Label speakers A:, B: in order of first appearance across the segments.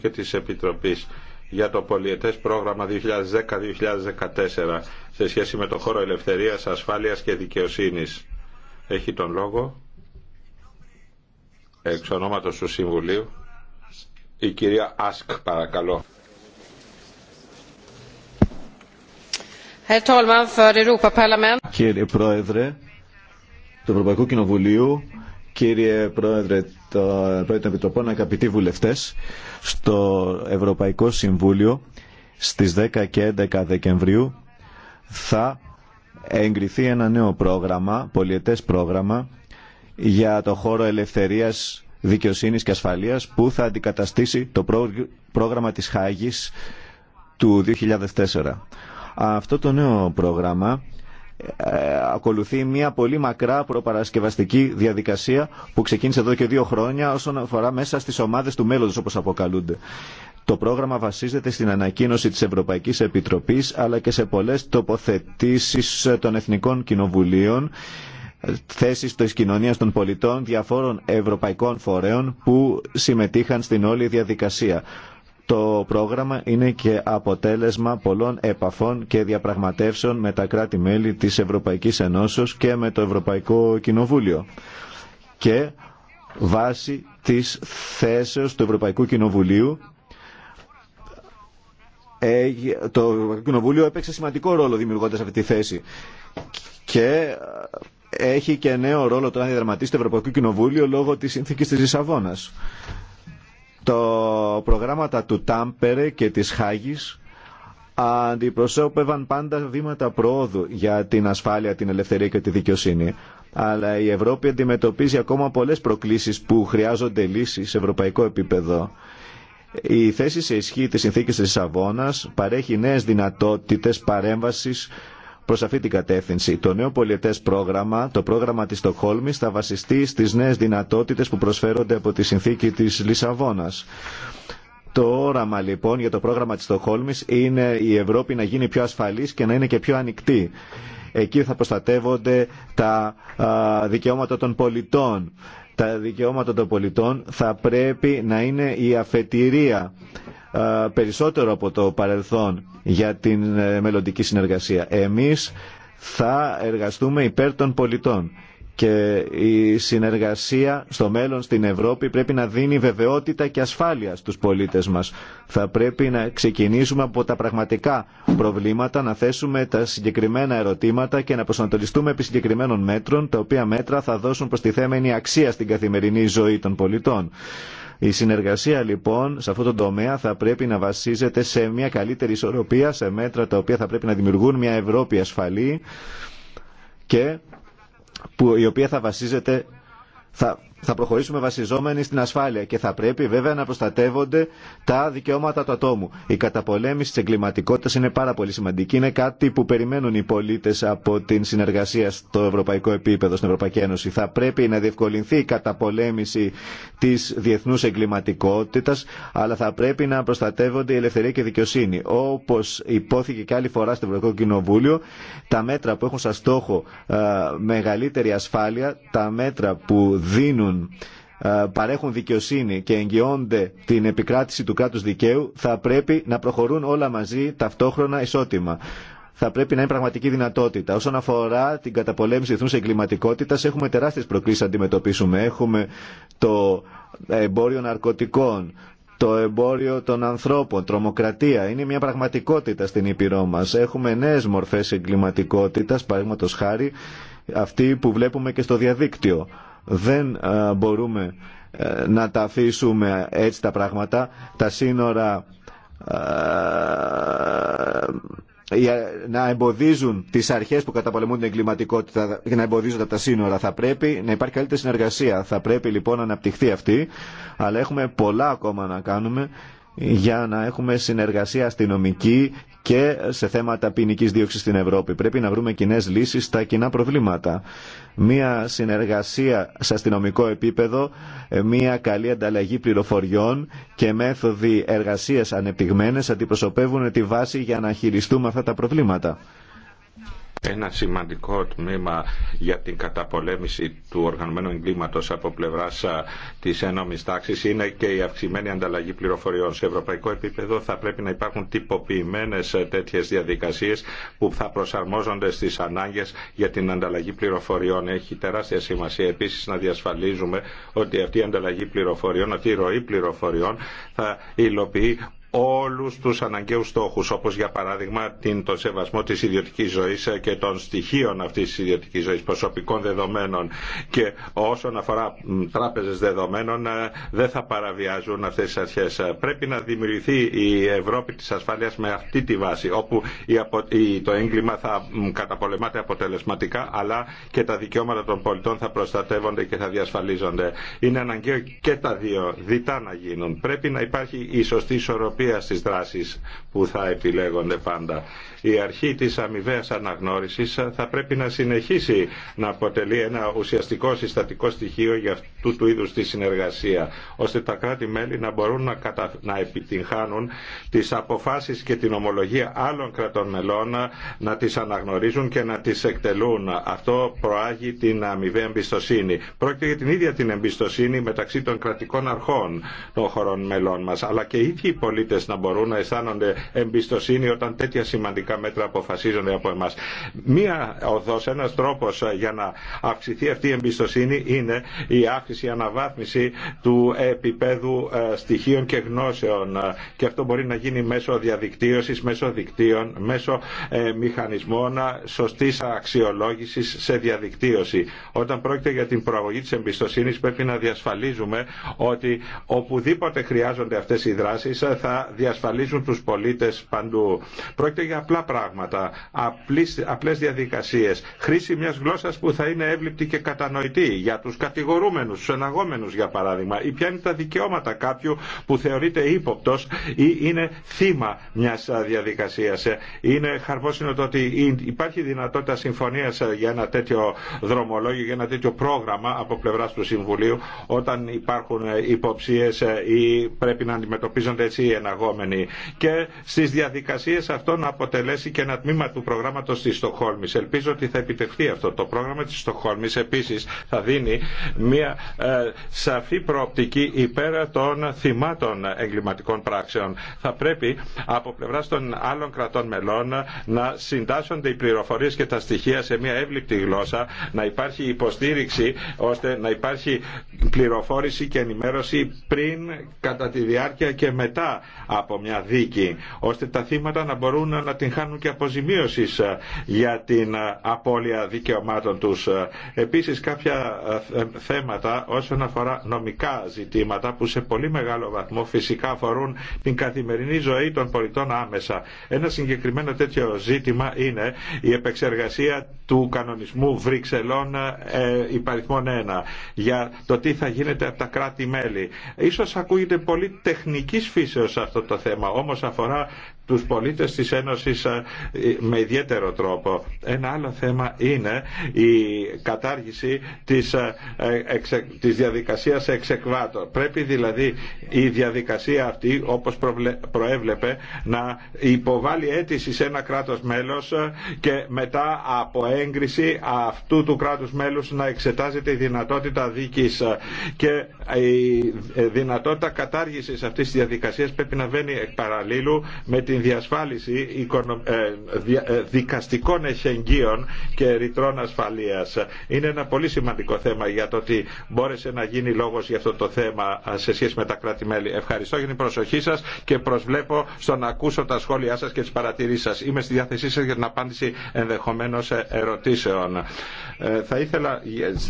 A: και της Επιτροπής για το πολιετές πρόγραμμα 2010-2014 σε σχέση με το χώρο ελευθερίας, ασφάλειας και δικαιοσύνης. Έχει τον λόγο εξ ονόματος του Συμβουλίου η κυρία Άσκ παρακαλώ.
B: Κύριε Πρόεδρε του Ευρωπαϊκού Κοινοβουλίου κύριε Πρόεδρε των Επιτροπών, αγαπητοί βουλευτέ, στο Ευρωπαϊκό Συμβούλιο στις 10 και 11 Δεκεμβρίου θα εγκριθεί ένα νέο πρόγραμμα, πολιετές πρόγραμμα, για το χώρο ελευθερίας, δικαιοσύνης και ασφαλείας που θα αντικαταστήσει το πρόγραμμα της Χάγης του 2004. Αυτό το νέο πρόγραμμα ε, ακολουθεί μια πολύ μακρά προπαρασκευαστική διαδικασία που ξεκίνησε εδώ και δύο χρόνια όσον αφορά μέσα στις ομάδες του μέλλοντος όπως αποκαλούνται. Το πρόγραμμα βασίζεται στην ανακοίνωση της Ευρωπαϊκής Επιτροπής αλλά και σε πολλές τοποθετήσεις των Εθνικών Κοινοβουλίων θέσεις της κοινωνίας των πολιτών διαφόρων ευρωπαϊκών φορέων που συμμετείχαν στην όλη διαδικασία. Το πρόγραμμα είναι και αποτέλεσμα πολλών επαφών και διαπραγματεύσεων με τα κράτη-μέλη της Ευρωπαϊκής Ενώσεως και με το Ευρωπαϊκό Κοινοβούλιο και βάσει της θέσεως του Ευρωπαϊκού Κοινοβουλίου το Κοινοβούλιο έπαιξε σημαντικό ρόλο δημιουργώντας αυτή τη θέση και ε, έχει και νέο ρόλο το να διαδραματίσει το Ευρωπαϊκό Κοινοβούλιο λόγω της συνθήκης της Λισαβόνας. Το προγράμματα του Τάμπερε και της Χάγης αντιπροσώπευαν πάντα βήματα προόδου για την ασφάλεια, την ελευθερία και τη δικαιοσύνη. Αλλά η Ευρώπη αντιμετωπίζει ακόμα πολλές προκλήσεις που χρειάζονται λύσεις σε ευρωπαϊκό επίπεδο. Η θέση σε ισχύ της συνθήκης της Λισαβόνας παρέχει νέες δυνατότητες παρέμβασης προ αυτή την κατεύθυνση. Το νέο πολιετέ πρόγραμμα, το πρόγραμμα τη Στοκχόλμη, θα βασιστεί στι νέε δυνατότητε που προσφέρονται από τη συνθήκη τη Λισαβόνα. Το όραμα λοιπόν για το πρόγραμμα της Στοχόλμης είναι η Ευρώπη να γίνει πιο ασφαλής και να είναι και πιο ανοιχτή. Εκεί θα προστατεύονται τα δικαιώματα των πολιτών. Τα δικαιώματα των πολιτών θα πρέπει να είναι η αφετηρία περισσότερο από το παρελθόν για την ε, μελλοντική συνεργασία. Εμείς θα εργαστούμε υπέρ των πολιτών και η συνεργασία στο μέλλον στην Ευρώπη πρέπει να δίνει βεβαιότητα και ασφάλεια στους πολίτες μας. Θα πρέπει να ξεκινήσουμε από τα πραγματικά προβλήματα, να θέσουμε τα συγκεκριμένα ερωτήματα και να προσανατολιστούμε επί συγκεκριμένων μέτρων, τα οποία μέτρα θα δώσουν προστιθέμενη αξία στην καθημερινή ζωή των πολιτών. Η συνεργασία λοιπόν σε αυτό το τομέα θα πρέπει να βασίζεται σε μια καλύτερη ισορροπία, σε μέτρα τα οποία θα πρέπει να δημιουργούν μια Ευρώπη ασφαλή και που, η οποία θα βασίζεται θα θα προχωρήσουμε βασιζόμενοι στην ασφάλεια και θα πρέπει βέβαια να προστατεύονται τα δικαιώματα του ατόμου. Η καταπολέμηση τη εγκληματικότητα είναι πάρα πολύ σημαντική. Είναι κάτι που περιμένουν οι πολίτε από την συνεργασία στο ευρωπαϊκό επίπεδο, στην Ευρωπαϊκή Ένωση. Θα πρέπει να διευκολυνθεί η καταπολέμηση τη διεθνού εγκληματικότητα, αλλά θα πρέπει να προστατεύονται η ελευθερία και η δικαιοσύνη. Όπω υπόθηκε και άλλη φορά στο Ευρωπαϊκό Κοινοβούλιο, τα μέτρα που έχουν σαν στόχο ε, μεγαλύτερη ασφάλεια, τα μέτρα που δίνουν ε, παρέχουν δικαιοσύνη και εγγυώνται την επικράτηση του κράτους δικαίου θα πρέπει να προχωρούν όλα μαζί ταυτόχρονα ισότιμα. Θα πρέπει να είναι πραγματική δυνατότητα. Όσον αφορά την καταπολέμηση διεθνού εγκληματικότητα, έχουμε τεράστιε προκλήσει να αντιμετωπίσουμε. Έχουμε το εμπόριο ναρκωτικών, το εμπόριο των ανθρώπων, τρομοκρατία. Είναι μια πραγματικότητα στην Ήπειρό μα. Έχουμε νέε μορφέ εγκληματικότητα, παραδείγματο χάρη αυτή που βλέπουμε και στο διαδίκτυο δεν ε, μπορούμε ε, να τα αφήσουμε έτσι τα πράγματα. Τα σύνορα ε, να εμποδίζουν τις αρχές που καταπολεμούν την εγκληματικότητα και να εμποδίζονται από τα σύνορα. Θα πρέπει να υπάρχει καλύτερη συνεργασία. Θα πρέπει λοιπόν να αναπτυχθεί αυτή. Αλλά έχουμε πολλά ακόμα να κάνουμε για να έχουμε συνεργασία αστυνομική και σε θέματα ποινική δίωξη στην Ευρώπη. Πρέπει να βρούμε κοινέ λύσει στα κοινά προβλήματα. Μία συνεργασία σε αστυνομικό επίπεδο, μία καλή ανταλλαγή πληροφοριών και μέθοδοι εργασία ανεπτυγμένε αντιπροσωπεύουν τη βάση για να χειριστούμε αυτά τα προβλήματα.
A: Ένα σημαντικό τμήμα για την καταπολέμηση του οργανωμένου εγκλήματος από πλευράς της ένομης τάξης είναι και η αυξημένη ανταλλαγή πληροφοριών. Σε ευρωπαϊκό επίπεδο θα πρέπει να υπάρχουν τυποποιημένες τέτοιες διαδικασίες που θα προσαρμόζονται στις ανάγκες για την ανταλλαγή πληροφοριών. Έχει τεράστια σημασία επίσης να διασφαλίζουμε ότι αυτή η ανταλλαγή πληροφοριών, αυτή η ροή πληροφοριών θα υλοποιεί όλους τους αναγκαίους στόχους, όπως για παράδειγμα την, τον σεβασμό της ιδιωτικής ζωής και των στοιχείων αυτής της ιδιωτικής ζωής, προσωπικών δεδομένων και όσον αφορά τράπεζες δεδομένων ε, δεν θα παραβιάζουν αυτές τις αρχές. Πρέπει να δημιουργηθεί η Ευρώπη της ασφάλειας με αυτή τη βάση, όπου το έγκλημα θα καταπολεμάται αποτελεσματικά, αλλά και τα δικαιώματα των πολιτών θα προστατεύονται και θα διασφαλίζονται. Είναι αναγκαίο και τα δύο διτά να γίνουν. Πρέπει να υπάρχει η σωστή ισορροπία ισορροπία στις δράσεις που θα επιλέγονται πάντα. Η αρχή της αμοιβαίας αναγνώρισης θα πρέπει να συνεχίσει να αποτελεί ένα ουσιαστικό συστατικό στοιχείο για αυτού του είδους τη συνεργασία, ώστε τα κράτη-μέλη να μπορούν να, κατα... να επιτυγχάνουν τις αποφάσεις και την ομολογία άλλων κρατών μελών να τις αναγνωρίζουν και να τις εκτελούν. Αυτό προάγει την αμοιβαία εμπιστοσύνη. Πρόκειται για την ίδια την εμπιστοσύνη μεταξύ των κρατικών αρχών των χωρών μελών μας, αλλά και οι ίδιοι οι να μπορούν να αισθάνονται εμπιστοσύνη όταν τέτοια σημαντικά μέτρα αποφασίζονται από εμά. Μία οδό, ένα τρόπο για να αυξηθεί αυτή η εμπιστοσύνη είναι η αύξηση, η αναβάθμιση του επίπεδου ε, στοιχείων και γνώσεων και αυτό μπορεί να γίνει μέσω διαδικτύωση, μέσω δικτύων, μέσω ε, μηχανισμών ε, σωστή αξιολόγηση σε διαδικτύωση. Όταν πρόκειται για την προαγωγή τη εμπιστοσύνη πρέπει να διασφαλίζουμε ότι οπουδήποτε χρειάζονται αυτέ οι δράσει. θα διασφαλίσουν τους πολίτες παντού. Πρόκειται για απλά πράγματα, απλές, απλές διαδικασίες, χρήση μιας γλώσσας που θα είναι εύληπτη και κατανοητή για τους κατηγορούμενους, τους εναγόμενους για παράδειγμα, ή ποια είναι τα δικαιώματα κάποιου που θεωρείται ύποπτος ή είναι θύμα μιας διαδικασίας. Είναι είναι το ότι υπάρχει δυνατότητα συμφωνίας για ένα τέτοιο δρομολόγιο, για ένα τέτοιο πρόγραμμα από πλευρά του Συμβουλίου όταν υπάρχουν υποψίες ή πρέπει να αντιμετωπίζονται έτσι ένα και στις διαδικασίες αυτών να αποτελέσει και ένα τμήμα του προγράμματος της Στοχόλμης. Ελπίζω ότι θα επιτευχθεί αυτό. Το πρόγραμμα της Στοχόλμης επίσης θα δίνει μια ε, σαφή προοπτική υπέρ των θυμάτων εγκληματικών πράξεων. Θα πρέπει από πλευρά των άλλων κρατών μελών να συντάσσονται οι πληροφορίες και τα στοιχεία σε μια εύληπτη γλώσσα, να υπάρχει υποστήριξη ώστε να υπάρχει πληροφόρηση και ενημέρωση πριν, κατά τη διάρκεια και μετά από μια δίκη, ώστε τα θύματα να μπορούν να την χάνουν και αποζημίωση ε, για την ε, απώλεια δικαιωμάτων τους. Ε, επίσης κάποια θέματα όσον αφορά νομικά ζητήματα που σε πολύ μεγάλο βαθμό φυσικά αφορούν την καθημερινή ζωή των πολιτών άμεσα. Ένα συγκεκριμένο τέτοιο ζήτημα είναι η επεξεργασία του κανονισμού Βρυξελών ε, υπαριθμών 1 για το τι θα γίνεται από τα κράτη-μέλη. Ίσως ακούγεται πολύ τεχνικής φύσεως αυτό το θέμα, όμως αφορά τους πολίτες της Ένωσης ε, με ιδιαίτερο τρόπο. Ένα άλλο θέμα είναι η κατάργηση της, ε, της διαδικασίας εξεκβάτων. Πρέπει δηλαδή η διαδικασία αυτή, όπως προέβλεπε, να υποβάλει αίτηση σε ένα κράτος μέλος ε, και μετά από έγκριση αυτού του κράτους μέλους να εξετάζεται η δυνατότητα δίκης και η δυνατότητα κατάργησης αυτής της διαδικασίας πρέπει να βαίνει παραλλήλου με την η διασφάλιση ε, ε, δικαστικών εχεγγύων και ρητρών ασφαλείας. Είναι ένα πολύ σημαντικό θέμα για το ότι μπόρεσε να γίνει λόγος για αυτό το θέμα ε, σε σχέση με τα κράτη-μέλη. Ευχαριστώ για την προσοχή σας και προσβλέπω στο να ακούσω τα σχόλιά σας και τις παρατηρήσεις σας. Είμαι στη διάθεσή σας για την απάντηση ενδεχομένως ερωτήσεων. θα ήθελα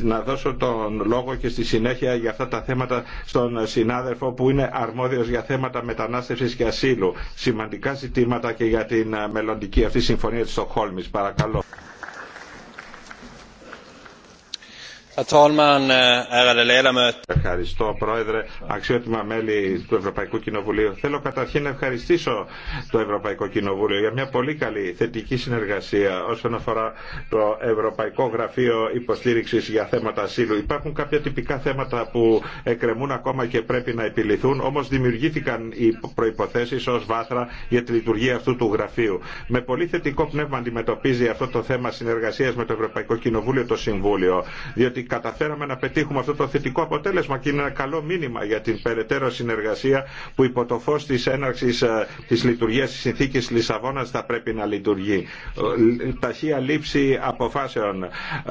A: να δώσω τον λόγο και στη συνέχεια για αυτά τα θέματα στον συνάδελφο που είναι αρμόδιος για θέματα μετανάστευσης και ασύλου. Σημαντικά ζητήματα και για την ε, μελλοντική αυτή συμφωνία της Στοκχόλμης. Παρακαλώ. Äh, Ευχαριστώ Πρόεδρε, αξιότιμα μέλη του Ευρωπαϊκού Κοινοβουλίου. Θέλω καταρχήν να ευχαριστήσω το Ευρωπαϊκό Κοινοβούλιο για μια πολύ καλή θετική συνεργασία όσον αφορά το Ευρωπαϊκό Γραφείο υποστήριξη για θέματα ασύλου. Υπάρχουν κάποια τυπικά θέματα που εκκρεμούν ακόμα και πρέπει να επιληθούν, όμω δημιουργήθηκαν οι προποθέσει ω βάθρα για τη λειτουργία αυτού του γραφείου. Με πολύ θετικό πνεύμα αντιμετωπίζει αυτό το θέμα συνεργασία με το Ευρωπαϊκό Κοινοβούλιο το Συμβούλιο, διότι ότι καταφέραμε να πετύχουμε αυτό το θετικό αποτέλεσμα και είναι ένα καλό μήνυμα για την περαιτέρω συνεργασία που υπό το φως της έναρξης ε, της λειτουργίας της συνθήκης Λισαβόνας θα πρέπει να λειτουργεί. Ταχεία λήψη αποφάσεων ε,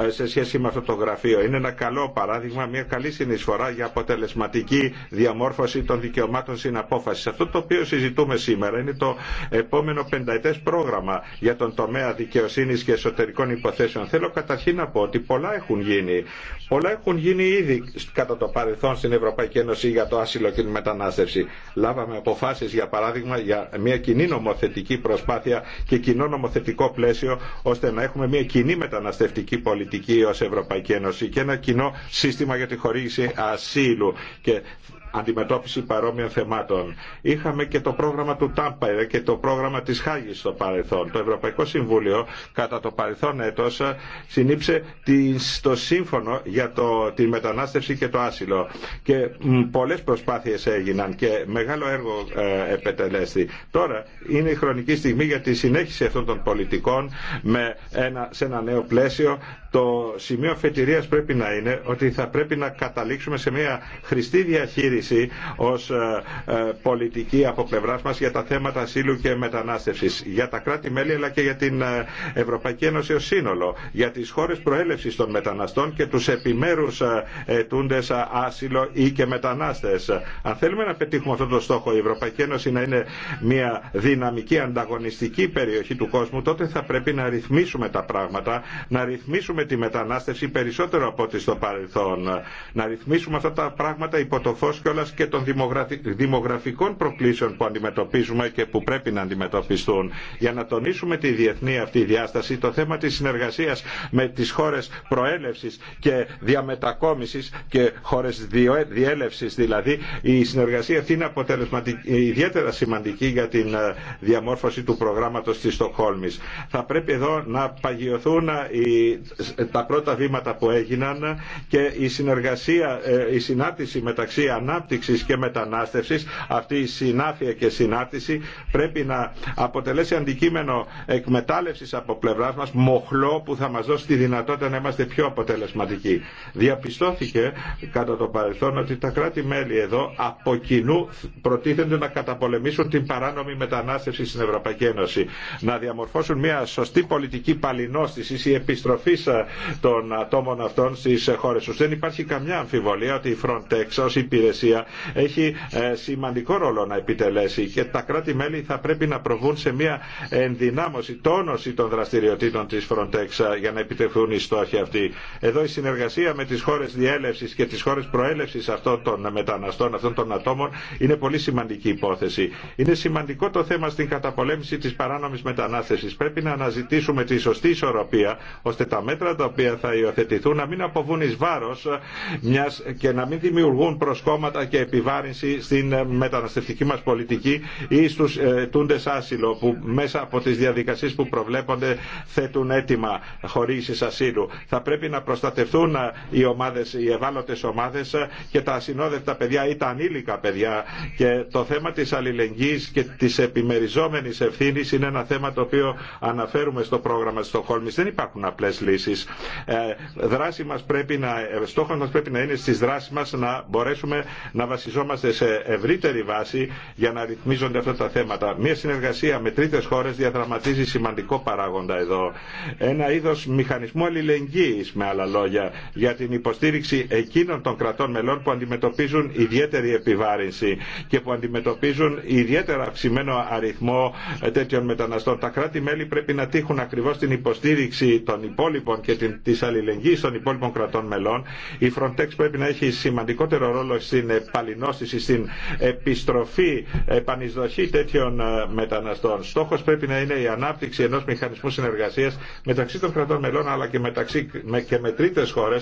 A: σε σχέση με αυτό το γραφείο είναι ένα καλό παράδειγμα, μια καλή συνεισφορά για αποτελεσματική διαμόρφωση των δικαιωμάτων συναπόφασης. Αυτό το οποίο συζητούμε σήμερα είναι το επόμενο πενταετές πρόγραμμα για τον τομέα δικαιοσύνη και εσωτερικών υποθέσεων. Θέλω καταρχήν να πω ότι πολλά έχουν γίνει Πολλά έχουν γίνει ήδη κατά το παρελθόν στην Ευρωπαϊκή Ένωση για το άσυλο και τη μετανάστευση. Λάβαμε αποφάσεις για παράδειγμα, για μια κοινή νομοθετική προσπάθεια και κοινό νομοθετικό πλαίσιο, ώστε να έχουμε μια κοινή μεταναστευτική πολιτική ως Ευρωπαϊκή Ένωση και ένα κοινό σύστημα για τη χορήγηση ασύλου. Και αντιμετώπιση παρόμοιων θεμάτων. Είχαμε και το πρόγραμμα του Τάμπα και το πρόγραμμα της Χάγης στο παρελθόν. Το Ευρωπαϊκό Συμβούλιο κατά το παρελθόν έτο, συνήψε το σύμφωνο για το, τη μετανάστευση και το άσυλο. Και πολλές προσπάθειες έγιναν και μεγάλο έργο ε, επετελέστη. Τώρα είναι η χρονική στιγμή για τη συνέχιση αυτών των πολιτικών με ένα, σε ένα νέο πλαίσιο. Το σημείο φετηρίας πρέπει να είναι ότι θα πρέπει να καταλήξουμε σε μια χρηστή διαχείριση ω ως ε, ε, πολιτική από πλευρά μας για τα θέματα ασύλου και μετανάστευσης, για τα κράτη-μέλη αλλά και για την ε, Ευρωπαϊκή Ένωση ως σύνολο, για τις χώρες προέλευσης των μεταναστών και τους επιμέρους ετούντες άσυλο ή και μετανάστες. Αν θέλουμε να πετύχουμε αυτό το στόχο, η Ευρωπαϊκή Ένωση να είναι μια δυναμική ανταγωνιστική περιοχή του κόσμου, τότε θα πρέπει να ρυθμίσουμε τα πράγματα, να ρυθμίσουμε τη μετανάστευση περισσότερο από ό,τι στο παρελθόν, να ρυθμίσουμε αυτά τα πράγματα υπό το φως κιόλα και των δημογραφικών προκλήσεων που αντιμετωπίζουμε και που πρέπει να αντιμετωπιστούν. Για να τονίσουμε τη διεθνή αυτή διάσταση, το θέμα τη συνεργασία με τι χώρε προέλευση και διαμετακόμιση και χώρε διέλευση δηλαδή, η συνεργασία αυτή είναι ιδιαίτερα σημαντική για την ε, διαμόρφωση του προγράμματο τη Στοχόλμη. Θα πρέπει εδώ να παγιωθούν ε, τα πρώτα βήματα που έγιναν και η συνεργασία, ε, η συνάρτηση μεταξύ και μετανάστευση, αυτή η συνάφεια και συνάρτηση πρέπει να αποτελέσει αντικείμενο εκμετάλλευσης από πλευράς μας μοχλό που θα μας δώσει τη δυνατότητα να είμαστε πιο αποτελεσματικοί. Διαπιστώθηκε κατά το παρελθόν ότι τα κράτη-μέλη εδώ από κοινού προτίθενται να καταπολεμήσουν την παράνομη μετανάστευση στην Ευρωπαϊκή Ένωση, να διαμορφώσουν μια σωστή πολιτική παλινόστηση ή επιστροφής των ατόμων αυτών στις χώρες τους. Δεν υπάρχει καμιά αμφιβολία ότι η Frontex ως υπηρεσία έχει ε, σημαντικό ρόλο να επιτελέσει και τα κράτη-μέλη θα πρέπει να προβούν σε μια ενδυνάμωση, τόνωση των δραστηριοτήτων της Frontex ε, για να επιτευχθούν οι στόχοι αυτοί. Εδώ η συνεργασία με τις χώρες διέλευσης και τις χώρες προέλευσης αυτών των μεταναστών, αυτών των ατόμων είναι πολύ σημαντική υπόθεση. Είναι σημαντικό το θέμα στην καταπολέμηση της παράνομης μετανάστευσης. Πρέπει να αναζητήσουμε τη σωστή ισορροπία ώστε τα μέτρα τα οποία θα υιοθετηθούν να μην αποβούν εις ε, μιας και να μην δημιουργούν προσκόμματα και επιβάρυνση στην ε, μεταναστευτική μας πολιτική ή στους ε, άσυλο που μέσα από τις διαδικασίες που προβλέπονται θέτουν έτοιμα χωρίσεις ασύλου. Θα πρέπει να προστατευτούν ε, οι, ομάδες, οι ευάλωτες ομάδες και τα ασυνόδευτα παιδιά ή τα ανήλικα παιδιά και το θέμα της αλληλεγγύης και της επιμεριζόμενης ευθύνη είναι ένα θέμα το οποίο αναφέρουμε στο πρόγραμμα στο Στοχόλμης. Δεν υπάρχουν απλές λύσεις. δράση μας πρέπει να, να είναι στις δράσει μας να μπορέσουμε να βασιζόμαστε σε ευρύτερη βάση για να ρυθμίζονται αυτά τα θέματα. Μία συνεργασία με τρίτες χώρες διαδραματίζει σημαντικό παράγοντα εδώ. Ένα είδος μηχανισμού αλληλεγγύης με άλλα λόγια για την υποστήριξη εκείνων των κρατών μελών που αντιμετωπίζουν ιδιαίτερη επιβάρυνση και που αντιμετωπίζουν ιδιαίτερα αυξημένο αριθμό τέτοιων μεταναστών. Τα κράτη-μέλη πρέπει να τύχουν ακριβώς την υποστήριξη των υπόλοιπων και την, αλληλεγγύη των υπόλοιπων κρατών μελών. Η Frontex πρέπει να έχει σημαντικότερο ρόλο στην στην επιστροφή, επανεισδοχή τέτοιων ε, μεταναστών. Στόχο πρέπει να είναι η ανάπτυξη ενό μηχανισμού συνεργασία μεταξύ των κρατών μελών αλλά και, μεταξύ, και με τρίτες χώρε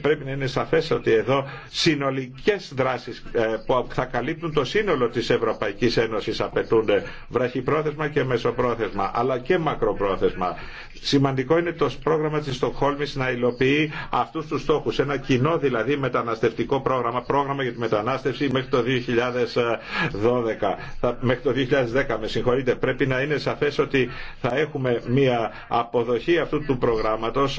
A: Πρέπει να είναι σαφέ ότι εδώ συνολικές δράσεις ε, που θα καλύπτουν το σύνολο τη Ευρωπαϊκή Ένωση απαιτούνται βραχυπρόθεσμα και μεσοπρόθεσμα αλλά και μακροπρόθεσμα. Σημαντικό είναι το πρόγραμμα τη Στοκχόλμης να υλοποιεί αυτού του στόχου. Ένα κοινό δηλαδή μεταναστευτικό πρόγραμμα, πρόγραμμα για τη μετανάστευση μέχρι το 2012. Θα, μέχρι το 2010, με συγχωρείτε. Πρέπει να είναι σαφές ότι θα έχουμε μια αποδοχή αυτού του προγράμματος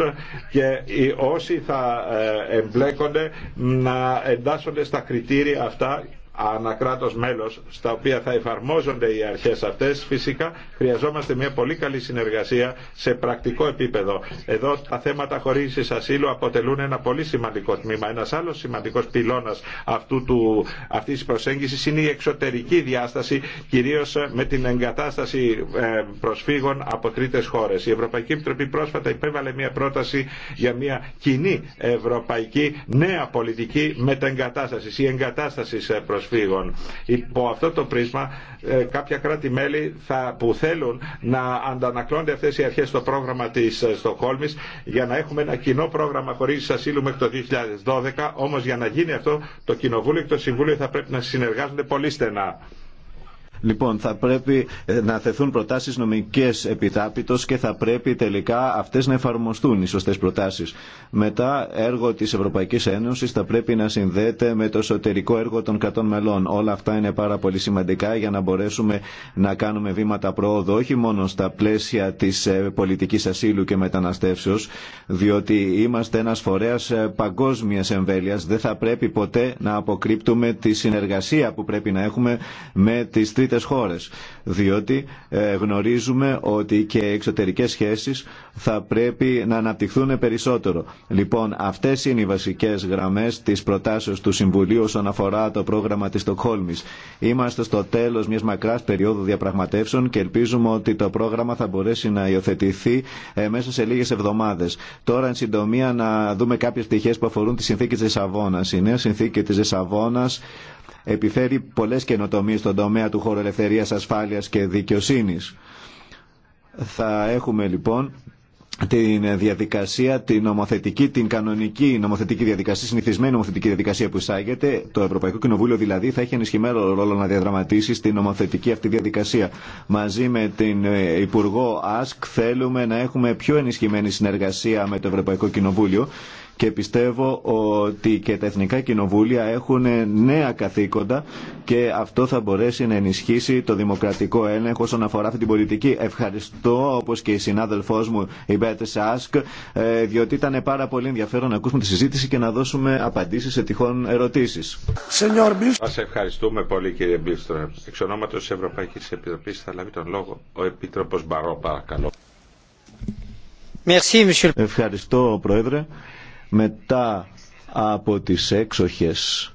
A: και οι όσοι θα ε, εμπλέκονται να εντάσσονται στα κριτήρια αυτά ανακράτος μέλος στα οποία θα εφαρμόζονται οι αρχές αυτές φυσικά χρειαζόμαστε μια πολύ καλή συνεργασία σε πρακτικό επίπεδο. Εδώ τα θέματα χωρίσης ασύλου αποτελούν ένα πολύ σημαντικό τμήμα. Ένας άλλος σημαντικός πυλώνας αυτού του, αυτής της προσέγγισης είναι η εξωτερική διάσταση κυρίως με την εγκατάσταση ε, προσφύγων από τρίτες χώρες. Η Ευρωπαϊκή Επιτροπή πρόσφατα υπέβαλε μια πρόταση για μια κοινή ευρωπαϊκή νέα πολιτική μετεγκατάστασης ή εγκατάστασης ε, προσφύγων προσφύγων. Υπό αυτό το πρίσμα ε, κάποια κράτη-μέλη που θέλουν να αντανακλώνται αυτές οι αρχές στο πρόγραμμα της ε, Στοχόλμη για να έχουμε ένα κοινό πρόγραμμα χωρίς ασύλου μέχρι το 2012, όμως για να γίνει αυτό το Κοινοβούλιο και το Συμβούλιο θα πρέπει να συνεργάζονται πολύ στενά.
B: Λοιπόν, θα πρέπει ε, να θεθούν προτάσει νομικέ επιτάπητο και θα πρέπει τελικά αυτέ να εφαρμοστούν οι σωστέ προτάσει. Μετά, έργο τη Ευρωπαϊκή Ένωση θα πρέπει να συνδέεται με το εσωτερικό έργο των κρατών μελών. Όλα αυτά είναι πάρα πολύ σημαντικά για να μπορέσουμε να κάνουμε βήματα πρόοδο, όχι μόνο στα πλαίσια τη ε, πολιτική ασύλου και μεταναστευσεω, διότι είμαστε ένα φορέα ε, παγκόσμια εμβέλεια. Δεν θα πρέπει ποτέ να αποκρύπτουμε τη συνεργασία που πρέπει να έχουμε με τις τρίτες χώρες. Διότι ε, γνωρίζουμε ότι και εξωτερικές σχέσεις θα πρέπει να αναπτυχθούν περισσότερο. Λοιπόν, αυτές είναι οι βασικές γραμμές της προτάσεως του Συμβουλίου όσον αφορά το πρόγραμμα της Στοκχόλμης. Είμαστε στο τέλος μιας μακράς περίοδου διαπραγματεύσεων και ελπίζουμε ότι το πρόγραμμα θα μπορέσει να υιοθετηθεί ε, μέσα σε λίγες εβδομάδες. Τώρα, εν συντομία, να δούμε κάποιες πτυχές που αφορούν τη συνθήκη της Αβώνας. Η νέα συνθήκη της Αβώνας επιφέρει πολλές καινοτομίες στον τομέα του χώρου ελευθερίας, ασφάλειας και δικαιοσύνης. Θα έχουμε λοιπόν την διαδικασία, την νομοθετική, την κανονική νομοθετική διαδικασία, συνηθισμένη νομοθετική διαδικασία που εισάγεται, το Ευρωπαϊκό Κοινοβούλιο δηλαδή θα έχει ενισχυμένο ρόλο να διαδραματίσει στην νομοθετική αυτή διαδικασία. Μαζί με την ε, Υπουργό ΑΣΚ θέλουμε να έχουμε πιο ενισχυμένη συνεργασία με το Ευρωπαϊκό Κοινοβούλιο και πιστεύω ότι και τα εθνικά κοινοβούλια έχουν νέα καθήκοντα και αυτό θα μπορέσει να ενισχύσει το δημοκρατικό έλεγχο όσον αφορά αυτή την πολιτική. Ευχαριστώ όπως και η συνάδελφός μου η Μπέτε Σάσκ ε, διότι ήταν πάρα πολύ ενδιαφέρον να ακούσουμε τη συζήτηση και να δώσουμε απαντήσεις σε τυχόν ερωτήσεις.
A: Σας ευχαριστούμε πολύ κύριε Μπίλστρο. Εξ ονόματος Ευρωπαϊκής Επιτροπής θα λάβει τον λόγο ο Επίτροπος Μπαρό παρακαλώ.
B: Ευχαριστώ Πρόεδρε μετά από τις έξοχες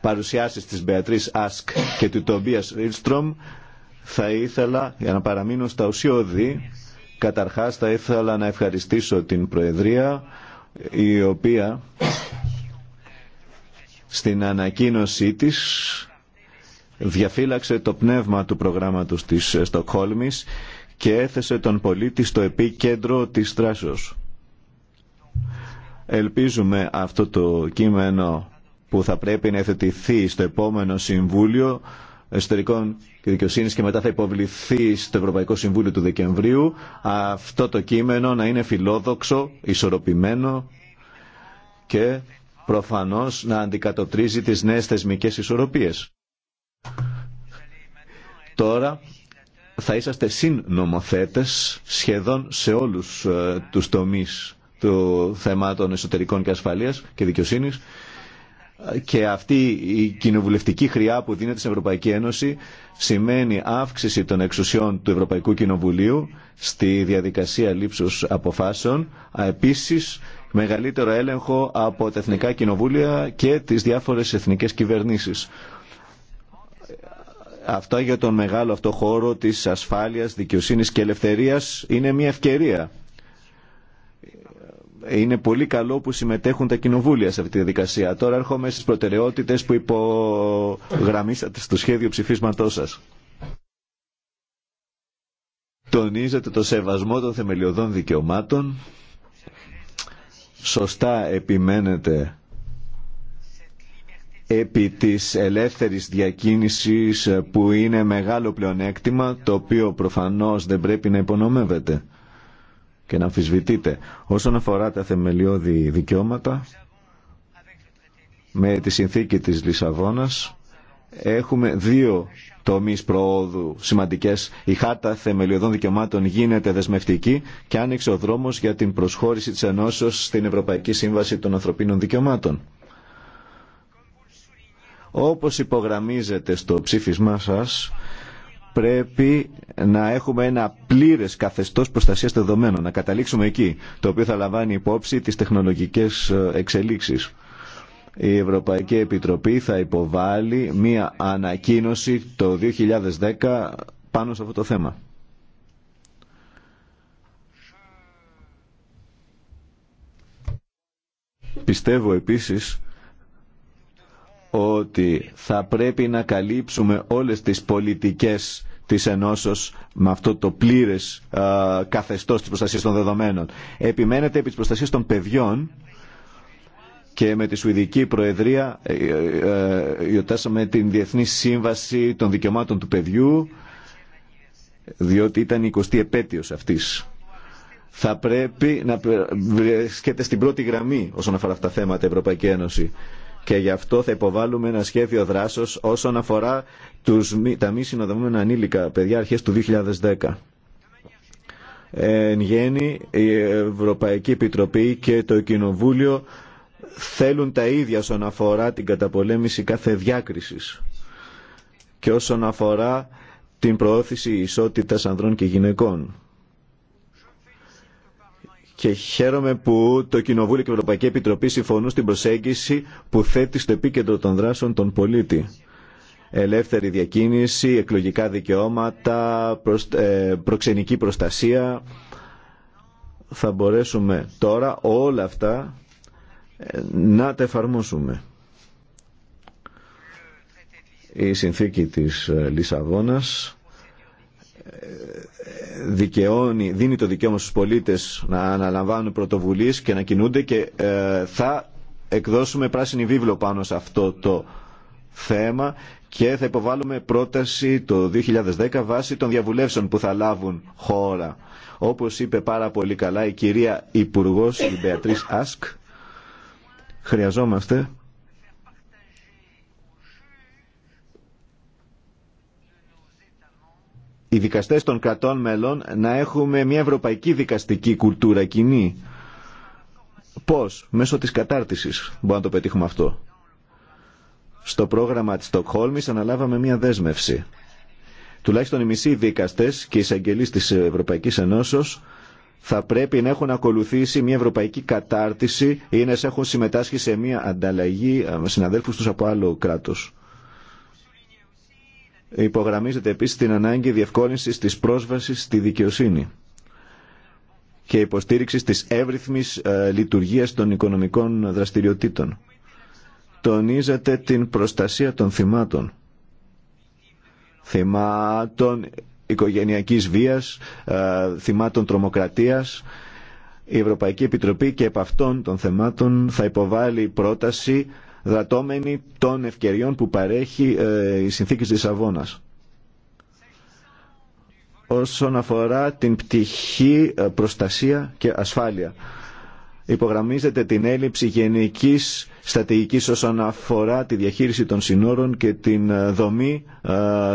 B: παρουσιάσεις της Μπεατρίς Άσκ και του Τομπίας Ρίλστρομ θα ήθελα, για να παραμείνω στα ουσιώδη, καταρχάς θα ήθελα να ευχαριστήσω την Προεδρία η οποία στην ανακοίνωσή της διαφύλαξε το πνεύμα του προγράμματος της Στοκχόλμης και έθεσε τον πολίτη στο επίκεντρο της δράσεως. Ελπίζουμε αυτό το κείμενο που θα πρέπει να εθετηθεί στο επόμενο Συμβούλιο Εσωτερικών και Δικαιοσύνη και μετά θα υποβληθεί στο Ευρωπαϊκό Συμβούλιο του Δεκεμβρίου αυτό το κείμενο να είναι φιλόδοξο, ισορροπημένο και προφανώς να αντικατοπτρίζει τις νέες θεσμικές ισορροπίες. Τώρα θα είσαστε συνομοθέτες σχεδόν σε όλους ε, τους τομείς του θεμάτων εσωτερικών και ασφαλείας και δικαιοσύνης και αυτή η κοινοβουλευτική χρειά που δίνεται στην Ευρωπαϊκή Ένωση σημαίνει αύξηση των εξουσιών του Ευρωπαϊκού Κοινοβουλίου στη διαδικασία λήψους αποφάσεων, επίσης μεγαλύτερο έλεγχο από τα εθνικά κοινοβούλια και τις διάφορες εθνικές κυβερνήσεις. Αυτό για τον μεγάλο αυτό χώρο της ασφάλειας, δικαιοσύνης και ελευθερίας είναι μια ευκαιρία. Είναι πολύ καλό που συμμετέχουν τα κοινοβούλια σε αυτή τη διαδικασία. Τώρα έρχομαι στις προτεραιότητες που υπογραμμίσατε στο σχέδιο ψηφίσματός σας. Τονίζετε το σεβασμό των θεμελιωδών δικαιωμάτων. Σωστά επιμένετε επί της ελεύθερης διακίνησης ε, που είναι μεγάλο πλεονέκτημα το οποίο προφανώς δεν πρέπει να υπονομεύεται και να αμφισβητείται. Όσον αφορά τα θεμελιώδη δικαιώματα με τη συνθήκη της Λισαβόνας έχουμε δύο τομείς προόδου σημαντικές. Η χάρτα θεμελιωδών δικαιωμάτων γίνεται δεσμευτική και άνοιξε ο δρόμος για την προσχώρηση της ενώσεως στην Ευρωπαϊκή Σύμβαση των Ανθρωπίνων Δικαιωμάτων. Όπως υπογραμμίζεται στο ψήφισμά σας, πρέπει να έχουμε ένα πλήρες καθεστώς προστασίας δεδομένων, να καταλήξουμε εκεί, το οποίο θα λαμβάνει υπόψη τις τεχνολογικές ε, εξελίξεις. Η Ευρωπαϊκή Επιτροπή θα υποβάλει μία ανακοίνωση το 2010 πάνω σε αυτό το θέμα. Πιστεύω επίσης ότι θα πρέπει να καλύψουμε όλες τις πολιτικές της ενώσεως με αυτό το πλήρες καθεστώς της προστασίας των δεδομένων. Επιμένετε επί της προστασίας των παιδιών και με τη Σουηδική Προεδρία ε, ε, ε την Διεθνή Σύμβαση των Δικαιωμάτων του Παιδιού διότι ήταν η 20η επέτειος αυτής. Θα πρέπει να βρίσκεται στην πρώτη γραμμή όσον αφορά αυτά τα θέματα η Ευρωπαϊκή οσον αφορα αυτα τα θεματα ευρωπαικη ενωση και γι' αυτό θα υποβάλουμε ένα σχέδιο δράσος όσον αφορά τους, τα μη συνοδευμένα ανήλικα παιδιά αρχές του 2010. Εν γέννη, η Ευρωπαϊκή Επιτροπή και το Κοινοβούλιο θέλουν τα ίδια όσον αφορά την καταπολέμηση κάθε διάκρισης και όσον αφορά την προώθηση ισότητας ανδρών και γυναικών και χαίρομαι που το Κοινοβούλιο και η Ευρωπαϊκή Επιτροπή συμφωνούν στην προσέγγιση που θέτει στο επίκεντρο των δράσεων τον πολίτη. Ελεύθερη διακίνηση, εκλογικά δικαιώματα, ε, προξενική προστασία. Θα μπορέσουμε τώρα όλα αυτά ε, να τα εφαρμόσουμε. Η συνθήκη της ε, Λισαβόνας δικαιώνει, δίνει το δικαίωμα στους πολίτες να αναλαμβάνουν πρωτοβουλίες και να κινούνται και ε, θα εκδώσουμε πράσινη βίβλο πάνω σε αυτό το θέμα και θα υποβάλουμε πρόταση το 2010 βάσει των διαβουλεύσεων που θα λάβουν χώρα. Όπως είπε πάρα πολύ καλά η κυρία Υπουργός, η Μπεατρίς Άσκ, χρειαζόμαστε οι δικαστές των κρατών μελών να έχουμε μια ευρωπαϊκή δικαστική κουλτούρα κοινή. Πώς, μέσω της κατάρτισης μπορούμε να το πετύχουμε αυτό. Στο πρόγραμμα της Στοκχόλμης αναλάβαμε μια δέσμευση. Τουλάχιστον οι μισοί δικαστές και οι εισαγγελείς της Ευρωπαϊκής Ενώσεως θα πρέπει να έχουν ακολουθήσει μια ευρωπαϊκή κατάρτιση ή να έχουν συμμετάσχει σε μια ανταλλαγή συναδέλφους τους από άλλο κράτος. Υπογραμμίζεται επίσης την ανάγκη διευκόλυνσης της πρόσβασης στη δικαιοσύνη και υποστήριξη της εύρυθμης ε, λειτουργίας των οικονομικών δραστηριοτήτων. Τονίζεται την προστασία των θυμάτων. Θυμάτων οικογενειακής βίας, ε, θυμάτων τρομοκρατίας. Η Ευρωπαϊκή Επιτροπή και επ' αυτών των θεμάτων θα υποβάλει πρόταση δρατώμενοι των ευκαιριών που παρέχει ε, η συνθήκη της Αβώνας. Όσον αφορά την πτυχή ε, προστασία και ασφάλεια υπογραμμίζεται την έλλειψη γενικής στρατηγικής όσον αφορά τη διαχείριση των συνόρων και την ε, δομή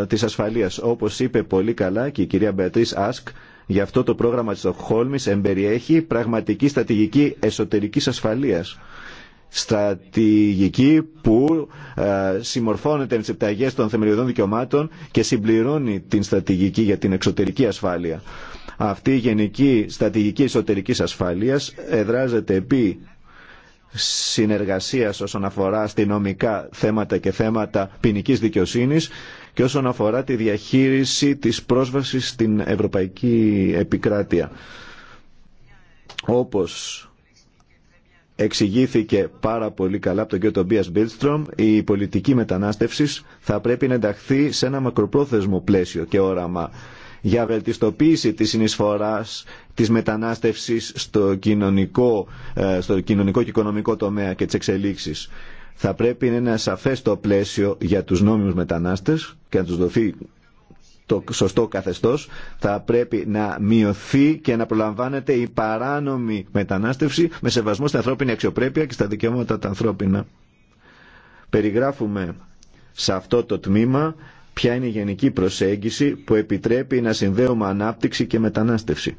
B: της ασφαλείας. Όπως είπε πολύ καλά και η κυρία Μπεατρίς Άσκ, γι' αυτό το πρόγραμμα της Στοχόλμης εμπεριέχει πραγματική στρατηγική εσωτερικής ασφαλείας στρατηγική που ε, συμμορφώνεται με τις επιταγές των θεμελιωδών δικαιωμάτων και συμπληρώνει την στρατηγική για την εξωτερική ασφάλεια. Αυτή η γενική στρατηγική εσωτερικής ασφάλειας εδράζεται επί συνεργασίας όσον αφορά αστυνομικά θέματα και θέματα ποινική δικαιοσύνης και όσον αφορά τη διαχείριση της πρόσβασης στην ευρωπαϊκή επικράτεια. Όπως εξηγήθηκε πάρα πολύ καλά από τον κ. Τομπίας Μπίλστρομ, η πολιτική μετανάστευση θα πρέπει να ενταχθεί σε ένα μακροπρόθεσμο πλαίσιο και όραμα για βελτιστοποίηση της συνεισφοράς της μετανάστευσης στο κοινωνικό, ε, στο κοινωνικό και οικονομικό τομέα και τις εξελίξεις. Θα πρέπει να είναι σαφές το πλαίσιο για τους νόμιμους μετανάστες και να τους δοθεί το σωστό καθεστώς θα πρέπει να μειωθεί και να προλαμβάνεται η παράνομη μετανάστευση με σεβασμό στα ανθρώπινη αξιοπρέπεια και στα δικαιώματα τα ανθρώπινα. Περιγράφουμε σε αυτό το τμήμα ποια είναι η γενική προσέγγιση που επιτρέπει να συνδέουμε ανάπτυξη και μετανάστευση.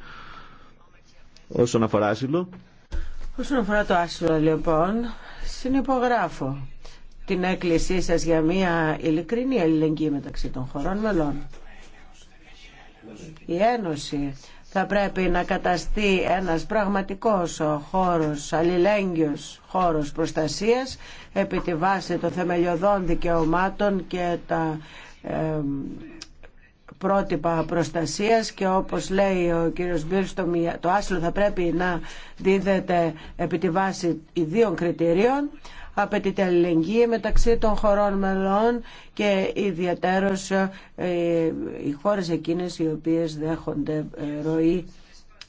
B: Όσον αφορά άσυλο.
C: Όσον αφορά το άσυλο λοιπόν, συνυπογράφω την έκκλησή σας για μια ειλικρινή αλληλεγγύη μεταξύ των χωρών μελών. Η Ένωση θα πρέπει να καταστεί ένας πραγματικός χώρος, αλληλέγγυος χώρος προστασίας επί τη βάση των θεμελιωδών δικαιωμάτων και τα πρότυπα προστασίας και όπως λέει ο κύριος Μπίρστομ, το άσυλο θα πρέπει να δίδεται επί τη βάση ιδίων κριτηρίων απαιτείται αλληλεγγύη μεταξύ των χωρών μελών και ιδιαίτερως ε, οι χώρες εκείνες οι οποίες δέχονται ε, ροή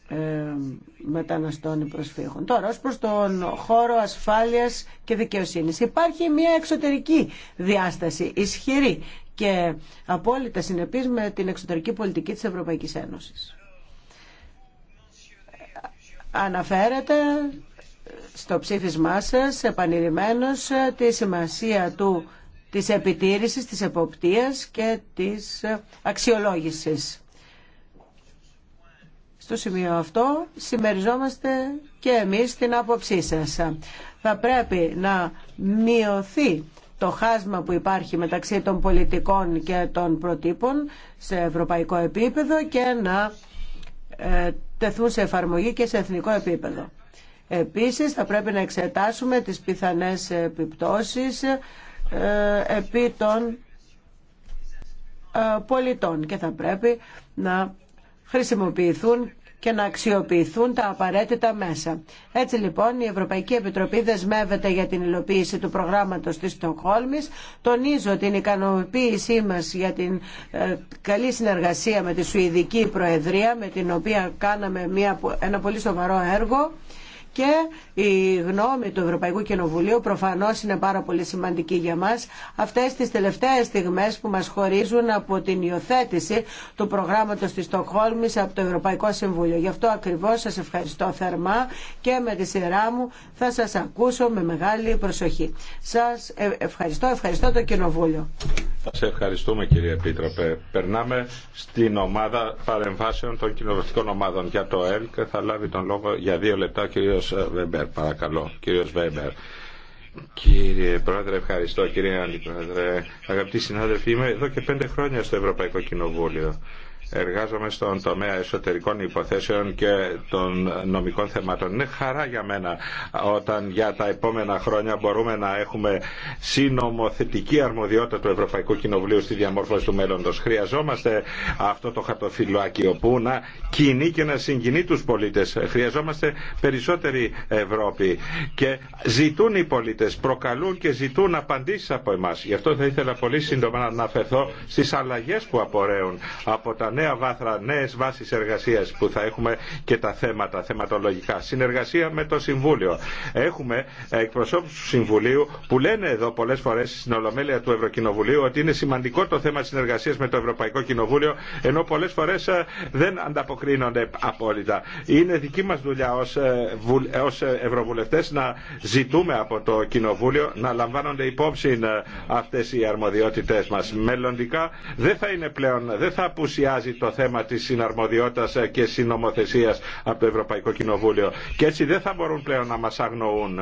C: ε, μεταναστών ή προσφύγων. Τώρα, ως προς τον χώρο ασφάλειας και δικαιοσύνης. Υπάρχει μια εξωτερική διάσταση ισχυρή και απόλυτα συνεπής με την εξωτερική πολιτική της Ευρωπαϊκής Ένωσης. Αναφέρεται στο ψήφισμά σας επανειλημμένως τη σημασία του, της επιτήρησης, της εποπτείας και της αξιολόγησης. Στο σημείο αυτό συμμεριζόμαστε και εμείς την άποψή σας. Θα πρέπει να μειωθεί το χάσμα που υπάρχει μεταξύ των πολιτικών και των προτύπων σε ευρωπαϊκό επίπεδο και να ε, τεθούν σε εφαρμογή και σε εθνικό επίπεδο. Επίσης θα πρέπει να εξετάσουμε τις πιθανές επιπτώσεις ε, επί των ε, πολιτών και θα πρέπει να χρησιμοποιηθούν και να αξιοποιηθούν τα απαραίτητα μέσα. Έτσι λοιπόν η Ευρωπαϊκή Επιτροπή δεσμεύεται για την υλοποίηση του προγράμματος της Στοκχόλμης. Τονίζω την ικανοποίησή μας για την ε, καλή συνεργασία με τη Σουηδική Προεδρία με την οποία κάναμε μια, ένα πολύ σοβαρό έργο και η γνώμη του Ευρωπαϊκού Κοινοβουλίου προφανώς είναι πάρα πολύ σημαντική για μας αυτές τις τελευταίες στιγμές που μας χωρίζουν από την υιοθέτηση του προγράμματος της Στοκχόλμης από το Ευρωπαϊκό Συμβούλιο. Γι' αυτό ακριβώς σας ευχαριστώ θερμά και με τη σειρά μου θα σας ακούσω με μεγάλη προσοχή. Σας ε, ευχαριστώ, ευχαριστώ το Κοινοβούλιο.
A: Σας ευχαριστούμε κύριε Επίτροπε. Περνάμε στην ομάδα παρεμβάσεων των κοινοβουλευτικών ομάδων για το ΕΛΚ. Θα λάβει τον λόγο για δύο λεπτά ο παρακαλώ. Κύριος Βέμπερ. Κύριε Πρόεδρε, ευχαριστώ. Κύριε Αντιπρόεδρε, αγαπητοί συνάδελφοι, είμαι εδώ και πέντε χρόνια στο Ευρωπαϊκό Κοινοβούλιο εργάζομαι στον τομέα εσωτερικών υποθέσεων και των νομικών θεμάτων. Είναι χαρά για μένα όταν για τα επόμενα χρόνια μπορούμε να έχουμε συνομοθετική αρμοδιότητα του Ευρωπαϊκού Κοινοβουλίου στη διαμόρφωση του μέλλοντος. Χρειαζόμαστε αυτό το χαρτοφυλάκιο που να κινεί και να συγκινεί τους πολίτες. Χρειαζόμαστε περισσότερη Ευρώπη και ζητούν οι πολίτες, προκαλούν και ζητούν απαντήσεις από εμάς. Γι' αυτό θα ήθελα πολύ σύντομα να αναφερθώ στις αλλαγές που απορρέουν από τα νέα νέα βάθρα, νέε βάσει εργασία που θα έχουμε και τα θέματα, θεματολογικά. Συνεργασία με το Συμβούλιο. Έχουμε εκπροσώπους του Συμβουλίου που λένε εδώ πολλέ φορέ στην Ολομέλεια του Ευρωκοινοβουλίου ότι είναι σημαντικό το θέμα συνεργασία με το Ευρωπαϊκό Κοινοβούλιο ενώ πολλέ φορέ ε, δεν ανταποκρίνονται απόλυτα. Είναι δική μα δουλειά ω ε, ε, ευρωβουλευτέ να ζητούμε από το Κοινοβούλιο να λαμβάνονται υπόψη αυτέ οι αρμοδιότητε μα. Μελλοντικά δεν θα είναι πλέον, δεν θα απουσιάζει το θέμα της συναρμοδιότητας και συνομοθεσίας από το Ευρωπαϊκό Κοινοβούλιο. Και έτσι δεν θα μπορούν πλέον να μας αγνοούν.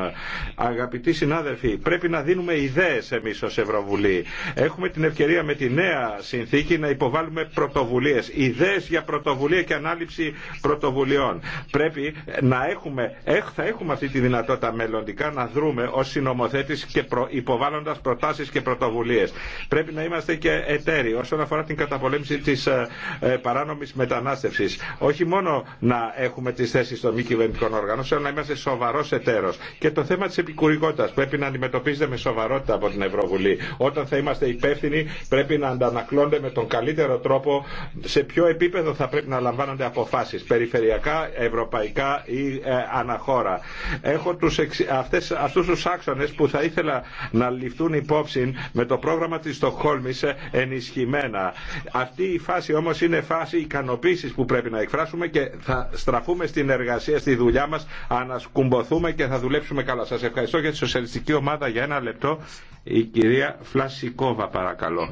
A: Αγαπητοί συνάδελφοι, πρέπει να δίνουμε ιδέες εμείς ως Ευρωβουλή. Έχουμε την ευκαιρία με τη νέα συνθήκη να υποβάλουμε πρωτοβουλίες. Ιδέες για πρωτοβουλία και ανάληψη πρωτοβουλειών. Πρέπει να έχουμε, θα έχουμε αυτή τη δυνατότητα μελλοντικά να δρούμε ως συνομοθέτης και προ, υποβάλλοντας προτάσεις και πρωτοβουλίε. Πρέπει να είμαστε και εταίροι όσον αφορά την καταπολέμηση της ε, ε, Παράνομη μετανάστευση. Όχι μόνο να έχουμε τι θέσει των μη κυβερνητικών οργανώσεων, αλλά να είμαστε σοβαρό εταίρο. Και το θέμα τη επικουρικότητας πρέπει να αντιμετωπίζεται με σοβαρότητα από την Ευρωβουλή. Όταν θα είμαστε υπεύθυνοι πρέπει να αντανακλώνται με τον καλύτερο τρόπο σε ποιο επίπεδο θα πρέπει να λαμβάνονται αποφάσει, περιφερειακά, ευρωπαϊκά ή ε, αναχώρα. Έχω τους, αυτές, αυτούς τους άξονες που θα ήθελα να ληφθούν υπόψη με το πρόγραμμα τη Στοχόλμης ε, ενισχυμένα. Αυτή η φάση όμως είναι φάση ικανοποίηση που πρέπει να εκφράσουμε και θα στραφούμε στην εργασία, στη δουλειά μα, ανασκουμποθούμε και θα δουλέψουμε καλά. Σα ευχαριστώ για τη σοσιαλιστική ομάδα για ένα λεπτό. Η κυρία Φλασικόβα παρακαλώ.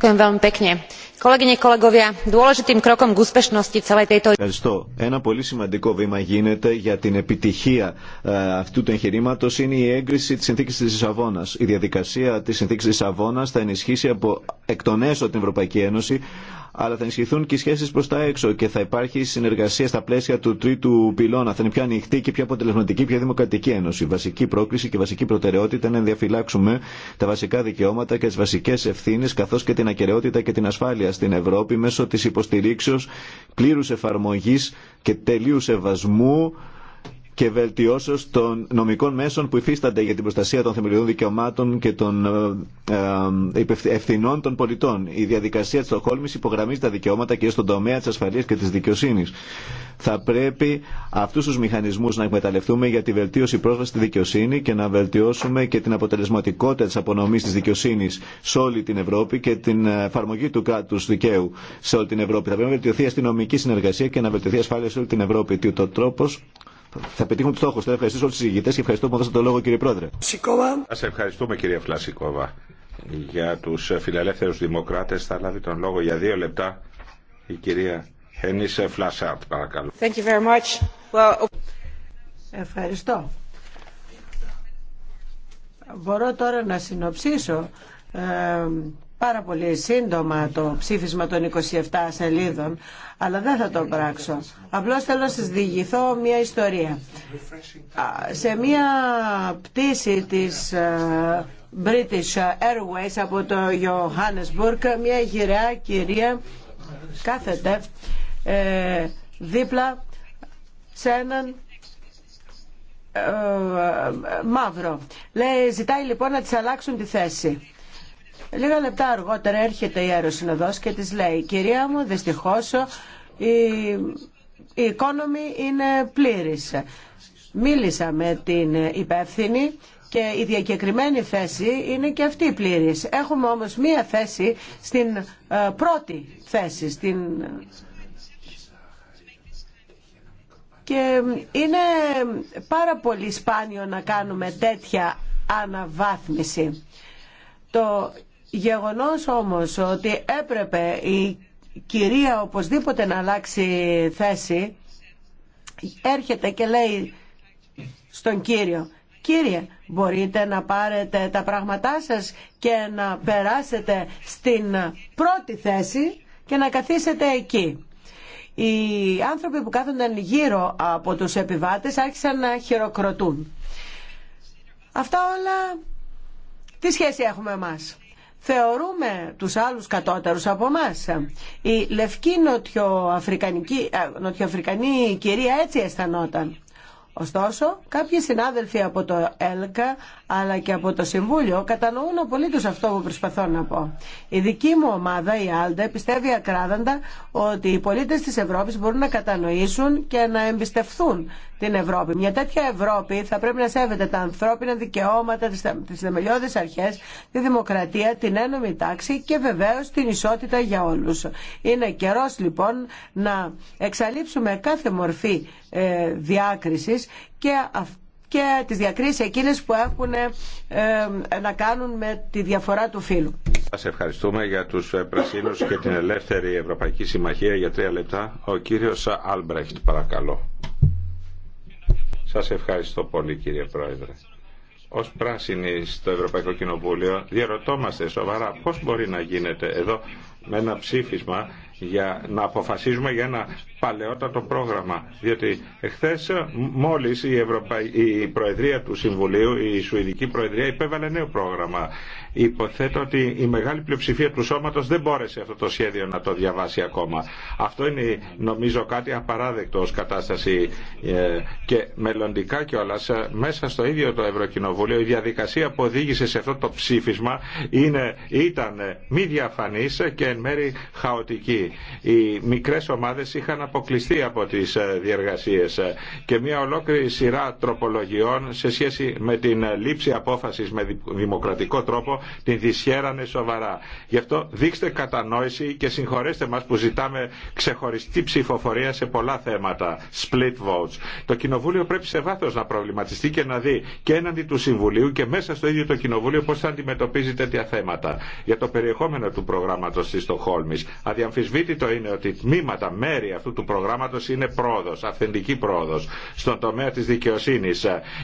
B: Ευχαριστώ. Ένα πολύ σημαντικό βήμα γίνεται για την επιτυχία ε, αυτού του εγχειρήματο είναι η έγκριση τη συνθήκη τη Λισαβόνα. Η διαδικασία τη συνθήκη τη Λισαβόνα θα ενισχύσει από εκ των έσω την Ευρωπαϊκή Ένωση αλλά θα ενισχυθούν και οι σχέσει προ τα έξω και θα υπάρχει συνεργασία στα πλαίσια του τρίτου πυλώνα. Θα είναι πιο ανοιχτή και πιο αποτελεσματική, πιο δημοκρατική ένωση. Βασική πρόκληση και βασική προτεραιότητα είναι να διαφυλάξουμε τα βασικά δικαιώματα και τι βασικέ ευθύνε, καθώ και την ακαιρεότητα και την ασφάλεια στην Ευρώπη μέσω τη υποστηρίξεω πλήρου εφαρμογή και τελείου σεβασμού και βελτιώσεω των νομικών μέσων που υφίστανται για την προστασία των θεμελιωδών δικαιωμάτων και των ε, ε, ευθυνών των πολιτών. Η διαδικασία τη Στοχόλμη υπογραμμίζει τα δικαιώματα και στον τομέα τη ασφαλεία και τη δικαιοσύνη. Θα πρέπει αυτού του μηχανισμού να εκμεταλλευτούμε για τη βελτίωση πρόσβαση στη δικαιοσύνη και να βελτιώσουμε και την αποτελεσματικότητα τη απονομή τη δικαιοσύνη σε όλη την Ευρώπη και την εφαρμογή του κράτου δικαίου σε όλη την Ευρώπη. Θα πρέπει να βελτιωθεί η αστυνομική συνεργασία και να βελτιωθεί η ασφάλεια σε όλη την Ευρώπη. Τι ο τρόπο θα πετύχουν του στόχου. Θα ευχαριστήσω όλου του ηγητέ και ευχαριστώ που μου δώσατε το λόγο, κύριε Πρόεδρε.
A: Σα ευχαριστούμε, κύριε Φλασικόβα. Για του φιλελεύθερου δημοκράτε θα λάβει τον λόγο για δύο λεπτά η κυρία Χένισε Φλασάρτ, παρακαλώ.
C: Thank you very much. Well... Ευχαριστώ. Μπορώ τώρα να συνοψίσω ε, πάρα πολύ σύντομα το ψήφισμα των 27 σελίδων, αλλά δεν θα το πράξω. Απλώς θέλω να σας διηγηθώ μια ιστορία. Σε μια πτήση της ε, British Airways από το Johannesburg, μια γυραιά κυρία κάθεται ε, δίπλα σε έναν ε, μαύρο. Λέει, ζητάει λοιπόν να της αλλάξουν τη θέση. Λίγα λεπτά αργότερα έρχεται η αεροσυνοδός και της λέει «Κυρία μου, δυστυχώς η, η οικόνομη είναι πλήρης». Μίλησα με την υπεύθυνη και η διακεκριμένη θέση είναι και αυτή πλήρης. Έχουμε όμως μία θέση στην ε, πρώτη θέση, στην και είναι πάρα πολύ σπάνιο να κάνουμε τέτοια αναβάθμιση. Το Γεγονός όμως ότι έπρεπε η κυρία οπωσδήποτε να αλλάξει θέση έρχεται και λέει στον κύριο Κύριε, μπορείτε να πάρετε τα πράγματά σας και να περάσετε στην πρώτη θέση και να καθίσετε εκεί. Οι άνθρωποι που κάθονταν γύρω από τους επιβάτες άρχισαν να χειροκροτούν. Αυτά όλα τι σχέση έχουμε εμάς θεωρούμε τους άλλους κατώτερους από εμά. Η λευκή νοτιοαφρικανική, νοτιοαφρικανή κυρία έτσι αισθανόταν. Ωστόσο, κάποιοι συνάδελφοι από το ΕΛΚΑ αλλά και από το Συμβούλιο κατανοούν απολύτως αυτό που προσπαθώ να πω. Η δική μου ομάδα, η ΑΛΤΕ, πιστεύει ακράδαντα ότι οι πολίτες της Ευρώπης μπορούν να κατανοήσουν και να εμπιστευθούν την Ευρώπη. Μια τέτοια Ευρώπη θα πρέπει να σέβεται τα ανθρώπινα δικαιώματα, τι θεμελιώδει αρχέ, τη δημοκρατία, την ένωμη τάξη και βεβαίως την ισότητα για όλους. Είναι καιρό λοιπόν να εξαλείψουμε κάθε μορφή ε, διάκρισης και και τις διακρίσεις εκείνες που έχουν ε, ε, να κάνουν με τη διαφορά του φύλου.
A: Σας ευχαριστούμε για τους πρασίνους και την Ελεύθερη Ευρωπαϊκή Συμμαχία για τρία λεπτά. Ο κύριος Άλμπρεχτ παρακαλώ. Σας ευχαριστώ πολύ κύριε Πρόεδρε. Ως πράσινοι στο Ευρωπαϊκό Κοινοβούλιο διαρωτόμαστε σοβαρά πώς μπορεί να γίνεται εδώ με ένα ψήφισμα για να αποφασίζουμε για ένα παλαιότατο πρόγραμμα. Διότι εχθές μόλις η, Ευρωπαϊ... η Προεδρία του Συμβουλίου, η Σουηδική Προεδρία υπέβαλε νέο πρόγραμμα Υποθέτω ότι η μεγάλη πλειοψηφία του σώματος δεν μπόρεσε αυτό το σχέδιο να το διαβάσει ακόμα. Αυτό είναι νομίζω κάτι απαράδεκτο ως κατάσταση ε, και μελλοντικά κιόλα ε, μέσα στο ίδιο το Ευρωκοινοβούλιο η διαδικασία που οδήγησε σε αυτό το ψήφισμα είναι, ήταν ε, μη διαφανής και εν μέρη χαοτική. Οι μικρές ομάδες είχαν αποκλειστεί από τις διεργασίες και μια ολόκληρη σειρά τροπολογιών σε σχέση με την λήψη απόφασης με δημοκρατικό τρόπο την δυσχέρανε σοβαρά. Γι' αυτό δείξτε κατανόηση και συγχωρέστε μας που ζητάμε ξεχωριστή ψηφοφορία σε πολλά θέματα. Split votes. Το Κοινοβούλιο πρέπει σε βάθος να προβληματιστεί και να δει και έναντι του Συμβουλίου και μέσα στο ίδιο το Κοινοβούλιο πώς θα αντιμετωπίζει τέτοια θέματα. Για το περιεχόμενο του προγράμματος της Στοχόλμης. Αδιαμφισβήτητο είναι ότι τμήματα, μέρη αυτού του προγράμματος είναι πρόοδος, αυθεντική πρόοδος στον τομέα τη δικαιοσύνη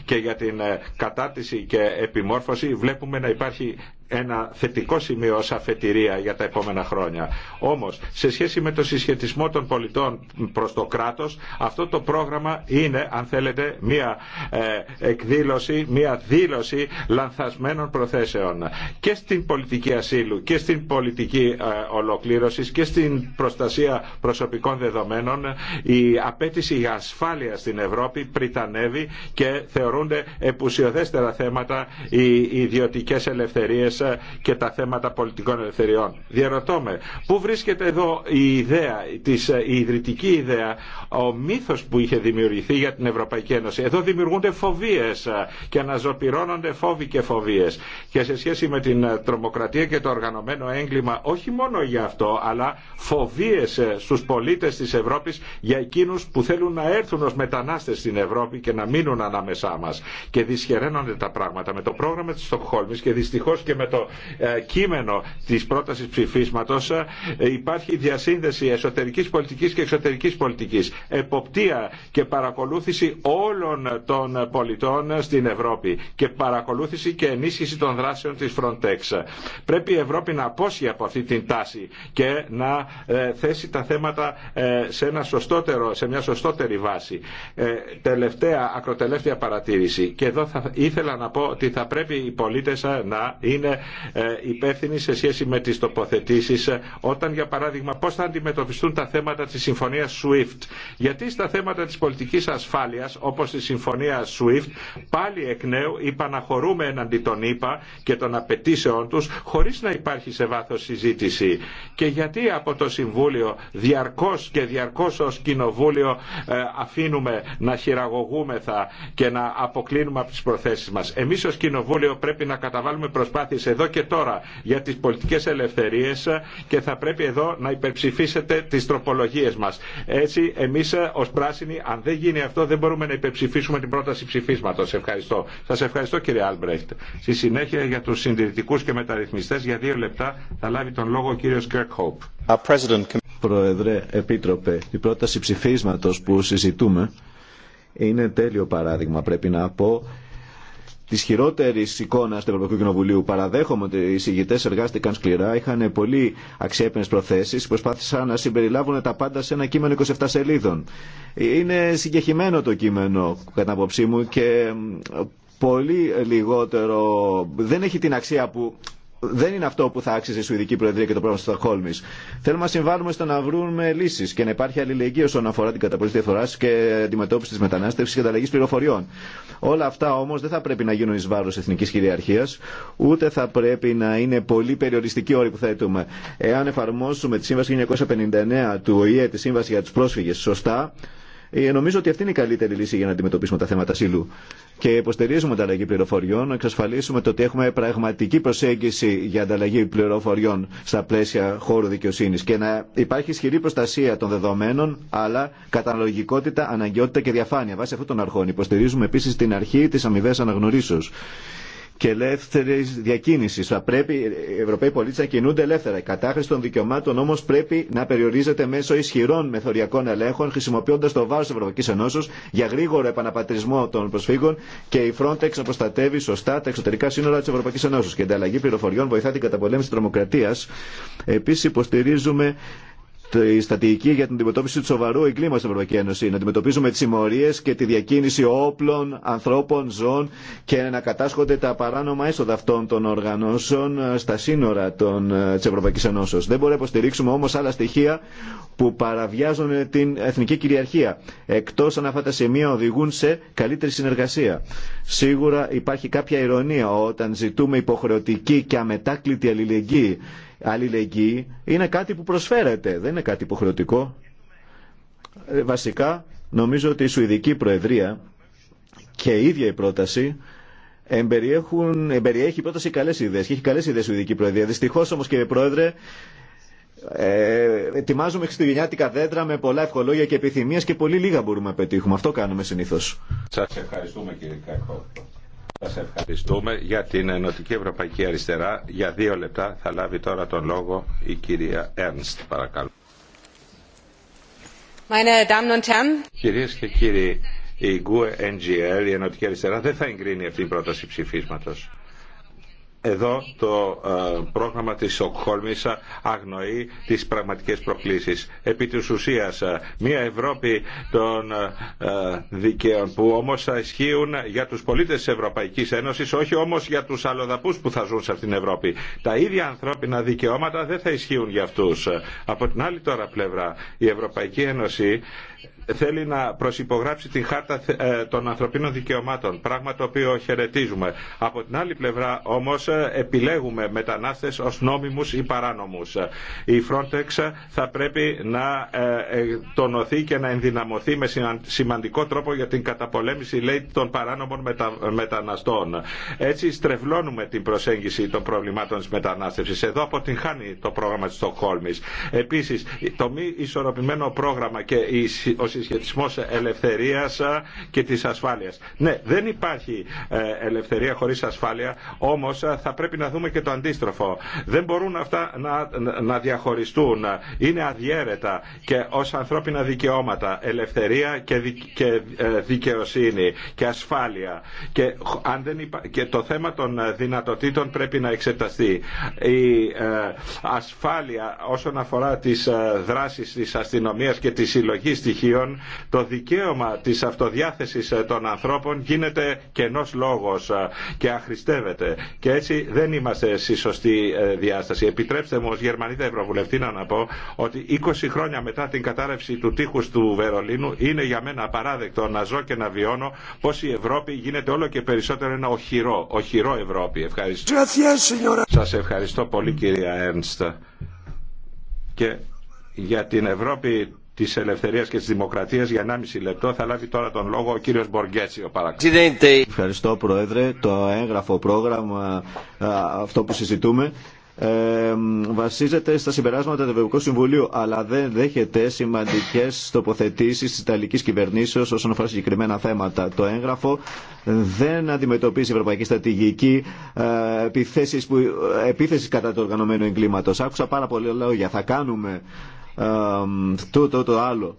A: και για την ε, κατάρτιση και επιμόρφωση βλέπουμε να υπάρχει ένα θετικό σημείο ως αφετηρία για τα επόμενα χρόνια. Όμως, σε σχέση με το συσχετισμό των πολιτών προς το κράτος, αυτό το πρόγραμμα είναι, αν θέλετε, μία ε, εκδήλωση, μία δήλωση λανθασμένων προθέσεων. Και στην πολιτική ασύλου και στην πολιτική ε, ολοκλήρωσης και στην προστασία προσωπικών δεδομένων η απέτηση για ασφάλεια στην Ευρώπη πριτανεύει και θεωρούνται επουσιοδέστερα θέματα οι ιδιωτικές ελευθερίες ε, και τα θέματα πολιτικών ελευθεριών. Διαρωτώ με, πού βρίσκεται εδώ η ιδέα, της, ε, η ιδρυτική ιδέα, ο μύθος που είχε δημιουργηθεί για την Ευρωπαϊκή Ένωση. Εδώ δημιουργούνται φοβίες ε, και αναζωπυρώνονται φόβοι και φοβίες. Και σε σχέση με την τρομοκρατία και το οργανωμένο έγκλημα, όχι μόνο για αυτό, αλλά φοβίες στους πολίτες της Ευρώπης για εκείνους που θέλουν να έρθουν ως μετανάστες στην Ευρώπη και να μείνουν ανάμεσά μας. Και δυσχεραίνονται τα πράγματα με το πρόγραμμα της Στοκχόλμης και δυστυχώς και με με το ε, κείμενο της πρότασης ψηφίσματος ε, υπάρχει διασύνδεση εσωτερικής πολιτικής και εξωτερικής πολιτικής. Εποπτεία και παρακολούθηση όλων των πολιτών στην Ευρώπη και παρακολούθηση και ενίσχυση των δράσεων της Frontex. Πρέπει η Ευρώπη να απόσχει από αυτή την τάση και να ε, θέσει τα θέματα σε, ένα μια σωστότερη βάση. τελευταία, ακροτελεύτια παρατήρηση. Και εδώ θα, ήθελα να πω ότι θα πρέπει οι πολίτες να είναι ε, υπεύθυνοι σε σχέση με τις τοποθετήσεις ε, όταν για παράδειγμα πώς θα αντιμετωπιστούν τα θέματα της συμφωνίας SWIFT. Γιατί στα θέματα της πολιτικής ασφάλειας όπως η συμφωνία SWIFT πάλι εκ νέου υπαναχωρούμε εναντί των ΗΠΑ και των απαιτήσεών τους χωρίς να υπάρχει σε βάθος συζήτηση. Και γιατί από το Συμβούλιο διαρκώς και διαρκώς ως Κοινοβούλιο ε, αφήνουμε να χειραγωγούμεθα και να αποκλίνουμε από τις προθέσεις μας. Εμείς ως Κοινοβούλιο πρέπει να καταβάλουμε προσπάθειες εδώ και τώρα για τις πολιτικές ελευθερίες και θα πρέπει εδώ να υπερψηφίσετε τις τροπολογίες μας. Έτσι εμείς ε, ως πράσινοι αν δεν γίνει αυτό δεν μπορούμε να υπερψηφίσουμε την πρόταση ψηφίσματος. Ευχαριστώ. Σας ευχαριστώ κύριε Άλμπρεχτ. Στη συνέχεια για τους συντηρητικούς και μεταρρυθμιστές για δύο λεπτά θα λάβει τον λόγο ο κύριος Κέρκχοπ.
B: Προεδρέ, Επίτροπε, η πρόταση ψηφίσματος που συζητούμε είναι τέλειο παράδειγμα πρέπει να πω τη χειρότερη εικόνα του Ευρωπαϊκού Κοινοβουλίου. Παραδέχομαι ότι οι συγγητέ εργάστηκαν σκληρά, είχαν πολύ αξιέπαινε προθέσει, προσπάθησαν να συμπεριλάβουν τα πάντα σε ένα κείμενο 27 σελίδων. Είναι συγκεχημένο το κείμενο, κατά απόψη μου, και πολύ λιγότερο. Δεν έχει την αξία που δεν είναι αυτό που θα άξιζε η Σουηδική Προεδρία και το πρόγραμμα τη Στοχόλμη. Θέλουμε να συμβάλλουμε στο να βρούμε λύσει και να υπάρχει αλληλεγγύη όσον αφορά την καταπολίτευση διαφορά και αντιμετώπιση τη μετανάστευση και ανταλλαγή πληροφοριών. Όλα αυτά όμω δεν θα πρέπει να γίνουν ει βάρο εθνική κυριαρχία, ούτε θα πρέπει να είναι πολύ περιοριστική όρη που θέτουμε. Εάν εφαρμόσουμε τη Σύμβαση 1959 του ΟΗΕ, τη Σύμβαση για του Πρόσφυγε, σωστά, ε, νομίζω ότι αυτή είναι η καλύτερη λύση για να αντιμετωπίσουμε τα θέματα σύλλου. Και υποστηρίζουμε ανταλλαγή πληροφοριών, να εξασφαλίσουμε το ότι έχουμε πραγματική προσέγγιση για ανταλλαγή πληροφοριών στα πλαίσια χώρου δικαιοσύνη και να υπάρχει ισχυρή προστασία των δεδομένων, αλλά καταναλογικότητα, αναγκαιότητα και διαφάνεια. Βάσει αυτών των αρχών υποστηρίζουμε επίση την αρχή τη αμοιβέ αναγνωρίσεω και ελεύθερη διακίνηση. Θα πρέπει οι Ευρωπαίοι πολίτε να κινούνται ελεύθερα. Η κατάχρηση των δικαιωμάτων όμω πρέπει να περιορίζεται μέσω ισχυρών μεθοριακών ελέγχων, χρησιμοποιώντα το βάρο τη Ευρωπαϊκή Ενώσεω για γρήγορο επαναπατρισμό των προσφύγων και η Frontex να προστατεύει σωστά τα εξωτερικά σύνορα τη Ευρωπαϊκή Ενώσεω. Και η ανταλλαγή πληροφοριών βοηθά την καταπολέμηση τη τρομοκρατία. Επίση υποστηρίζουμε η στατική για την αντιμετώπιση του σοβαρού εγκλήματο στην Ευρωπαϊκή Ένωση. Να αντιμετωπίζουμε τι συμμορίε και τη διακίνηση όπλων, ανθρώπων, ζώων και να κατάσχονται τα παράνομα έσοδα αυτών των οργανώσεων ε, στα σύνορα ε, τη Ευρωπαϊκή Ενώσεω. Δεν μπορούμε να υποστηρίξουμε όμω άλλα στοιχεία που παραβιάζουν την εθνική κυριαρχία. Εκτό αν αυτά τα σημεία οδηγούν σε καλύτερη συνεργασία. Σίγουρα υπάρχει κάποια ηρωνία όταν ζητούμε υποχρεωτική και αμετάκλητη αλληλεγγύη αλληλεγγύη είναι κάτι που προσφέρεται, δεν είναι κάτι υποχρεωτικό. Ε, βασικά, νομίζω ότι η Σουηδική Προεδρία και η ίδια η πρόταση εμπεριέχουν, εμπεριέχει πρόταση καλές ιδέες και έχει καλές ιδέες η Σουηδική Προεδρία. Δυστυχώς όμως κύριε Πρόεδρε, ε, ετοιμάζουμε χριστουγεννιάτικα δέντρα με πολλά ευχολόγια και επιθυμίες και πολύ λίγα μπορούμε να πετύχουμε. Αυτό κάνουμε συνήθως.
A: Σας ευχαριστούμε κύριε Κακό. Σας ευχαριστούμε για την Ενωτική Ευρωπαϊκή Αριστερά. Για δύο λεπτά θα λάβει τώρα τον λόγο η κυρία Έρνστ, παρακαλώ.
D: Meine Damen und Herren.
A: Κυρίες και κύριοι, η GUE NGL, η Ενωτική Αριστερά, δεν θα εγκρίνει αυτήν την πρόταση ψηφίσματος εδώ το ε, πρόγραμμα της Σοκχόλμης αγνοεί τις πραγματικές προκλήσεις. Επί της ουσίας, ε, μια Ευρώπη των ε, δικαίων που όμως θα ισχύουν για τους πολίτες της Ευρωπαϊκής Ένωσης, όχι όμως για τους αλλοδαπούς που θα ζουν σε αυτήν την Ευρώπη. Τα ίδια ανθρώπινα δικαιώματα δεν θα ισχύουν για αυτούς. Από την άλλη τώρα πλευρά, η Ευρωπαϊκή Ένωση θέλει να προσυπογράψει την χάρτα ε, των ανθρωπίνων δικαιωμάτων, πράγμα το οποίο χαιρετίζουμε. Από την άλλη πλευρά όμως ε, επιλέγουμε μετανάστες ως νόμιμους ή παράνομους. Η Frontex θα πρέπει να ε, τονωθεί και να ενδυναμωθεί με σημαντικό τρόπο για την καταπολέμηση λέει, των παράνομων μεταναστών. Έτσι στρεβλώνουμε την προσέγγιση των προβλημάτων της μετανάστευσης. Εδώ αποτυγχάνει το πρόγραμμα της Στοκχόλμης. Επίσης, το μη ισορροπημένο πρόγραμμα και ο συσχετισμός ελευθερίας και της ασφάλειας. Ναι, δεν υπάρχει ε, ελευθερία χωρίς ασφάλεια, όμως ε, θα πρέπει να δούμε και το αντίστροφο. Δεν μπορούν αυτά να, να διαχωριστούν. Είναι αδιέρετα και ως ανθρώπινα δικαιώματα, ελευθερία και, και ε, δικαιοσύνη και ασφάλεια. Και, αν δεν και το θέμα των δυνατοτήτων πρέπει να εξεταστεί. Η ασφάλεια όσον αφορά τις δράσεις της αστυνομίας και τη συλλογή στοιχείων το δικαίωμα της αυτοδιάθεσης ε, των ανθρώπων γίνεται κενός λόγος ε, και αχρηστεύεται. Και έτσι δεν είμαστε στη σωστή ε, διάσταση. Επιτρέψτε μου ως Γερμανίδα Ευρωβουλευτή να πω ότι 20 χρόνια μετά την κατάρρευση του τείχους του Βερολίνου είναι για μένα απαράδεκτο να ζω και να βιώνω πως η Ευρώπη γίνεται όλο και περισσότερο ένα οχυρό, οχυρό Ευρώπη. Ευχαριστώ. Σας ευχαριστώ πολύ κυρία Ένστα Και για την Ευρώπη της Ελευθερίας και της Δημοκρατίας για 1,5 λεπτό. Θα λάβει τώρα τον λόγο ο κύριος Μποργέτσιο
B: παρακαλώ. Ευχαριστώ Πρόεδρε. Το έγγραφο πρόγραμμα αυτό που συζητούμε ε, βασίζεται στα συμπεράσματα του Ευρωπαϊκού Συμβουλίου, αλλά δεν δέχεται σημαντικέ τοποθετήσει τη Ιταλική κυβερνήσεω όσον αφορά συγκεκριμένα θέματα. Το έγγραφο δεν αντιμετωπίζει η Ευρωπαϊκή Στρατηγική ε, που, ε, επίθεση κατά του οργανωμένου εγκλήματο. Άκουσα πάρα πολλά λόγια. Θα κάνουμε τούτο το άλλο.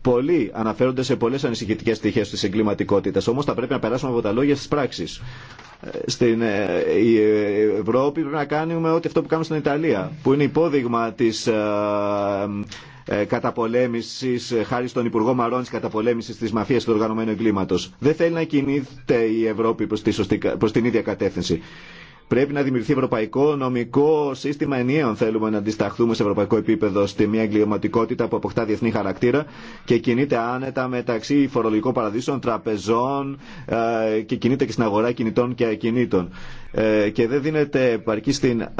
B: Πολλοί αναφέρονται σε πολλέ ανησυχητικέ στοιχείε τη εγκληματικότητα. Όμω θα πρέπει να περάσουμε από τα λόγια στι πράξει. Ε, στην ε, Ευρώπη πρέπει να κάνουμε ό,τι αυτό που κάνουμε στην Ιταλία, που είναι υπόδειγμα τη ε, καταπολέμηση, χάρη στον Υπουργό Μαρών, τη καταπολέμηση τη μαφία του οργανωμένου εγκλήματο. Δεν θέλει να κινείται η Ευρώπη προ την ίδια κατεύθυνση. Πρέπει να δημιουργηθεί ευρωπαϊκό νομικό σύστημα ενιαίων. Θέλουμε να αντισταχθούμε σε ευρωπαϊκό επίπεδο στη μια εγκληματικότητα που αποκτά διεθνή χαρακτήρα και κινείται άνετα μεταξύ φορολογικών παραδείσων, τραπεζών ε, και κινείται και στην αγορά κινητών και ακινήτων. Ε, και δεν δίνεται επαρκή στην. Ε,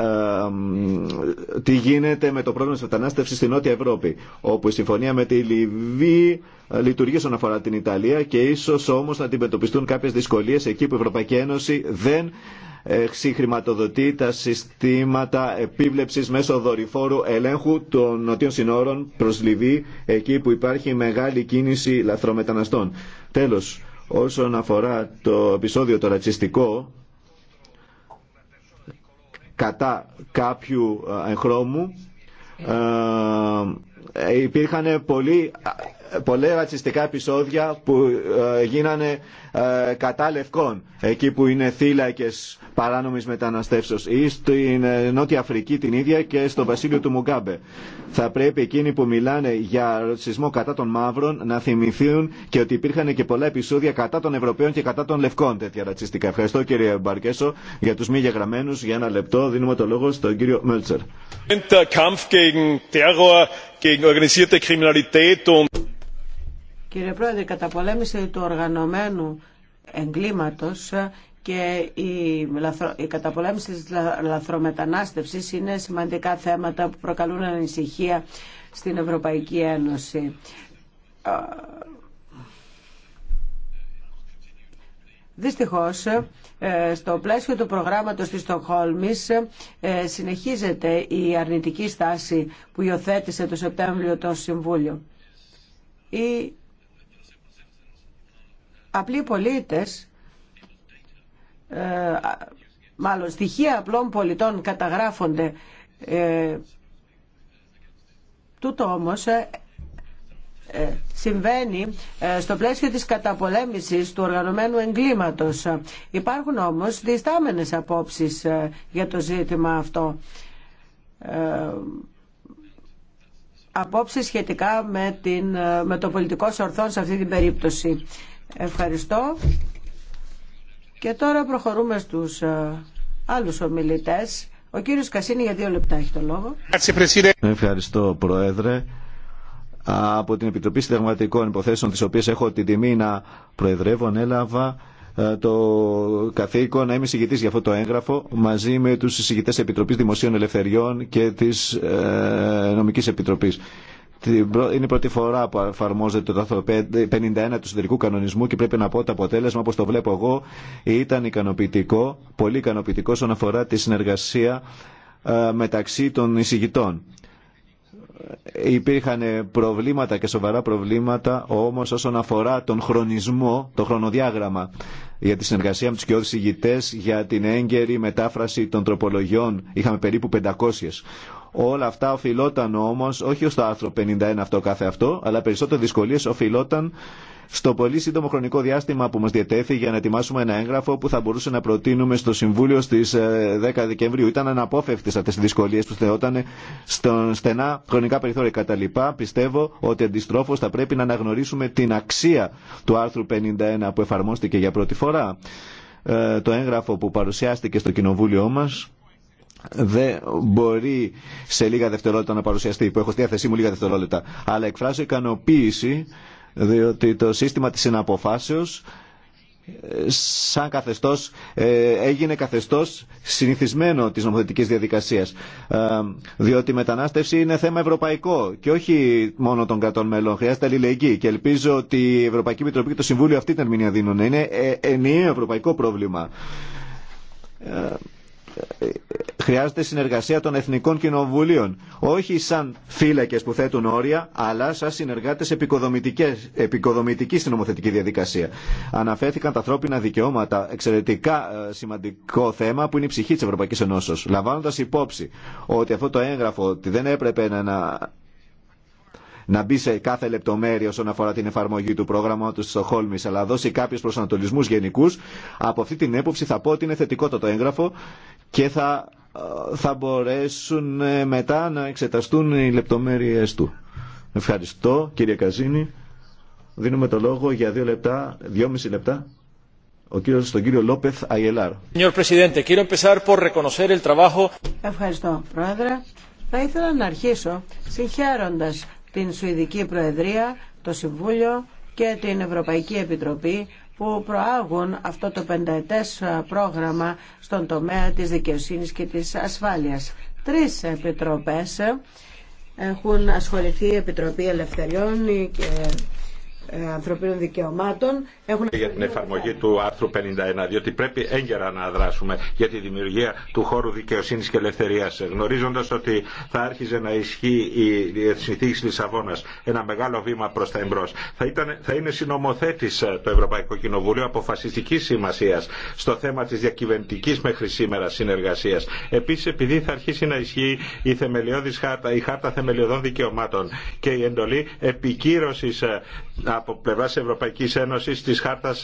B: τι γίνεται με το πρόβλημα τη μετανάστευση στην Νότια Ευρώπη, όπου η συμφωνία με τη Λιβύη λειτουργεί όσον αφορά την Ιταλία και ίσω όμω να αντιμετωπιστούν κάποιε δυσκολίε εκεί που η Ευρωπαϊκή Ένωση δεν ε, χρηματοδοτεί τα συστήματα επίβλεψης μέσω δορυφόρου ελέγχου των νοτιών συνόρων προς Λιβύη, εκεί που υπάρχει μεγάλη κίνηση λαθρομεταναστών. Τέλος, όσον αφορά το επεισόδιο το ρατσιστικό, κατά κάποιου εγχρώμου, ε, ε, υπήρχαν πολλοί πολλά ρατσιστικά επεισόδια που ε, γίνανε ε, κατά λευκών, εκεί που είναι θύλακες παράνομης μεταναστεύσεως ή στην ε, Νότια Αφρική την ίδια και στο βασίλειο του Μουγκάμπε. Θα πρέπει εκείνοι που μιλάνε για ρατσισμό κατά των μαύρων να θυμηθούν και ότι υπήρχαν και πολλά επεισόδια κατά των Ευρωπαίων και κατά των Λευκών τέτοια ρατσιστικά. Ευχαριστώ κύριε Μπαρκέσο για τους μη γεγραμμένους. Για ένα λεπτό δίνουμε το λόγο στον κύριο Μέλτσερ.
C: Κύριε Πρόεδρε, η καταπολέμηση του οργανωμένου εγκλήματος και η, καταπολέμηση της λαθρομετανάστευσης είναι σημαντικά θέματα που προκαλούν ανησυχία στην Ευρωπαϊκή Ένωση. Δυστυχώς, ε, στο πλαίσιο του προγράμματος της Στοχόλμης ε, συνεχίζεται η αρνητική στάση που υιοθέτησε το Σεπτέμβριο το Συμβούλιο. Η απλοί πολίτες, ε, μάλλον στοιχεία απλών πολιτών καταγράφονται. Ε, τούτο όμως ε, συμβαίνει στο πλαίσιο της καταπολέμησης του οργανωμένου εγκλήματος. Υπάρχουν όμως διστάμενες απόψεις για το ζήτημα αυτό. Απόψεις σχετικά με, την, με το πολιτικό σορθόν σε αυτή την περίπτωση. Ευχαριστώ. Και τώρα προχωρούμε στους ε, άλλους ομιλητές. Ο κύριος Κασίνη για δύο λεπτά έχει το λόγο.
B: Ευχαριστώ Πρόεδρε. Από την Επιτροπή Συνταγματικών Υποθέσεων, τις οποίες έχω την τιμή να προεδρεύω, ανέλαβα ε, το καθήκον να είμαι συγκητής για αυτό το έγγραφο μαζί με τους συγκητές Επιτροπής Δημοσίων Ελευθεριών και της ε, Νομικής Επιτροπής. Είναι η πρώτη φορά που εφαρμόζεται το 51 του Συντερικού Κανονισμού και πρέπει να πω το αποτέλεσμα, όπω το βλέπω εγώ, ήταν ικανοποιητικό, πολύ ικανοποιητικό όσον αφορά τη συνεργασία ε, μεταξύ των εισηγητών. Υπήρχαν προβλήματα και σοβαρά προβλήματα όμως όσον αφορά τον χρονισμό, το χρονοδιάγραμμα για τη συνεργασία με τους και ηγητές για την έγκαιρη μετάφραση των τροπολογιών. Είχαμε περίπου 500 Όλα αυτά οφειλόταν όμω όχι στο άρθρο 51 αυτό κάθε αυτό, αλλά περισσότερο δυσκολίε οφειλόταν στο πολύ σύντομο χρονικό διάστημα που μα διατέθη για να ετοιμάσουμε ένα έγγραφο που θα μπορούσε να προτείνουμε στο Συμβούλιο στι 10 ε, Δεκεμβρίου. Ήταν αναπόφευκτε αυτέ οι δυσκολίε που θεόταν στον στενά χρονικά περιθώρια. Κατά λοιπά, πιστεύω ότι αντιστρόφως θα πρέπει να αναγνωρίσουμε την αξία του άρθρου 51 που εφαρμόστηκε για πρώτη φορά. Ε, το έγγραφο που παρουσιάστηκε στο Κοινοβούλιο μας δεν μπορεί σε λίγα δευτερόλεπτα να παρουσιαστεί, που έχω στη διάθεσή μου λίγα δευτερόλεπτα. Αλλά εκφράζω ικανοποίηση, διότι το σύστημα της συναποφάσεως σαν καθεστώς ε, έγινε καθεστώς συνηθισμένο της νομοθετικής διαδικασίας ε, διότι η μετανάστευση είναι θέμα ευρωπαϊκό και όχι μόνο των κρατών μελών χρειάζεται αλληλεγγύη και ελπίζω ότι η Ευρωπαϊκή Επιτροπή και το Συμβούλιο αυτή την ερμηνεία δίνουν είναι ε, ενιαίο ευρωπαϊκό πρόβλημα χρειάζεται συνεργασία των εθνικών κοινοβουλίων. Όχι σαν φύλακε που θέτουν όρια, αλλά σαν συνεργάτε επικοδομητική στην νομοθετική διαδικασία. Αναφέρθηκαν τα ανθρώπινα δικαιώματα, εξαιρετικά ε, σημαντικό θέμα που είναι η ψυχή τη Ευρωπαϊκή Ενώσεω. Λαμβάνοντα υπόψη ότι αυτό το έγγραφο ότι δεν έπρεπε να να μπει σε κάθε λεπτομέρεια όσον αφορά την εφαρμογή του πρόγραμματο τη Στοχόλμη, αλλά δώσει κάποιου προσανατολισμού γενικού. Από αυτή την έποψη θα πω ότι είναι θετικό το, έγγραφο και θα, ε, θα μπορέσουν ε, μετά να εξεταστούν οι λεπτομέρειε του. Ευχαριστώ κύριε Καζίνη. Δίνουμε το λόγο για δύο λεπτά, δυόμιση λεπτά ο κύριος, τον κύριο Λόπεθ Αγελάρ.
C: Ευχαριστώ, Πρόεδρε. Θα ήθελα να αρχίσω συγχαίροντας την Σουηδική Προεδρία, το Συμβούλιο και την Ευρωπαϊκή Επιτροπή που προάγουν αυτό το πενταετές πρόγραμμα στον τομέα της δικαιοσύνης και της ασφάλειας. Τρεις επιτροπές έχουν ασχοληθεί η Επιτροπή Ελευθεριών και ανθρωπίνων δικαιωμάτων
A: έχουν... Για την εφαρμογή του άρθρου 51, διότι πρέπει έγκαιρα να δράσουμε για τη δημιουργία του χώρου δικαιοσύνη και ελευθερία, γνωρίζοντα ότι θα άρχιζε να ισχύει η συνθήκη τη Λισαβόνα, ένα μεγάλο βήμα προ τα εμπρό, Θα, ήταν, θα είναι συνομοθέτης ε, το Ευρωπαϊκό Κοινοβούλιο αποφασιστική σημασία στο θέμα τη διακυβερνητική μέχρι σήμερα συνεργασία. Επίση, επειδή θα αρχίσει να ισχύει η θεμελιώδης χάρτα, η χάρτα θεμελιωδών δικαιωμάτων και η εντολή επικύρωση. Ε, από πλευρά Ευρωπαϊκή Ένωση τη Χάρτα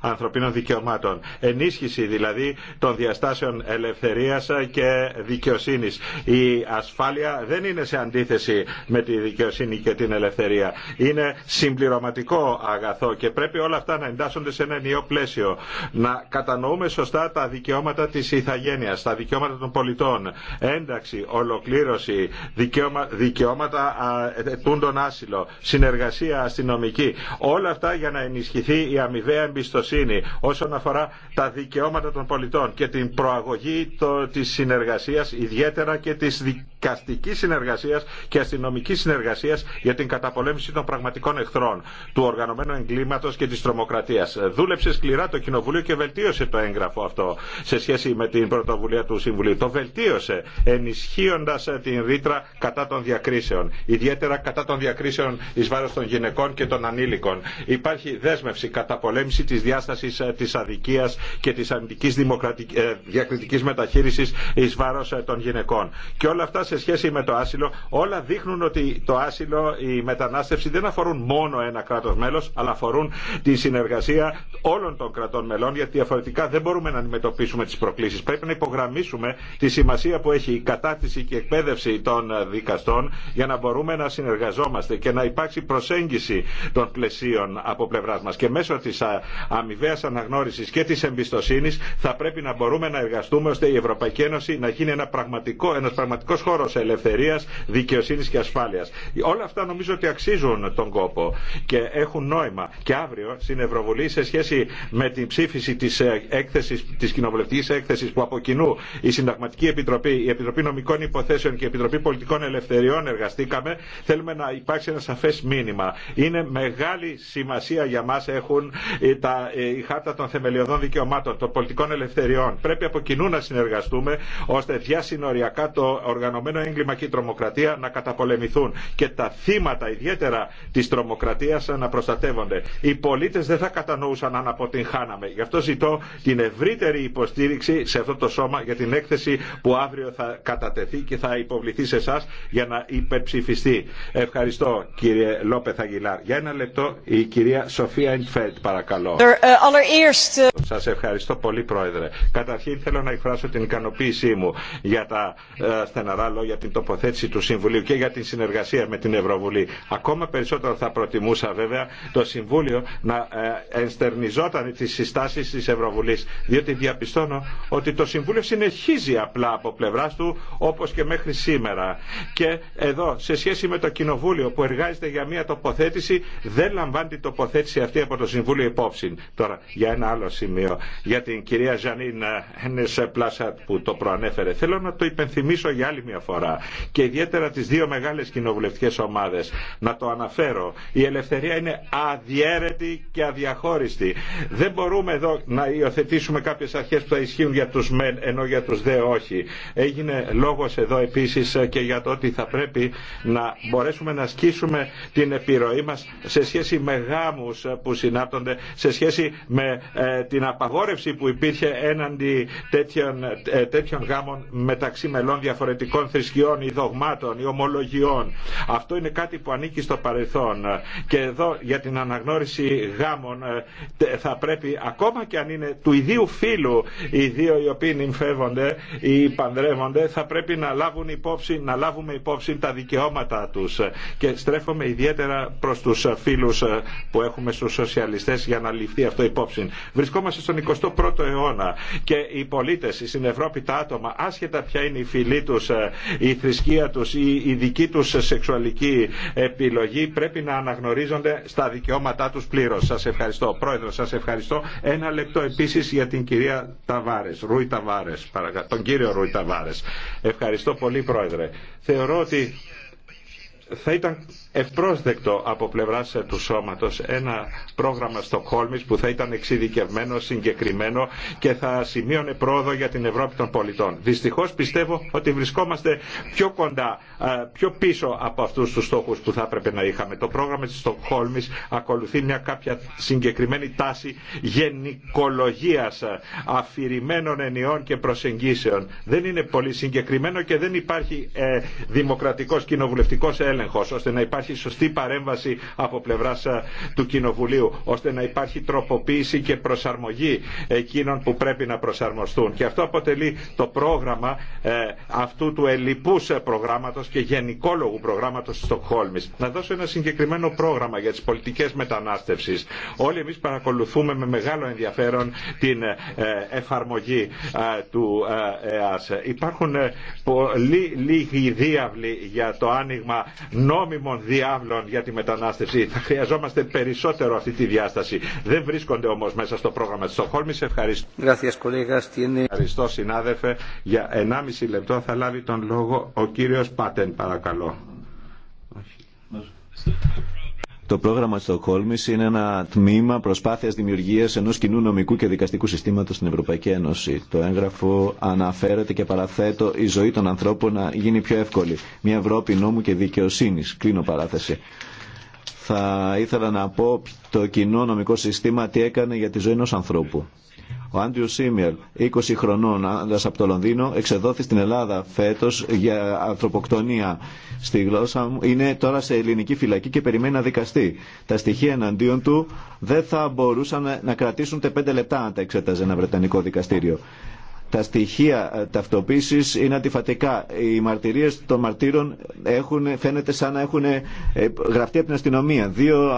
A: Ανθρωπίνων Δικαιωμάτων. Ενίσχυση δηλαδή των διαστάσεων ελευθερία και δικαιοσύνη. Η ασφάλεια δεν είναι σε αντίθεση με τη δικαιοσύνη και την ελευθερία. Είναι συμπληρωματικό αγαθό και πρέπει όλα αυτά να εντάσσονται σε ένα ενιαίο πλαίσιο. Να κατανοούμε σωστά τα δικαιώματα τη ηθαγένεια, τα δικαιώματα των πολιτών. Ένταξη, ολοκλήρωση, δικαιώμα, δικαιώματα ετούντων άσυλο, συνεργασία αστυνομική. Όλα αυτά για να ενισχυθεί η αμοιβαία εμπιστοσύνη όσον αφορά τα δικαιώματα των πολιτών και την προαγωγή το, της συνεργασίας, ιδιαίτερα και της δικαστικής συνεργασίας και αστυνομικής συνεργασίας για την καταπολέμηση των πραγματικών εχθρών, του οργανωμένου εγκλήματος και της τρομοκρατίας. Δούλεψε σκληρά το Κοινοβούλιο και βελτίωσε το έγγραφο αυτό σε σχέση με την πρωτοβουλία του Συμβουλίου. Το βελτίωσε ενισχύοντας ε, την ρήτρα κατά των διακρίσεων, ιδιαίτερα κατά των διακρίσεων εις βάρος των γυναικών και των Υπάρχει δέσμευση κατά πολέμηση της διάστασης ε, της αδικίας και της αντική ε, διακριτικής μεταχείρισης εις βάρος ε, των γυναικών. Και όλα αυτά σε σχέση με το άσυλο, όλα δείχνουν ότι το άσυλο, η μετανάστευση δεν αφορούν μόνο ένα κράτος μέλος, αλλά αφορούν τη συνεργασία όλων των κρατών μελών, γιατί διαφορετικά δεν μπορούμε να αντιμετωπίσουμε τις προκλήσεις. Πρέπει να υπογραμμίσουμε τη σημασία που έχει η κατάρτιση και η εκπαίδευση των δικαστών για να μπορούμε να συνεργαζόμαστε και να υπάρξει προσέγγιση των πλαισίων από πλευρά μα και μέσω τη αμοιβαία αναγνώριση και τη εμπιστοσύνη θα πρέπει να μπορούμε να εργαστούμε ώστε η Ευρωπαϊκή Ένωση να γίνει ένα πραγματικό ένας πραγματικός χώρος ελευθερίας, δικαιοσύνης και ασφάλειας. Όλα αυτά νομίζω ότι αξίζουν τον κόπο και έχουν νόημα. Και αύριο στην Ευρωβουλή σε σχέση με την ψήφιση της, ε, έκθεσης, της κοινοβουλευτικής έκθεσης που από κοινού η Συνταγματική Επιτροπή, η Επιτροπή Νομικών Υποθέσεων και η Επιτροπή Πολιτικών Ελευθεριών εργαστήκαμε, θέλουμε να υπάρξει ένα σαφές μήνυμα. Είναι μεγάλη σημασία για μας έχουν ε, τα, ε, η Χάρτα των Θεμελιωδών Δικαιωμάτων, των Πολιτικών Ελευθεριών. Πρέπει από κοινού να συνεργαστούμε ώστε διασυνοριακά το οργανωμένο έγκλημα και η τρομοκρατία να καταπολεμηθούν και τα θύματα ιδιαίτερα της τρομοκρατίας να προστατεύονται. Οι πολίτες δεν θα κατανοούσαν αν αποτυγχάναμε. Γι' αυτό ζητώ την ευρύτερη υποστήριξη σε αυτό το σώμα για την έκθεση που αύριο θα κατατεθεί και θα υποβληθεί σε εσά για να υπερψηφιστεί. Ευχαριστώ κύριε Λόπεθ Για ένα λεπτό η κυρία Σοφία παρακαλώ. Uh, uh, Σας ευχαριστώ πολύ, Πρόεδρε. Καταρχήν θέλω να εκφράσω την ικανοποίησή μου για τα ε, στεναρά λόγια, την τοποθέτηση του Συμβουλίου και για την συνεργασία με την Ευρωβουλή. Ακόμα περισσότερο θα προτιμούσα βέβαια το Συμβούλιο να ε, ενστερνιζόταν τις συστάσεις της Ευρωβουλής, διότι διαπιστώνω ότι το Συμβούλιο συνεχίζει απλά από πλευρά του όπως και μέχρι σήμερα. Και εδώ, σε σχέση με το Κοινοβούλιο που εργάζεται για μια τοποθέτηση, δεν λαμβάνει την τοποθέτηση αυτή από το Συμβούλιο υπόψη. Τώρα, για ένα άλλο σημείο, για την κυρία Ζανίν ε, Νες που το προανέφερε. Θέλω να το υπενθυμίσω για άλλη μια φορά και ιδιαίτερα τις δύο μεγάλες κοινοβουλευτικές ομάδες. Να το αναφέρω. Η ελευθερία είναι αδιέρετη και αδιαχώριστη. Δεν μπορούμε εδώ να υιοθετήσουμε κάποιες αρχές που θα ισχύουν για τους μεν ενώ για τους δε όχι. Έγινε λόγος εδώ επίσης ε, και για το ότι θα πρέπει να μπορέσουμε να ασκήσουμε την επιρροή μας σε σχέση σχέση με γάμους που συνάπτονται, σε σχέση με ε, την απαγόρευση που υπήρχε έναντι ε, τέτοιων, γάμων μεταξύ μελών διαφορετικών θρησκειών ή δογμάτων ή ομολογιών. Αυτό είναι κάτι που ανήκει στο παρελθόν και εδώ για την αναγνώριση γάμων ε, θα πρέπει ακόμα και αν είναι του ιδίου φίλου οι δύο οι οποίοι νυμφεύονται ή παντρεύονται θα πρέπει να υπόψη, να λάβουμε υπόψη τα δικαιώματα τους και στρέφομαι ιδιαίτερα προς τους φίλους ε, που έχουμε στους σοσιαλιστές για να ληφθεί αυτό υπόψη. Βρισκόμαστε στον 21ο αιώνα και οι πολίτες οι Ευρώπη τα άτομα άσχετα ποια είναι η φυλή τους, ε, η θρησκεία τους ή η δική τους σεξουαλική επιλογή πρέπει να αναγνωρίζονται στα δικαιώματά τους πλήρως. Σας ευχαριστώ. Πρόεδρο, σας ευχαριστώ. Ένα λεπτό επίσης για την κυρία Ταβάρες, τον κύριο Ρούι Ταβάρες. Ευχαριστώ πολύ Πρόεδρε. Θεωρώ ότι θα ήταν ευπρόσδεκτο από πλευρά ε, του σώματος ένα πρόγραμμα Στοκχόλμης που θα ήταν εξειδικευμένο, συγκεκριμένο και θα σημείωνε πρόοδο για την Ευρώπη των πολιτών. Δυστυχώς πιστεύω ότι βρισκόμαστε πιο κοντά, ε, πιο πίσω από αυτούς τους στόχους που θα έπρεπε να είχαμε. Το πρόγραμμα της Στοκχόλμης ακολουθεί μια κάποια συγκεκριμένη τάση γενικολογίας ε, αφηρημένων ενιών και προσεγγίσεων. Δεν είναι πολύ συγκεκριμένο και δεν υπάρχει δημοκρατικός κοινοβουλευτικό έλεγχος ώστε να υπάρχει υπάρχει σωστή παρέμβαση από πλευρά ε, του Κοινοβουλίου, ώστε να υπάρχει τροποποίηση και προσαρμογή εκείνων που πρέπει να προσαρμοστούν. Και αυτό αποτελεί το πρόγραμμα ε, αυτού του ελληπού προγράμματο και γενικόλογου προγράμματο τη Στοκχόλμη. Να δώσω ένα συγκεκριμένο πρόγραμμα για τι πολιτικέ μετανάστευση. Όλοι εμεί παρακολουθούμε με μεγάλο ενδιαφέρον την ε, εφαρμογή του ΕΑΣ. Υπάρχουν πολύ λίγοι διάβλοι για το άνοιγμα νόμιμων διάβλων για τη μετανάστευση. Θα χρειαζόμαστε περισσότερο αυτή τη διάσταση. Δεν βρίσκονται όμω μέσα στο πρόγραμμα τη Στοχόλμη. Ευχαριστώ. Ευχαριστώ συνάδελφε. Για 1,5 λεπτό θα λάβει τον λόγο ο κύριο Πάτεν παρακαλώ.
B: Το πρόγραμμα Στοκχόλμης είναι ένα τμήμα προσπάθειας δημιουργίας ενός κοινού νομικού και δικαστικού συστήματος στην Ευρωπαϊκή Ένωση. Το έγγραφο αναφέρεται και παραθέτω η ζωή των ανθρώπων να γίνει πιο εύκολη. Μια Ευρώπη νόμου και δικαιοσύνης. Κλείνω παράθεση. Θα ήθελα να πω το κοινό νομικό σύστημα τι έκανε για τη ζωή ενός ανθρώπου. Ο Άντριο Σίμιελ, 20 χρονών άντρας από το Λονδίνο, εξεδόθη στην Ελλάδα φέτος για ανθρωποκτονία στη γλώσσα μου. Είναι τώρα σε ελληνική φυλακή και περιμένει να δικαστεί. Τα στοιχεία εναντίον του δεν θα μπορούσαν να κρατήσουν τα 5 λεπτά αν τα εξέταζε ένα Βρετανικό δικαστήριο. Τα στοιχεία ε, ταυτοποίησης είναι αντιφατικά. Οι μαρτυρίες των μαρτύρων έχουν, φαίνεται σαν να έχουν ε, γραφτεί από την αστυνομία. Δύο ε,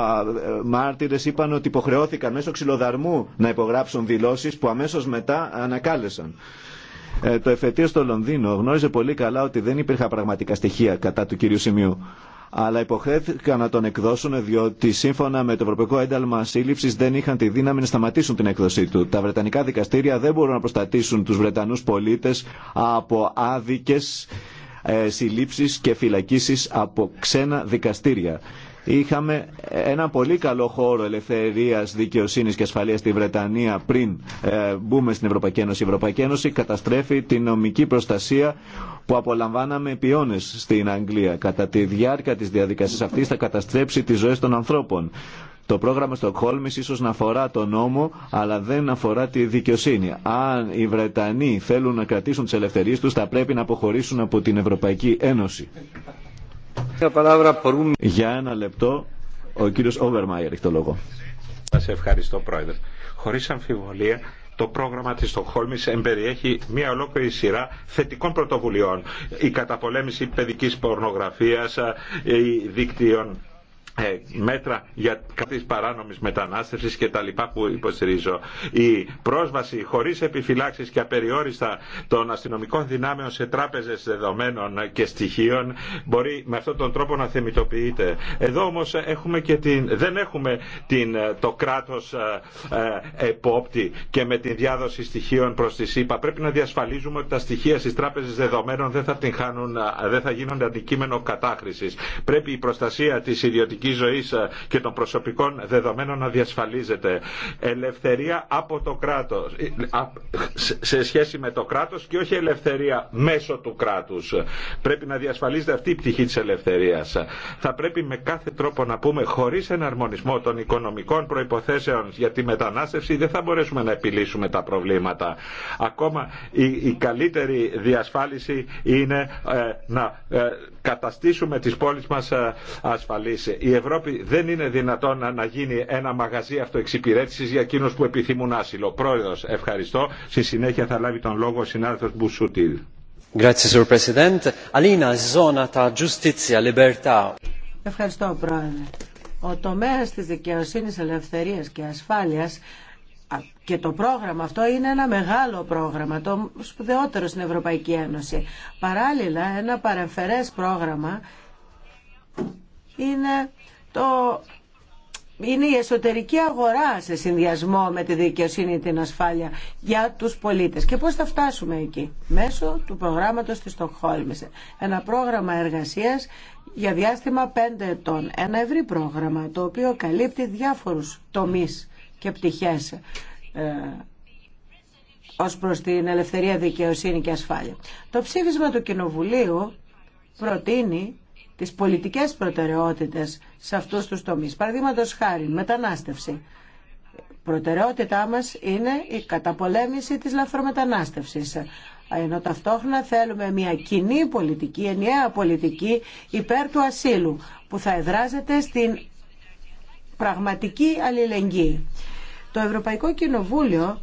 B: μάρτυρες είπαν ότι υποχρεώθηκαν μέσω ξυλοδαρμού να υπογράψουν δηλώσεις που αμέσως μετά ανακάλεσαν. Το εφετείο στο Λονδίνο γνώριζε πολύ καλά ότι δεν υπήρχαν πραγματικά στοιχεία κατά του κυρίου Σημείου αλλά υποχρέθηκαν να τον εκδώσουν διότι σύμφωνα με το Ευρωπαϊκό Ένταλμα Σύλληψη δεν είχαν τη δύναμη να σταματήσουν την έκδοσή του. Τα Βρετανικά δικαστήρια δεν μπορούν να προστατήσουν του Βρετανού πολίτε από άδικε συλλήψει και φυλακίσεις από ξένα δικαστήρια. Είχαμε ένα πολύ καλό χώρο ελευθερίας, δικαιοσύνης και ασφαλείας στη Βρετανία πριν ε, μπούμε στην Ευρωπαϊκή Ένωση. Η Ευρωπαϊκή Ένωση καταστρέφει την νομική προστασία που απολαμβάναμε επί στην Αγγλία. Κατά τη διάρκεια της διαδικασίας αυτής θα καταστρέψει τις ζωές των ανθρώπων. Το πρόγραμμα Στοκχόλμης ίσως να αφορά τον νόμο, αλλά δεν αφορά τη δικαιοσύνη. Αν οι Βρετανοί θέλουν να κρατήσουν τις ελευθερίες τους, θα πρέπει να αποχωρήσουν από την Ευρωπαϊκή Ένωση. Για ένα λεπτό, ο κύριος Όβερμαϊερ έχει το λόγο.
A: Σας ευχαριστώ πρόεδρε. Χωρίς αμφιβολία το πρόγραμμα της Στοχόλμης εμπεριέχει μια ολόκληρη σειρά θετικών πρωτοβουλειών. Η καταπολέμηση παιδικής πορνογραφίας, ε, δίκτυων ε, μέτρα για τις παράνομη μετανάστευση και τα λοιπά που υποστηρίζω. Η πρόσβαση χωρί επιφυλάξει και απεριόριστα των αστυνομικών δυνάμεων σε τράπεζε δεδομένων και στοιχείων μπορεί με αυτόν τον τρόπο να θεμητοποιείται. Εδώ όμω και την, δεν έχουμε την, ε, το κράτος ε, επόπτη και με τη διάδοση στοιχείων προ τη ΣΥΠΑ. Πρέπει να διασφαλίζουμε ότι τα στοιχεία στι τράπεζε δεδομένων δεν θα, γίνονται αντικείμενο κατάχρηση Πρέπει η προστασία τη ιδιωτική. Ε, και των προσωπικών δεδομένων να διασφαλίζεται. Ελευθερία από το κράτος, ε, σε σχέση με το κράτος και όχι ελευθερία μέσω του κράτους. Πρέπει να διασφαλίζεται αυτή η πτυχή της ελευθερίας. Θα πρέπει με κάθε τρόπο να πούμε χωρίς εναρμονισμό των οικονομικών προϋποθέσεων για τη μετανάστευση δεν θα μπορέσουμε να επιλύσουμε τα προβλήματα. Ακόμα η, καλύτερη διασφάλιση είναι ε, να καταστήσουμε τις πόλεις μας ε, ασφαλείς. Η Ευρώπη δεν είναι δυνατόν να γίνει ένα μαγαζί αυτοεξυπηρέτησης για εκείνους που επιθυμούν άσυλο. Πρόεδρος, ευχαριστώ. Στη συνέχεια θα λάβει τον λόγο ο συνάδελφος Μπουσούτιλ. E
C: ευχαριστώ, Πρόεδρε. Ο τομέας της δικαιοσύνης, ελευθερίας και ασφάλειας και το πρόγραμμα αυτό είναι ένα μεγάλο πρόγραμμα, το σπουδαιότερο στην Ευρωπαϊκή Ένωση. Παράλληλα, ένα παρεμφερές πρόγραμμα είναι, το, είναι η εσωτερική αγορά σε συνδυασμό με τη δικαιοσύνη και την ασφάλεια για τους πολίτες. Και πώς θα φτάσουμε εκεί, μέσω του προγράμματος της Στοχόλμης Ένα πρόγραμμα εργασίας για διάστημα 5 ετών. Ένα ευρύ πρόγραμμα, το οποίο καλύπτει διάφορους τομείς και πτυχές ε, ως προς την ελευθερία, δικαιοσύνη και ασφάλεια. Το ψήφισμα του Κοινοβουλίου προτείνει τις πολιτικές προτεραιότητες σε αυτούς τους τομείς. Παραδείγματο χάρη, μετανάστευση. Προτεραιότητά μας είναι η καταπολέμηση της λαθρομετανάστευσης. Ενώ ταυτόχρονα θέλουμε μια κοινή πολιτική, ενιαία πολιτική υπέρ του ασύλου που θα εδράζεται στην πραγματική αλληλεγγύη. Το Ευρωπαϊκό Κοινοβούλιο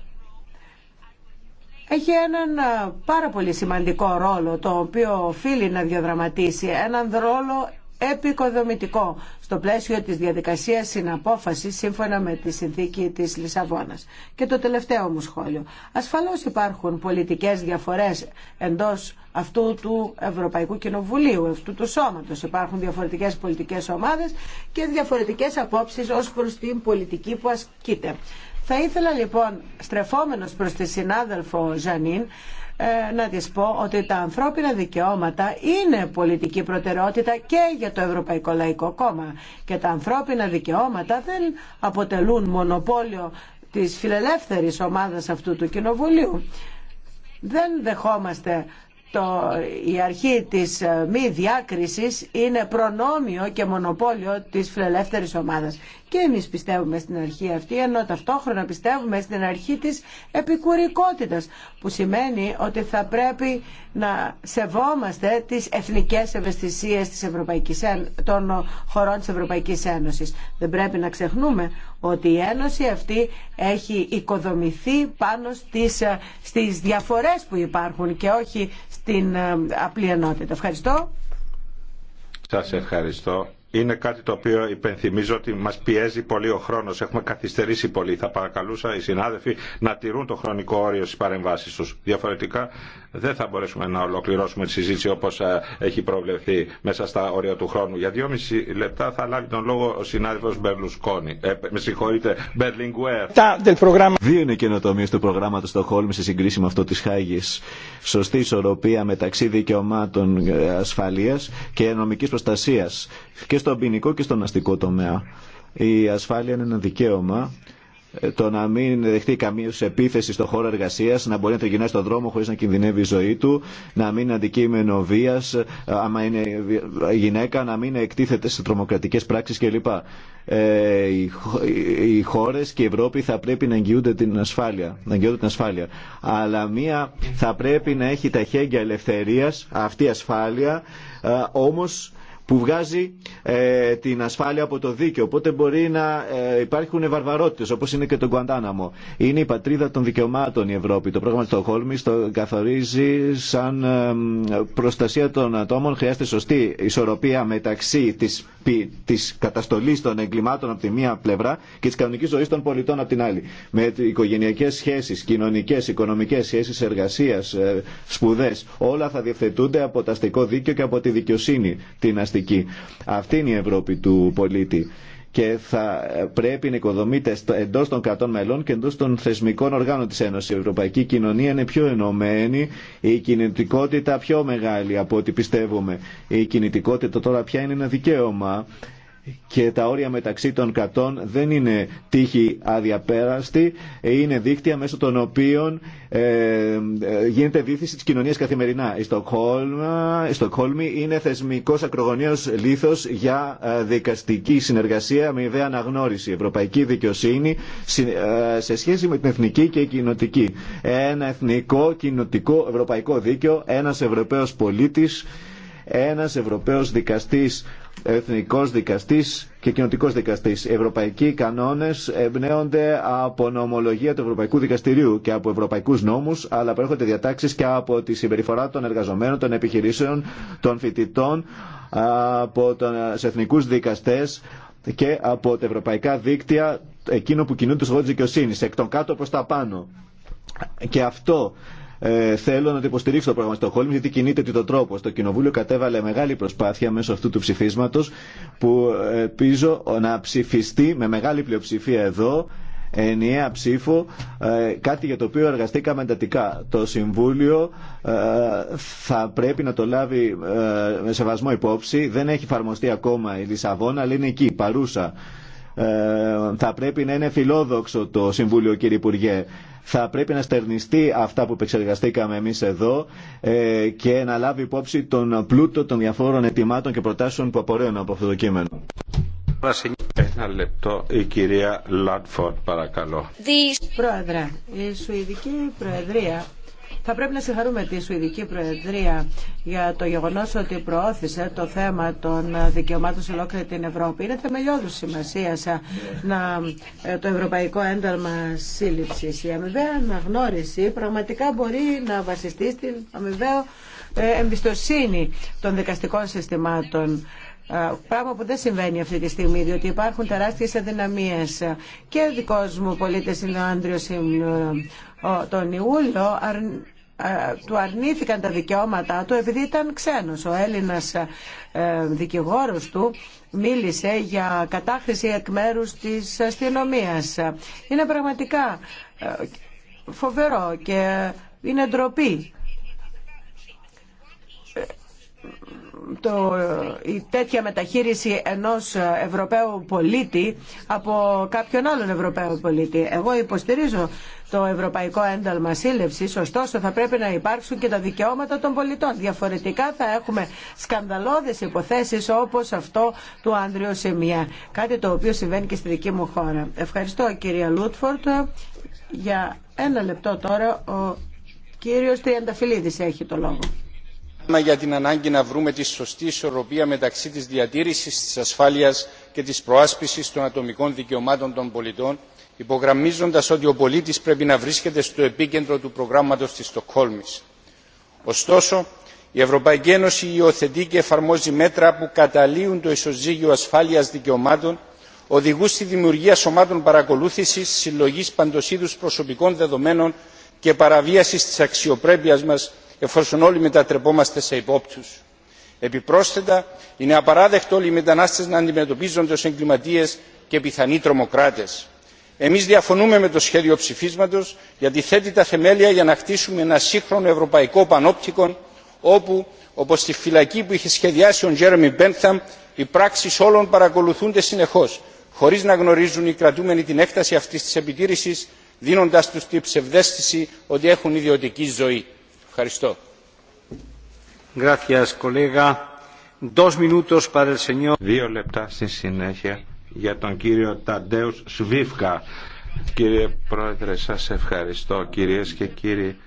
C: έχει έναν πάρα πολύ σημαντικό ρόλο το οποίο οφείλει να διαδραματίσει, έναν ρόλο επικοδομητικό στο πλαίσιο της διαδικασίας συναπόφασης σύμφωνα με τη συνθήκη της Λισαβόνας. Και το τελευταίο μου σχόλιο. Ασφαλώς υπάρχουν πολιτικές διαφορές εντός αυτού του Ευρωπαϊκού Κοινοβουλίου, αυτού του σώματος. Υπάρχουν διαφορετικές πολιτικές ομάδες και διαφορετικές απόψεις ως προς την πολιτική που ασκείται. Θα ήθελα λοιπόν, στρεφόμενος προς τη συνάδελφο Ζανίν, ε, να της πω ότι τα ανθρώπινα δικαιώματα είναι πολιτική προτεραιότητα και για το Ευρωπαϊκό Λαϊκό Κόμμα και τα ανθρώπινα δικαιώματα δεν αποτελούν μονοπόλιο της φιλελεύθερης ομάδας αυτού του κοινοβουλίου. Δεν δεχόμαστε το, η αρχή της ε, μη διάκρισης είναι προνόμιο και μονοπόλιο της φιλελεύθερης ομάδας. Και εμείς πιστεύουμε στην αρχή αυτή, ενώ ταυτόχρονα πιστεύουμε στην αρχή της επικουρικότητας, που σημαίνει ότι θα πρέπει να σεβόμαστε τις εθνικές ευαισθησίες της Ευρωπαϊκής, των χωρών της Ευρωπαϊκής Ένωσης. Δεν πρέπει να ξεχνούμε ότι η Ένωση αυτή έχει οικοδομηθεί πάνω στις, στις διαφορές που υπάρχουν και όχι στην ε, απλή ενότητα. Ευχαριστώ.
A: Σας ευχαριστώ είναι κάτι το οποίο υπενθυμίζω ότι μα πιέζει πολύ ο χρόνο. Έχουμε καθυστερήσει πολύ. Θα παρακαλούσα οι συνάδελφοι να τηρούν το χρονικό όριο στι παρεμβάσει του. Διαφορετικά δεν θα μπορέσουμε να ολοκληρώσουμε τη συζήτηση όπω ε, έχει προβλεφθεί μέσα στα όρια του χρόνου. Για δυόμιση λεπτά θα λάβει τον λόγο ο συνάδελφο Μπερλουσκόνη. Ε, με συγχωρείτε, Μπερλιγκουέρ.
B: Δύο είναι οι καινοτομίε του προγράμματος Στοχόλμη σε συγκρίση με αυτό τη χάγη, Σωστή ισορροπία μεταξύ δικαιωμάτων ε, ασφαλεία και νομική προστασία και στον ποινικό και στον αστικό τομέα. Η ασφάλεια είναι ένα δικαίωμα. Ε, το να μην δεχτεί καμία επίθεση στον χώρο εργασία, να μπορεί να τριγυρνάει στον δρόμο χωρί να κινδυνεύει η ζωή του, να μην είναι αντικείμενο βία, ε, άμα είναι ε, γυναίκα, να μην εκτίθεται σε τρομοκρατικέ πράξει κλπ. Ε, οι, χώρε και η Ευρώπη θα πρέπει να εγγυούνται την ασφάλεια. Να εγγυούνται την ασφάλεια. Αλλά μία θα πρέπει να έχει τα χέρια ελευθερία, αυτή η ασφάλεια, όμω που βγάζει ε, την ασφάλεια από το δίκαιο. Οπότε μπορεί να ε, υπάρχουν βαρβαρότητε, όπω είναι και το Γκουαντάναμο. Είναι η πατρίδα των δικαιωμάτων η Ευρώπη. Το πρόγραμμα του Χόλμη το καθορίζει σαν ε, προστασία των ατόμων. Χρειάζεται σωστή ισορροπία μεταξύ τη της καταστολή των εγκλημάτων από τη μία πλευρά και τη κανονική ζωή των πολιτών από την άλλη. Με οικογενειακέ σχέσει, κοινωνικέ, οικονομικέ σχέσει, εργασία, ε, σπουδέ, όλα θα διευθετούνται από το αστικό δίκαιο και από τη δικαιοσύνη, την αυτή είναι η Ευρώπη του πολίτη και θα ε, πρέπει να οικοδομείται εντό των κρατών μελών και εντό των θεσμικών οργάνων τη Ένωση. Η ευρωπαϊκή κοινωνία είναι πιο ενωμένη, η κινητικότητα πιο μεγάλη από ό,τι πιστεύουμε. Η κινητικότητα τώρα πια είναι ένα δικαίωμα και τα όρια μεταξύ των κατών δεν είναι τύχη αδιαπέραστη, είναι δίκτυα μέσω των οποίων ε, ε γίνεται δίθυση της κοινωνίας καθημερινά. Η Στοκχόλμη, Στοκχόλμη είναι θεσμικός ακρογωνίος λίθος για ε, δικαστική συνεργασία με ιδέα αναγνώριση, ευρωπαϊκή δικαιοσύνη ε, σε σχέση με την εθνική και κοινοτική. Ένα εθνικό, κοινοτικό, ευρωπαϊκό δίκαιο, ένας Ευρωπαίος πολίτης ένας Ευρωπαίος δικαστής, εθνικός δικαστής και κοινοτικός δικαστής. Οι ευρωπαϊκοί κανόνες εμπνέονται από νομολογία του Ευρωπαϊκού Δικαστηρίου και από ευρωπαϊκούς νόμους, αλλά προέρχονται διατάξεις και από τη συμπεριφορά των εργαζομένων, των επιχειρήσεων, των φοιτητών, από τους εθνικούς δικαστές, και από τα ευρωπαϊκά δίκτυα εκείνο που κινούν τους δικαιοσύνη, εκ των κάτω προς τα πάνω. Και αυτό ε, θέλω να το υποστηρίξω το πρόγραμμα στο Στοχόλμη, γιατί κινείται το τρόπο. Το Κοινοβούλιο κατέβαλε μεγάλη προσπάθεια μέσω αυτού του ψηφίσματο, που ε, ελπίζω να ψηφιστεί με μεγάλη πλειοψηφία εδώ, ενιαία ψήφο, ε, κάτι για το οποίο εργαστήκαμε εντατικά. Το Συμβούλιο ε, θα πρέπει να το λάβει με σεβασμό υπόψη. Δεν έχει εφαρμοστεί ακόμα η Λισαβόνα, αλλά είναι εκεί, παρούσα. Ε, θα πρέπει να είναι φιλόδοξο το Συμβούλιο κύριε Υπουργέ. Θα πρέπει να στερνιστεί αυτά που επεξεργαστήκαμε εμείς εδώ ε, και να λάβει υπόψη τον πλούτο των διαφόρων ετοιμάτων και προτάσεων που απορρέουν από αυτό το κείμενο.
A: Ένα λεπτό, η κυρία Λάντφορντ, παρακαλώ.
C: Πρόεδρε, η Σουηδική Προεδρία θα πρέπει να συγχαρούμε τη Σουηδική Προεδρία για το γεγονό ότι προώθησε το θέμα των δικαιωμάτων σε ολόκληρη την Ευρώπη. Είναι θεμελιώδου σημασία ε, να, ε, το Ευρωπαϊκό Ένταλμα Σύλληψη. Η αμοιβαία αναγνώριση πραγματικά μπορεί να βασιστεί στην αμοιβαία ε, εμπιστοσύνη των δικαστικών συστημάτων πράγμα που δεν συμβαίνει αυτή τη στιγμή διότι υπάρχουν τεράστιες αδυναμίες και ο δικός μου πολίτης είναι ο Άντριος τον ε, του αρνήθηκαν τα δικαιώματά του επειδή ήταν ξένος. Ο Έλληνας ε, δικηγόρος του μίλησε για κατάχρηση εκ μέρους της αστυνομίας. Είναι πραγματικά ε, φοβερό και είναι ντροπή το, η τέτοια μεταχείριση ενός Ευρωπαίου πολίτη από κάποιον άλλον Ευρωπαίο πολίτη. Εγώ υποστηρίζω το Ευρωπαϊκό Ένταλμα Σύλλευση, ωστόσο θα πρέπει να υπάρξουν και τα δικαιώματα των πολιτών. Διαφορετικά θα έχουμε σκανδαλώδες υποθέσεις όπως αυτό του Άνδριο Σεμιά, κάτι το οποίο συμβαίνει και στη δική μου χώρα. Ευχαριστώ κυρία Λούτφορτ. Για ένα λεπτό τώρα ο κύριος Τριανταφυλλίδη έχει το λόγο
E: για την ανάγκη να βρούμε τη σωστή ισορροπία μεταξύ της διατήρησης της ασφάλειας και της προάσπισης των ατομικών δικαιωμάτων των πολιτών, υπογραμμίζοντας ότι ο πολίτης πρέπει να βρίσκεται στο επίκεντρο του προγράμματος της Στοκχόλμης. Ωστόσο, η Ευρωπαϊκή Ένωση υιοθετεί και εφαρμόζει μέτρα που καταλύουν το ισοζύγιο ασφάλειας δικαιωμάτων, οδηγούν στη δημιουργία σωμάτων παρακολούθησης, συλλογής παντοσίδους προσωπικών δεδομένων και παραβίασης της αξιοπρέπειας μας εφόσον όλοι μετατρεπόμαστε σε υπόπτου. Επιπρόσθετα, είναι απαράδεκτο όλοι οι μετανάστε να αντιμετωπίζονται ω εγκληματίε και πιθανοί τρομοκράτε. Εμεί διαφωνούμε με το σχέδιο ψηφίσματο γιατί θέτει τα θεμέλια για να χτίσουμε ένα σύγχρονο ευρωπαϊκό πανόπτικο όπου, όπω στη φυλακή που είχε σχεδιάσει ο Τζέρεμι Μπένθαμ, οι πράξει όλων παρακολουθούνται συνεχώ, χωρί να γνωρίζουν οι κρατούμενοι την έκταση αυτή τη επιτήρηση, δίνοντα του την ψευδέστηση ότι έχουν ιδιωτική ζωή. Ευχαριστώ.
A: Δύο λεπτά στη συνέχεια για τον κύριο Ταντέους Σβίφκα. Κύριε Πρόεδρε, σας ευχαριστώ. Κυρίες και κύριοι,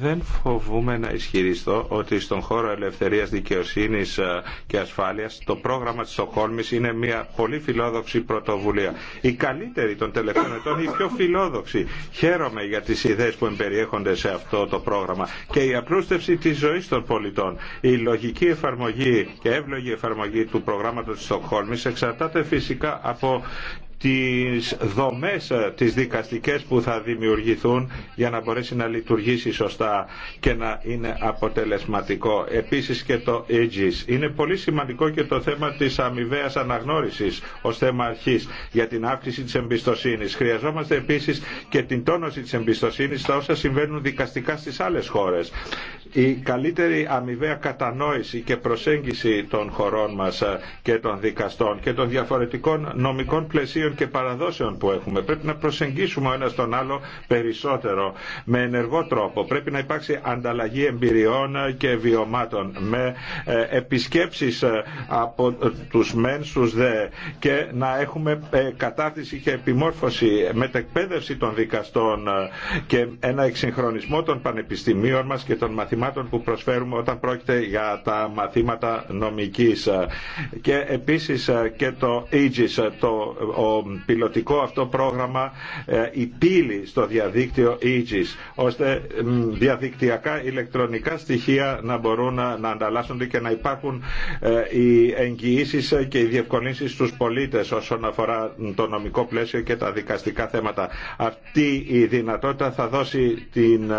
A: δεν φοβούμε να ισχυριστώ ότι στον χώρο ελευθερίας δικαιοσύνης ε, και ασφάλειας το πρόγραμμα της Στοκόλμης είναι μια πολύ φιλόδοξη πρωτοβουλία. Η καλύτερη των τελευταίων ετών, η πιο φιλόδοξη. Χαίρομαι για τις ιδέες που εμπεριέχονται σε αυτό το πρόγραμμα και η απλούστευση της ζωής των πολιτών. Η λογική εφαρμογή και εύλογη εφαρμογή του προγράμματος της Στοκόλμης εξαρτάται φυσικά από τις δομές ε, τις δικαστικές που θα δημιουργηθούν για να μπορέσει να λειτουργήσει σωστά και να είναι αποτελεσματικό. Επίσης και το EGIS. Είναι πολύ σημαντικό και το θέμα της αμοιβαία αναγνώρισης ως θέμα αρχής για την αύξηση της εμπιστοσύνης. Χρειαζόμαστε επίσης και την τόνωση της εμπιστοσύνης στα όσα συμβαίνουν δικαστικά στις άλλες χώρες. Η καλύτερη αμοιβαία κατανόηση και προσέγγιση των χωρών μας ε, και των δικαστών και των διαφορετικών νομικών πλαισίων και παραδόσεων που έχουμε. Πρέπει να προσεγγίσουμε ο ένα τον άλλο περισσότερο με ενεργό τρόπο. Πρέπει να υπάρξει ανταλλαγή εμπειριών και βιωμάτων με ε, επισκέψεις ε, από του μεν στους δε και να έχουμε ε, κατάρτιση και επιμόρφωση μετεκπαίδευση των δικαστών και ένα εξυγχρονισμό των πανεπιστημίων μα και των μαθημάτων που προσφέρουμε όταν πρόκειται για τα μαθήματα νομική και επίσης και το Aegis, το, πιλωτικό αυτό πρόγραμμα ε, η πύλη στο διαδίκτυο Aegis, ώστε διαδικτυακά ηλεκτρονικά στοιχεία να μπορούν να ανταλλάσσονται και να υπάρχουν ε, οι εγγυήσει και οι διευκολύνσεις στους πολίτες όσον αφορά το νομικό πλαίσιο και τα δικαστικά θέματα. Αυτή η δυνατότητα θα δώσει την,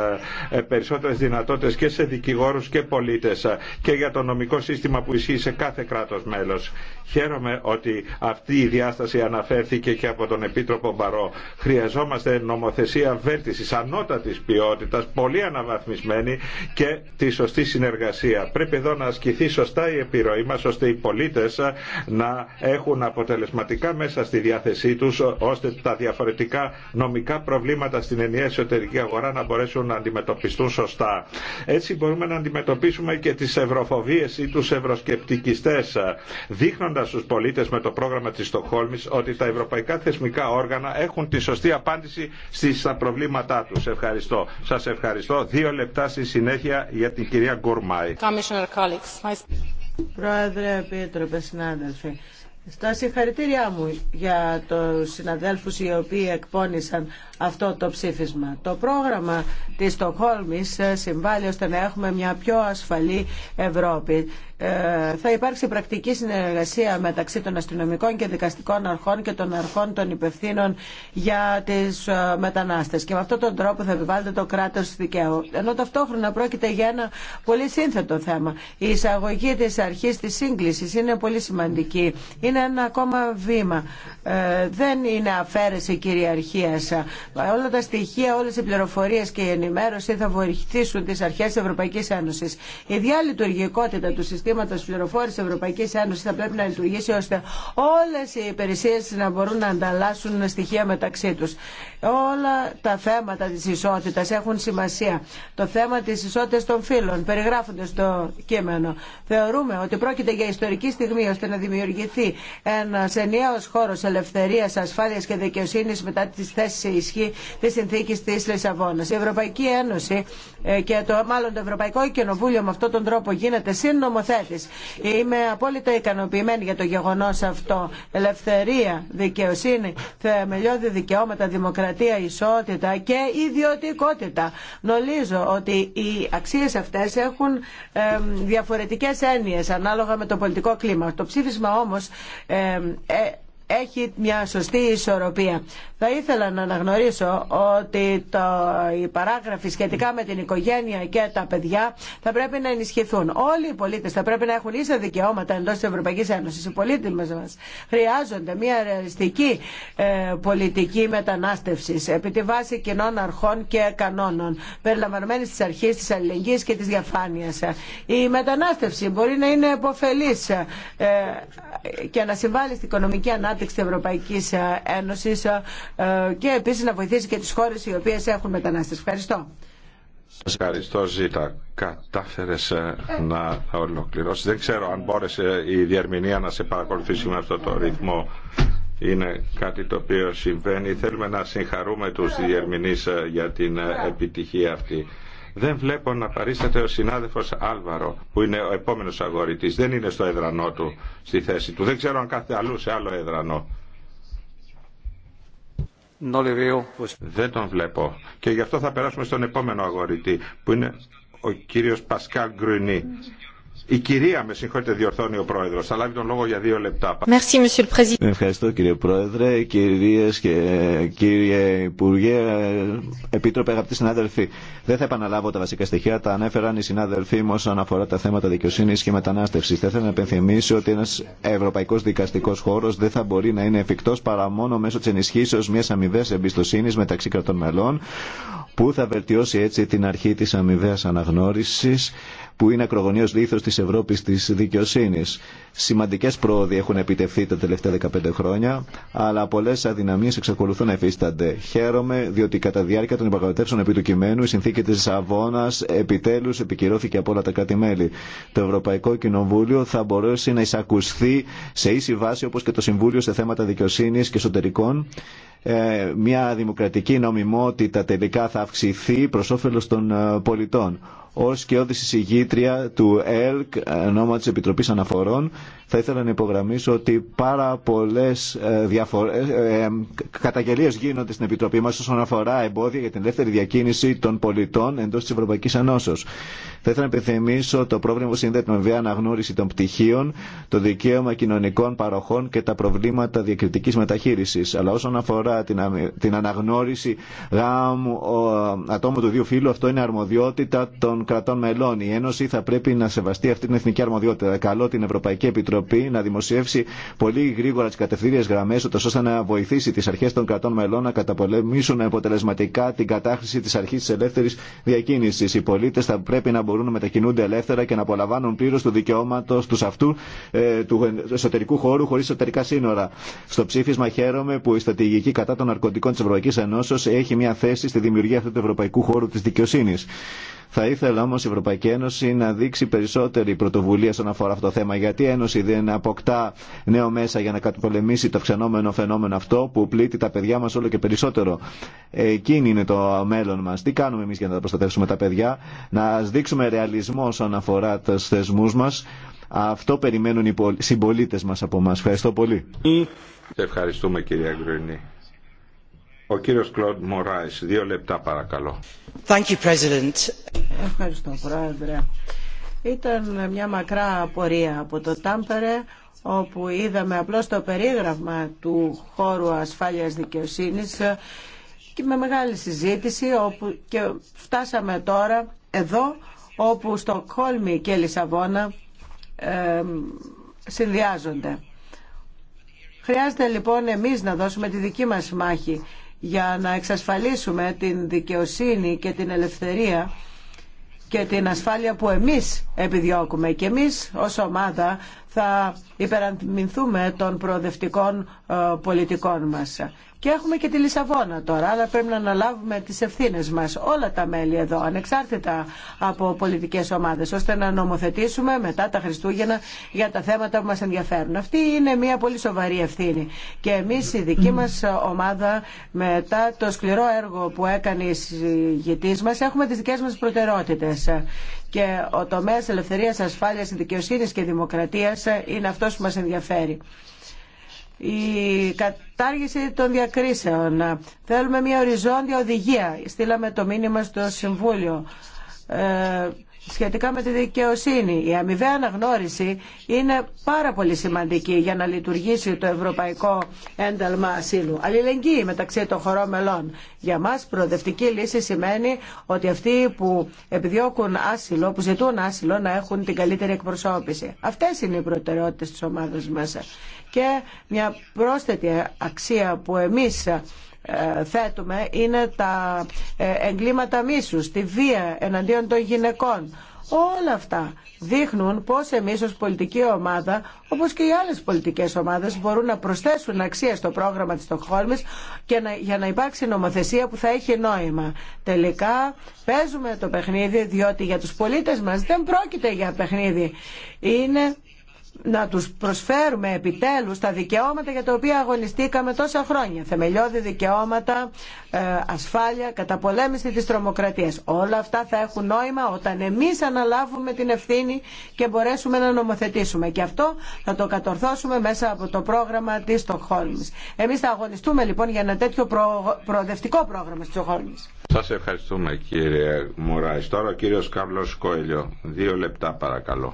A: ε, περισσότερες δυνατότητες και σε δικηγόρους και πολίτες και για το νομικό σύστημα που ισχύει σε κάθε κράτος μέλος. Χαίρομαι ότι αυτή η διάσταση αναφέρει προβλέφθηκε και από τον Επίτροπο Μπαρό. Χρειαζόμαστε νομοθεσία βέλτιση ανώτατη ποιότητα, πολύ αναβαθμισμένη και τη σωστή συνεργασία. Πρέπει εδώ να ασκηθεί σωστά η επιρροή μα, ώστε οι πολίτε να έχουν αποτελεσματικά μέσα στη διάθεσή του ώστε τα διαφορετικά νομικά προβλήματα στην ενιαία εσωτερική αγορά να μπορέσουν να αντιμετωπιστούν σωστά. Έτσι μπορούμε να αντιμετωπίσουμε και τι ευρωφοβίε ή του ευρωσκεπτικιστέ, δείχνοντα στου πολίτε με το πρόγραμμα τη Στοχόλμη ότι τα ευρωπαϊκά θεσμικά όργανα έχουν τη σωστή απάντηση στα προβλήματά τους. Ευχαριστώ. Σας ευχαριστώ. Δύο λεπτά στη συνέχεια για την κυρία Γκουρμάη.
C: Πρόεδρε, Επίτροπε, συνάδελφοι. Στα συγχαρητήριά μου για τους συναδέλφους οι οποίοι εκπώνησαν αυτό το ψήφισμα. Το πρόγραμμα της Στοκχόλμης ε, συμβάλλει ώστε να έχουμε μια πιο ασφαλή Ευρώπη ε, θα υπάρξει πρακτική συνεργασία μεταξύ των αστυνομικών και δικαστικών αρχών και των αρχών των υπευθύνων για τις ε, μετανάστες και με αυτόν τον τρόπο θα επιβάλλεται το κράτος δικαίου. Ενώ ταυτόχρονα πρόκειται για ένα πολύ σύνθετο θέμα. Η εισαγωγή της αρχής της σύγκλησης είναι πολύ σημαντική. Είναι ένα ακόμα βήμα. Ε, δεν είναι αφαίρεση κυριαρχίας. Όλα τα στοιχεία, όλες οι πληροφορίες και η ενημέρωση θα βοηθήσουν τι αρχές της Ευρωπαϊκής Ένωσης. Η διαλειτουργικότητα του συστήματος Συστήματο Πληροφόρηση Ευρωπαϊκή Ένωση θα πρέπει να λειτουργήσει ώστε όλε οι υπηρεσίε να μπορούν να ανταλλάσσουν στοιχεία μεταξύ του. Όλα τα θέματα τη ισότητα έχουν σημασία. Το θέμα τη ισότητα των φύλων περιγράφονται στο κείμενο. Θεωρούμε ότι πρόκειται για ιστορική στιγμή ώστε να δημιουργηθεί ένα ενιαίο χώρο ελευθερία, ασφάλεια και δικαιοσύνη μετά τη σε ισχύ τη συνθήκη τη Λισαβόνα. Η Ευρωπαϊκή Ένωση ε, και το, μάλλον το Ευρωπαϊκό Κοινοβούλιο με αυτόν τον τρόπο γίνεται θέμα. Είμαι απόλυτα ικανοποιημένη για το γεγονός αυτό. Ελευθερία, δικαιοσύνη, θεμελιώδη δικαιώματα, δημοκρατία, ισότητα και ιδιωτικότητα. Νολίζω ότι οι αξίες αυτές έχουν διαφορετικές έννοιες ανάλογα με το πολιτικό κλίμα. Το ψήφισμα όμως ε, έχει μια σωστή ισορροπία. Θα ήθελα να αναγνωρίσω ότι το, οι παράγραφοι σχετικά με την οικογένεια και τα παιδιά θα πρέπει να ενισχυθούν. Όλοι οι πολίτες θα πρέπει να έχουν ίσα δικαιώματα εντός της Ευρωπαϊκής Ένωσης. Οι πολίτες μας χρειάζονται μια ρεαλιστική ε, πολιτική μετανάστευση επί τη βάση κοινών αρχών και κανόνων περιλαμβανομένης της αρχής της αλληλεγγύης και της διαφάνειας. Η μετανάστευση μπορεί να είναι ε, ε, και να συμβάλλει στην οικονομική ανάπτυξη ανάπτυξη της Ευρωπαϊκής ε, Ένωσης ε, ε, και επίσης να βοηθήσει και τις χώρες οι οποίες έχουν μετανάστες. Ευχαριστώ.
A: Σας ευχαριστώ Ζήτα. Κατάφερε να ολοκληρώσει. Δεν ξέρω αν μπόρεσε η διερμηνία να σε παρακολουθήσει με αυτό το ρυθμό. Είναι κάτι το οποίο συμβαίνει. Θέλουμε να συγχαρούμε τους διερμηνεί για την επιτυχία αυτή. Δεν βλέπω να παρίσταται ο συνάδελφο Άλβαρο, που είναι ο επόμενο αγορητή. Δεν είναι στο έδρανό του, στη θέση του. Δεν ξέρω αν κάθεται αλλού σε άλλο έδρανο. Δεν τον βλέπω. Και γι' αυτό θα περάσουμε στον επόμενο αγορητή, που είναι ο κύριος Πασκάλ Γκρουνί. Η κυρία, με συγχωρείτε, διορθώνει ο πρόεδρο. Θα λάβει τον λόγο για δύο λεπτά.
B: Ευχαριστώ κύριε πρόεδρε, κυρίε και κύριε Υπουργέ, επίτροπε, αγαπητοί συνάδελφοι. Δεν θα επαναλάβω τα βασικά στοιχεία, τα ανέφεραν οι συνάδελφοί μου όσον αφορά τα θέματα δικαιοσύνη και μετανάστευση. Θα ήθελα να επενθυμίσω ότι ένα ευρωπαϊκό δικαστικό χώρο δεν θα μπορεί να είναι εφικτό παρά μόνο μέσω τη ενισχύσεω μια αμοιβέ εμπιστοσύνη μεταξύ κρατών μελών, που θα βελτιώσει έτσι την αρχή τη αμοιβαία αναγνώριση που είναι ακρογωνίως λήθος της Ευρώπης της δικαιοσύνης. Σημαντικές πρόοδοι έχουν επιτευχθεί τα τελευταία 15 χρόνια, αλλά πολλές αδυναμίες εξακολουθούν να εφίστανται. Χαίρομαι διότι κατά διάρκεια των υπαγορευτεύσεων επί του κειμένου η συνθήκη της Σαββόνας επιτέλους επικυρώθηκε από όλα τα κράτη-μέλη. Το Ευρωπαϊκό Κοινοβούλιο θα μπορέσει να εισακουστεί σε ίση βάση όπως και το Συμβούλιο σε θέματα δικαιοσύνης και εσωτερικών ε, μια δημοκρατική νομιμότητα τελικά θα αυξηθεί προς όφελος των ε, πολιτών. Ω και εισηγήτρια του ΕΛΚ, νόμα τη Επιτροπή Αναφορών, θα ήθελα να υπογραμμίσω ότι πάρα πολλές καταγγελίε ε, ε, καταγγελίες γίνονται στην Επιτροπή μα όσον αφορά εμπόδια για την ελεύθερη διακίνηση των πολιτών εντό τη Ευρωπαϊκή Ενώσεω. Θα ήθελα να επιθυμίσω το πρόβλημα που συνδέεται με βία αναγνώριση των πτυχίων, το δικαίωμα κοινωνικών παροχών και τα προβλήματα διακριτική μεταχείρισης. Αλλά όσον αφορά την αναγνώριση γάμου ατόμου του δύο φύλου, αυτό είναι αρμοδιότητα των κρατών μελών. Η Ένωση θα πρέπει να σεβαστεί αυτή την εθνική αρμοδιότητα. Καλό την Ευρωπαϊκή Επιτροπή να δημοσιεύσει πολύ γρήγορα τι κατευθύνε γραμμέ, ώστε να βοηθήσει τι αρχέ των κρατών μελών να καταπολεμήσουν αποτελεσματικά την κατάχρηση τη αρχή τη ελεύθερη διακίνηση. Οι πολίτε θα πρέπει να μπορούν να μετακινούνται ελεύθερα και να απολαμβάνουν πλήρω του δικαιώματο του αυτού ε, του εσωτερικού χώρου χωρί εσωτερικά σύνορα. Στο ψήφισμα χαίρομαι που η στρατηγική κατά των ναρκωτικών τη Ευρωπαϊκή Ενώσεω έχει μια θέση στη δημιουργία του ευρωπαϊκού χώρου τη δικαιοσύνη. Θα ήθελα όμω η Ευρωπαϊκή Ένωση να δείξει περισσότερη πρωτοβουλία στον αφορά αυτό το θέμα. Γιατί η Ένωση δεν αποκτά νέο μέσα για να καταπολεμήσει το αυξανόμενο φαινόμενο αυτό που πλήττει τα παιδιά μα όλο και περισσότερο. Εκείνη είναι το μέλλον μα. Τι κάνουμε εμεί για να προστατεύσουμε τα παιδιά, να δείξουμε ρεαλισμό όσον αφορά του θεσμού μα. Αυτό περιμένουν οι συμπολίτε μα από εμά. Ευχαριστώ πολύ.
A: ευχαριστούμε κυρία ο κύριος Κλοντ Μωράης, δύο λεπτά παρακαλώ.
C: Ευχαριστώ, Πρόεδρε. Ήταν μια μακρά πορεία από το Τάμπερε, όπου είδαμε απλώς το περίγραμμα του χώρου ασφάλειας δικαιοσύνης και με μεγάλη συζήτηση όπου και φτάσαμε τώρα εδώ όπου Στοκχόλμη και Λισαβόνα ε, συνδυάζονται. Χρειάζεται λοιπόν εμείς να δώσουμε τη δική μας μάχη για να εξασφαλίσουμε την δικαιοσύνη και την ελευθερία και την ασφάλεια που εμείς επιδιώκουμε. Και εμείς ως ομάδα θα υπεραντιμνθούμε των προοδευτικών ε, πολιτικών μας. Και έχουμε και τη Λισαβόνα τώρα, αλλά πρέπει να αναλάβουμε τις ευθύνες μας όλα τα μέλη εδώ, ανεξάρτητα από πολιτικές ομάδες, ώστε να νομοθετήσουμε μετά τα Χριστούγεννα για τα θέματα που μας ενδιαφέρουν. Αυτή είναι μια πολύ σοβαρή ευθύνη. Και εμείς η δική μας ομάδα μετά το σκληρό έργο που έκανε η συγγητής μας έχουμε τις δικές μας προτεραιότητες και ο τομέας ελευθερίας, ασφάλειας, δικαιοσύνης και δημοκρατίας είναι αυτός που μας ενδιαφέρει η κατάργηση των διακρίσεων. Θέλουμε μια οριζόντια οδηγία. Στείλαμε το μήνυμα στο Συμβούλιο. Ε, σχετικά με τη δικαιοσύνη. Η αμοιβαία αναγνώριση είναι πάρα πολύ σημαντική για να λειτουργήσει το ευρωπαϊκό ένταλμα ασύλου. Αλληλεγγύη μεταξύ των χωρών μελών. Για μας προοδευτική λύση σημαίνει ότι αυτοί που επιδιώκουν άσυλο, που ζητούν άσυλο να έχουν την καλύτερη εκπροσώπηση. Αυτές είναι οι προτεραιότητες της ομάδας μας. Και μια πρόσθετη αξία που εμείς ε, θέτουμε είναι τα ε, εγκλήματα μίσους, τη βία εναντίον των γυναικών. Όλα αυτά δείχνουν πώς εμείς ως πολιτική ομάδα, όπως και οι άλλες πολιτικές ομάδες, μπορούν να προσθέσουν αξία στο πρόγραμμα της Στοχόλμης και για να υπάρξει νομοθεσία που θα έχει νόημα. Τελικά παίζουμε το παιχνίδι διότι για τους πολίτες μας δεν πρόκειται για παιχνίδι. Είναι να τους προσφέρουμε επιτέλους τα δικαιώματα για τα οποία αγωνιστήκαμε τόσα χρόνια. Θεμελιώδη δικαιώματα, ε, ασφάλεια, καταπολέμηση της τρομοκρατίας. Όλα αυτά θα έχουν νόημα όταν εμείς αναλάβουμε την ευθύνη και μπορέσουμε να νομοθετήσουμε. Και αυτό θα το κατορθώσουμε μέσα από το πρόγραμμα της Στοχόλμης. Εμείς θα αγωνιστούμε λοιπόν για ένα τέτοιο προ... προοδευτικό πρόγραμμα της Στοχόλμης.
A: Σας ευχαριστούμε κύριε Μουράης. Τώρα ο κύριος Καύλος Κόελιο. Δύο λεπτά παρακαλώ.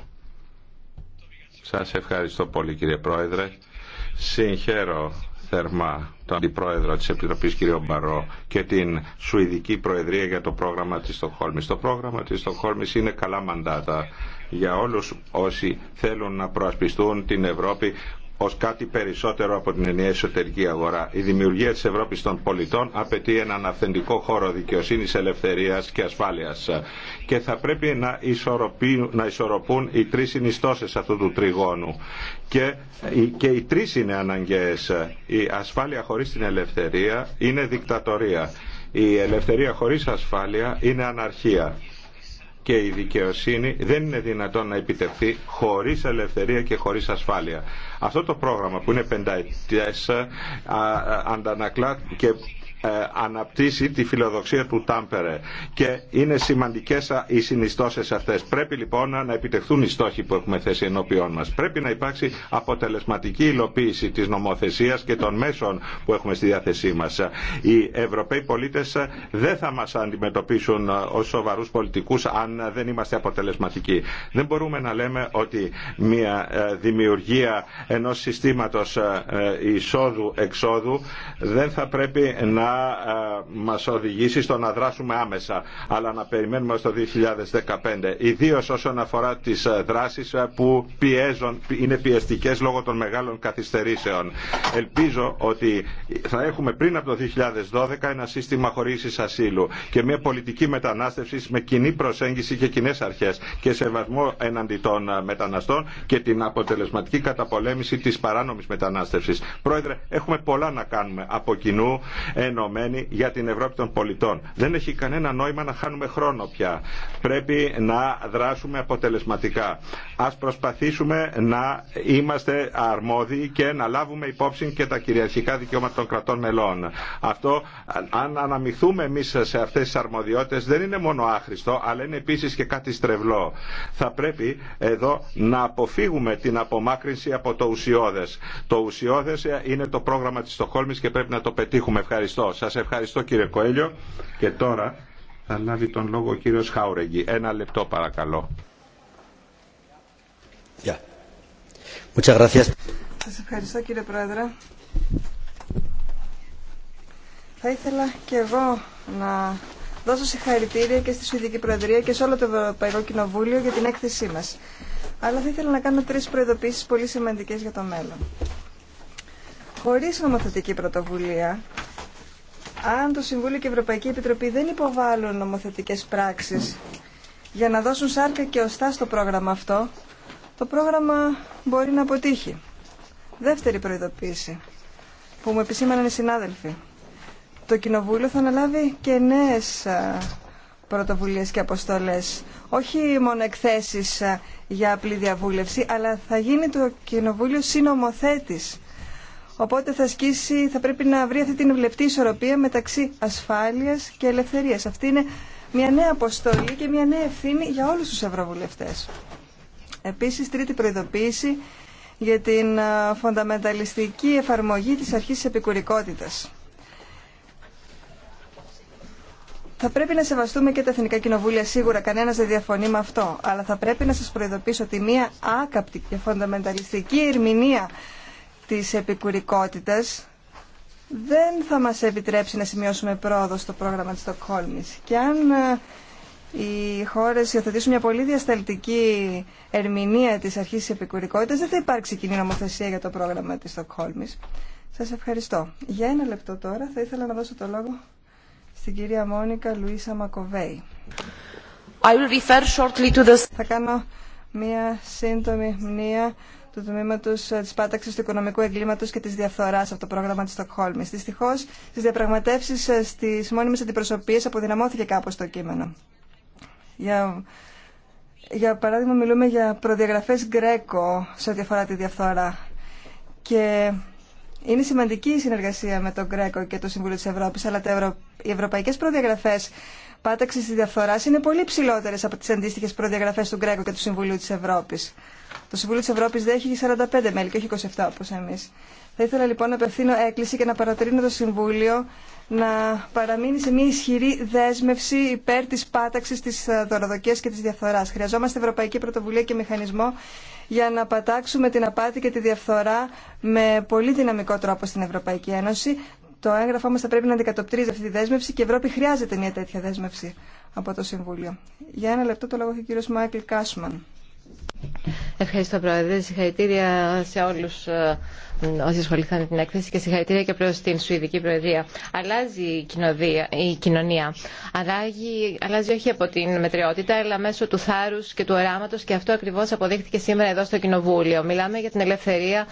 A: Σας ευχαριστώ πολύ κύριε Πρόεδρε. Συγχαίρω θερμά τον Αντιπρόεδρο της Επιτροπής κ. Μπαρό και την Σουηδική Προεδρία για το πρόγραμμα της Στοχόλμης. Το πρόγραμμα της Στοχόλμης είναι καλά μαντάτα για όλους όσοι θέλουν να προασπιστούν την Ευρώπη Ω κάτι περισσότερο από την ενιαία εσωτερική αγορά. Η δημιουργία τη Ευρώπη των πολιτών απαιτεί έναν αυθεντικό χώρο δικαιοσύνης, ελευθερίας και ασφάλειας. Και θα πρέπει να, να ισορροπούν οι τρεις συνιστώσει αυτού του τριγώνου. Και, και οι τρεις είναι αναγκαίες. Η ασφάλεια χωρίς την ελευθερία είναι δικτατορία. Η ελευθερία χωρίς ασφάλεια είναι αναρχία και η δικαιοσύνη δεν είναι δυνατόν να επιτευχθεί χωρίς ελευθερία και χωρίς ασφάλεια. Αυτό το πρόγραμμα που είναι πενταετές αντανακλά και ε, αναπτύσσει τη φιλοδοξία του Τάμπερε και είναι σημαντικές οι συνιστώσεις αυτές. Πρέπει λοιπόν να επιτευχθούν οι στόχοι που έχουμε θέσει ενώπιόν μας. Πρέπει να υπάρξει αποτελεσματική υλοποίηση της νομοθεσίας και των μέσων που έχουμε στη διάθεσή μας. Οι Ευρωπαίοι πολίτες ε, δεν θα μας αντιμετωπίσουν ε, ως σοβαρούς πολιτικούς αν δεν είμαστε αποτελεσματικοί. Δεν μπορούμε να λέμε ότι μια δημιουργία ενός συστήματος εισόδου-εξόδου δεν θα πρέπει να Μα ε, μας οδηγήσει στο να δράσουμε άμεσα, αλλά να περιμένουμε στο 2015. Ιδίω όσον αφορά τις ε, δράσεις ε, που είναι πιεστικές λόγω των μεγάλων καθυστερήσεων. Ελπίζω ότι θα έχουμε πριν από το 2012 ένα σύστημα χωρίς ασύλου και μια πολιτική μετανάστευση με κοινή προσέγγιση και κοινέ αρχέ και σεβασμό εναντί των μεταναστών και την αποτελεσματική καταπολέμηση τη παράνομη μετανάστευση. Πρόεδρε, έχουμε πολλά να κάνουμε από κοινού για την Ευρώπη των πολιτών. Δεν έχει κανένα νόημα να χάνουμε χρόνο πια. Πρέπει να δράσουμε αποτελεσματικά. Ας προσπαθήσουμε να είμαστε αρμόδιοι και να λάβουμε υπόψη και τα κυριαρχικά δικαιώματα των κρατών μελών. Αυτό, αν αναμειχθούμε εμεί σε αυτές τις αρμοδιότητες, δεν είναι μόνο άχρηστο, αλλά είναι επίσης και κάτι στρεβλό. Θα πρέπει εδώ να αποφύγουμε την απομάκρυνση από το ουσιώδες. Το ουσιώδες είναι το πρόγραμμα της Στοχόλμης και πρέπει να το πετύχουμε. Ευχαριστώ. Σας ευχαριστώ κύριε Κοέλιο. Και τώρα θα λάβει τον λόγο ο κύριος Χάουρεγγι. Ένα λεπτό παρακαλώ.
B: Yeah. Σας
F: ευχαριστώ κύριε Πρόεδρε. Θα ήθελα και εγώ να δώσω συγχαρητήρια και στη Σουηδική Προεδρία και σε όλο το Ευρωπαϊκό Κοινοβούλιο για την έκθεσή μας. Αλλά θα ήθελα να κάνω τρεις προειδοποίησεις πολύ σημαντικές για το μέλλον. Χωρίς νομοθετική πρωτοβουλία αν το Συμβούλιο και η Ευρωπαϊκή Επιτροπή δεν υποβάλλουν νομοθετικές πράξεις για να δώσουν σάρκα και οστά στο πρόγραμμα αυτό, το πρόγραμμα μπορεί να αποτύχει. Δεύτερη προειδοποίηση που μου επισήμαναν οι συνάδελφοι. Το Κοινοβούλιο θα αναλάβει και νέες πρωτοβουλίες και αποστολές. Όχι μόνο εκθέσεις για απλή διαβούλευση, αλλά θα γίνει το Κοινοβούλιο συνομοθέτης Οπότε θα θα πρέπει να βρει αυτή την βλεπτή ισορροπία μεταξύ ασφάλειας και ελευθερίας. Αυτή είναι μια νέα αποστολή και μια νέα ευθύνη για όλους τους ευρωβουλευτές. Επίσης, τρίτη προειδοποίηση για την φονταμενταλιστική εφαρμογή της αρχής της επικουρικότητας. Θα πρέπει να σεβαστούμε και τα εθνικά κοινοβούλια σίγουρα, κανένας δεν διαφωνεί με αυτό. Αλλά θα πρέπει να σας προειδοποιήσω ότι μια άκαπτη και φονταμενταλιστική ερμηνεία της επικουρικότητας δεν θα μας επιτρέψει να σημειώσουμε πρόοδο στο πρόγραμμα της Στοκχόλμης. Και αν ε, οι χώρες υιοθετήσουν μια πολύ διασταλτική ερμηνεία της αρχής της επικουρικότητας, δεν θα υπάρξει κοινή νομοθεσία για το πρόγραμμα της Στοκχόλμης. Σας ευχαριστώ. Για ένα λεπτό τώρα θα ήθελα να δώσω το λόγο στην κυρία Μόνικα Λουίσα Μακοβέη. Θα κάνω μια σύντομη μνήμα του τμήματο ε, τη πάταξη του οικονομικού εγκλήματο και τη διαφθορά από το πρόγραμμα τη Στοκχόλμη. Δυστυχώ, στι διαπραγματεύσει ε, στι μόνιμε αντιπροσωπείε αποδυναμώθηκε κάπω το κείμενο. Για, για παράδειγμα, μιλούμε για προδιαγραφέ Γκρέκο σε ό,τι αφορά τη διαφθορά. Και είναι σημαντική η συνεργασία με τον Γκρέκο και το Συμβούλιο τη Ευρώπη, αλλά τα ευρω... οι ευρωπαϊκέ προδιαγραφέ πάταξη τη διαφθορά είναι πολύ ψηλότερε από τι αντίστοιχε προδιαγραφέ του Γκρέκο και του Συμβουλίου τη Ευρώπη. Το Συμβούλιο τη Ευρώπη δεν έχει 45 μέλη και όχι 27 όπω εμεί. Θα ήθελα λοιπόν να απευθύνω έκκληση και να παρατηρήσω το Συμβούλιο να παραμείνει σε μια ισχυρή δέσμευση υπέρ τη πάταξη τη δωροδοκία και τη διαφθορά. Χρειαζόμαστε Ευρωπαϊκή Πρωτοβουλία και Μηχανισμό για να πατάξουμε την απάτη και τη διαφθορά με πολύ δυναμικό τρόπο στην Ευρωπαϊκή Ένωση, το έγγραφό μα θα πρέπει να αντικατοπτρίζει αυτή τη δέσμευση και η Ευρώπη χρειάζεται μια τέτοια δέσμευση από το Συμβούλιο. Για ένα λεπτό το λόγο έχει ο κύριο Μάικλ Κάσμαν.
G: Ευχαριστώ, Πρόεδρε. Συγχαρητήρια σε όλου
F: ε, όσοι ασχοληθούν
G: με την έκθεση και συγχαρητήρια και προ την Σουηδική Προεδρία. Αλλάζει η, η κοινωνία. αλλάζει όχι από την μετριότητα, αλλά μέσω του θάρρου και του οράματο και αυτό ακριβώ αποδείχθηκε σήμερα εδώ στο Κοινοβούλιο. Μιλάμε για την ελευθερία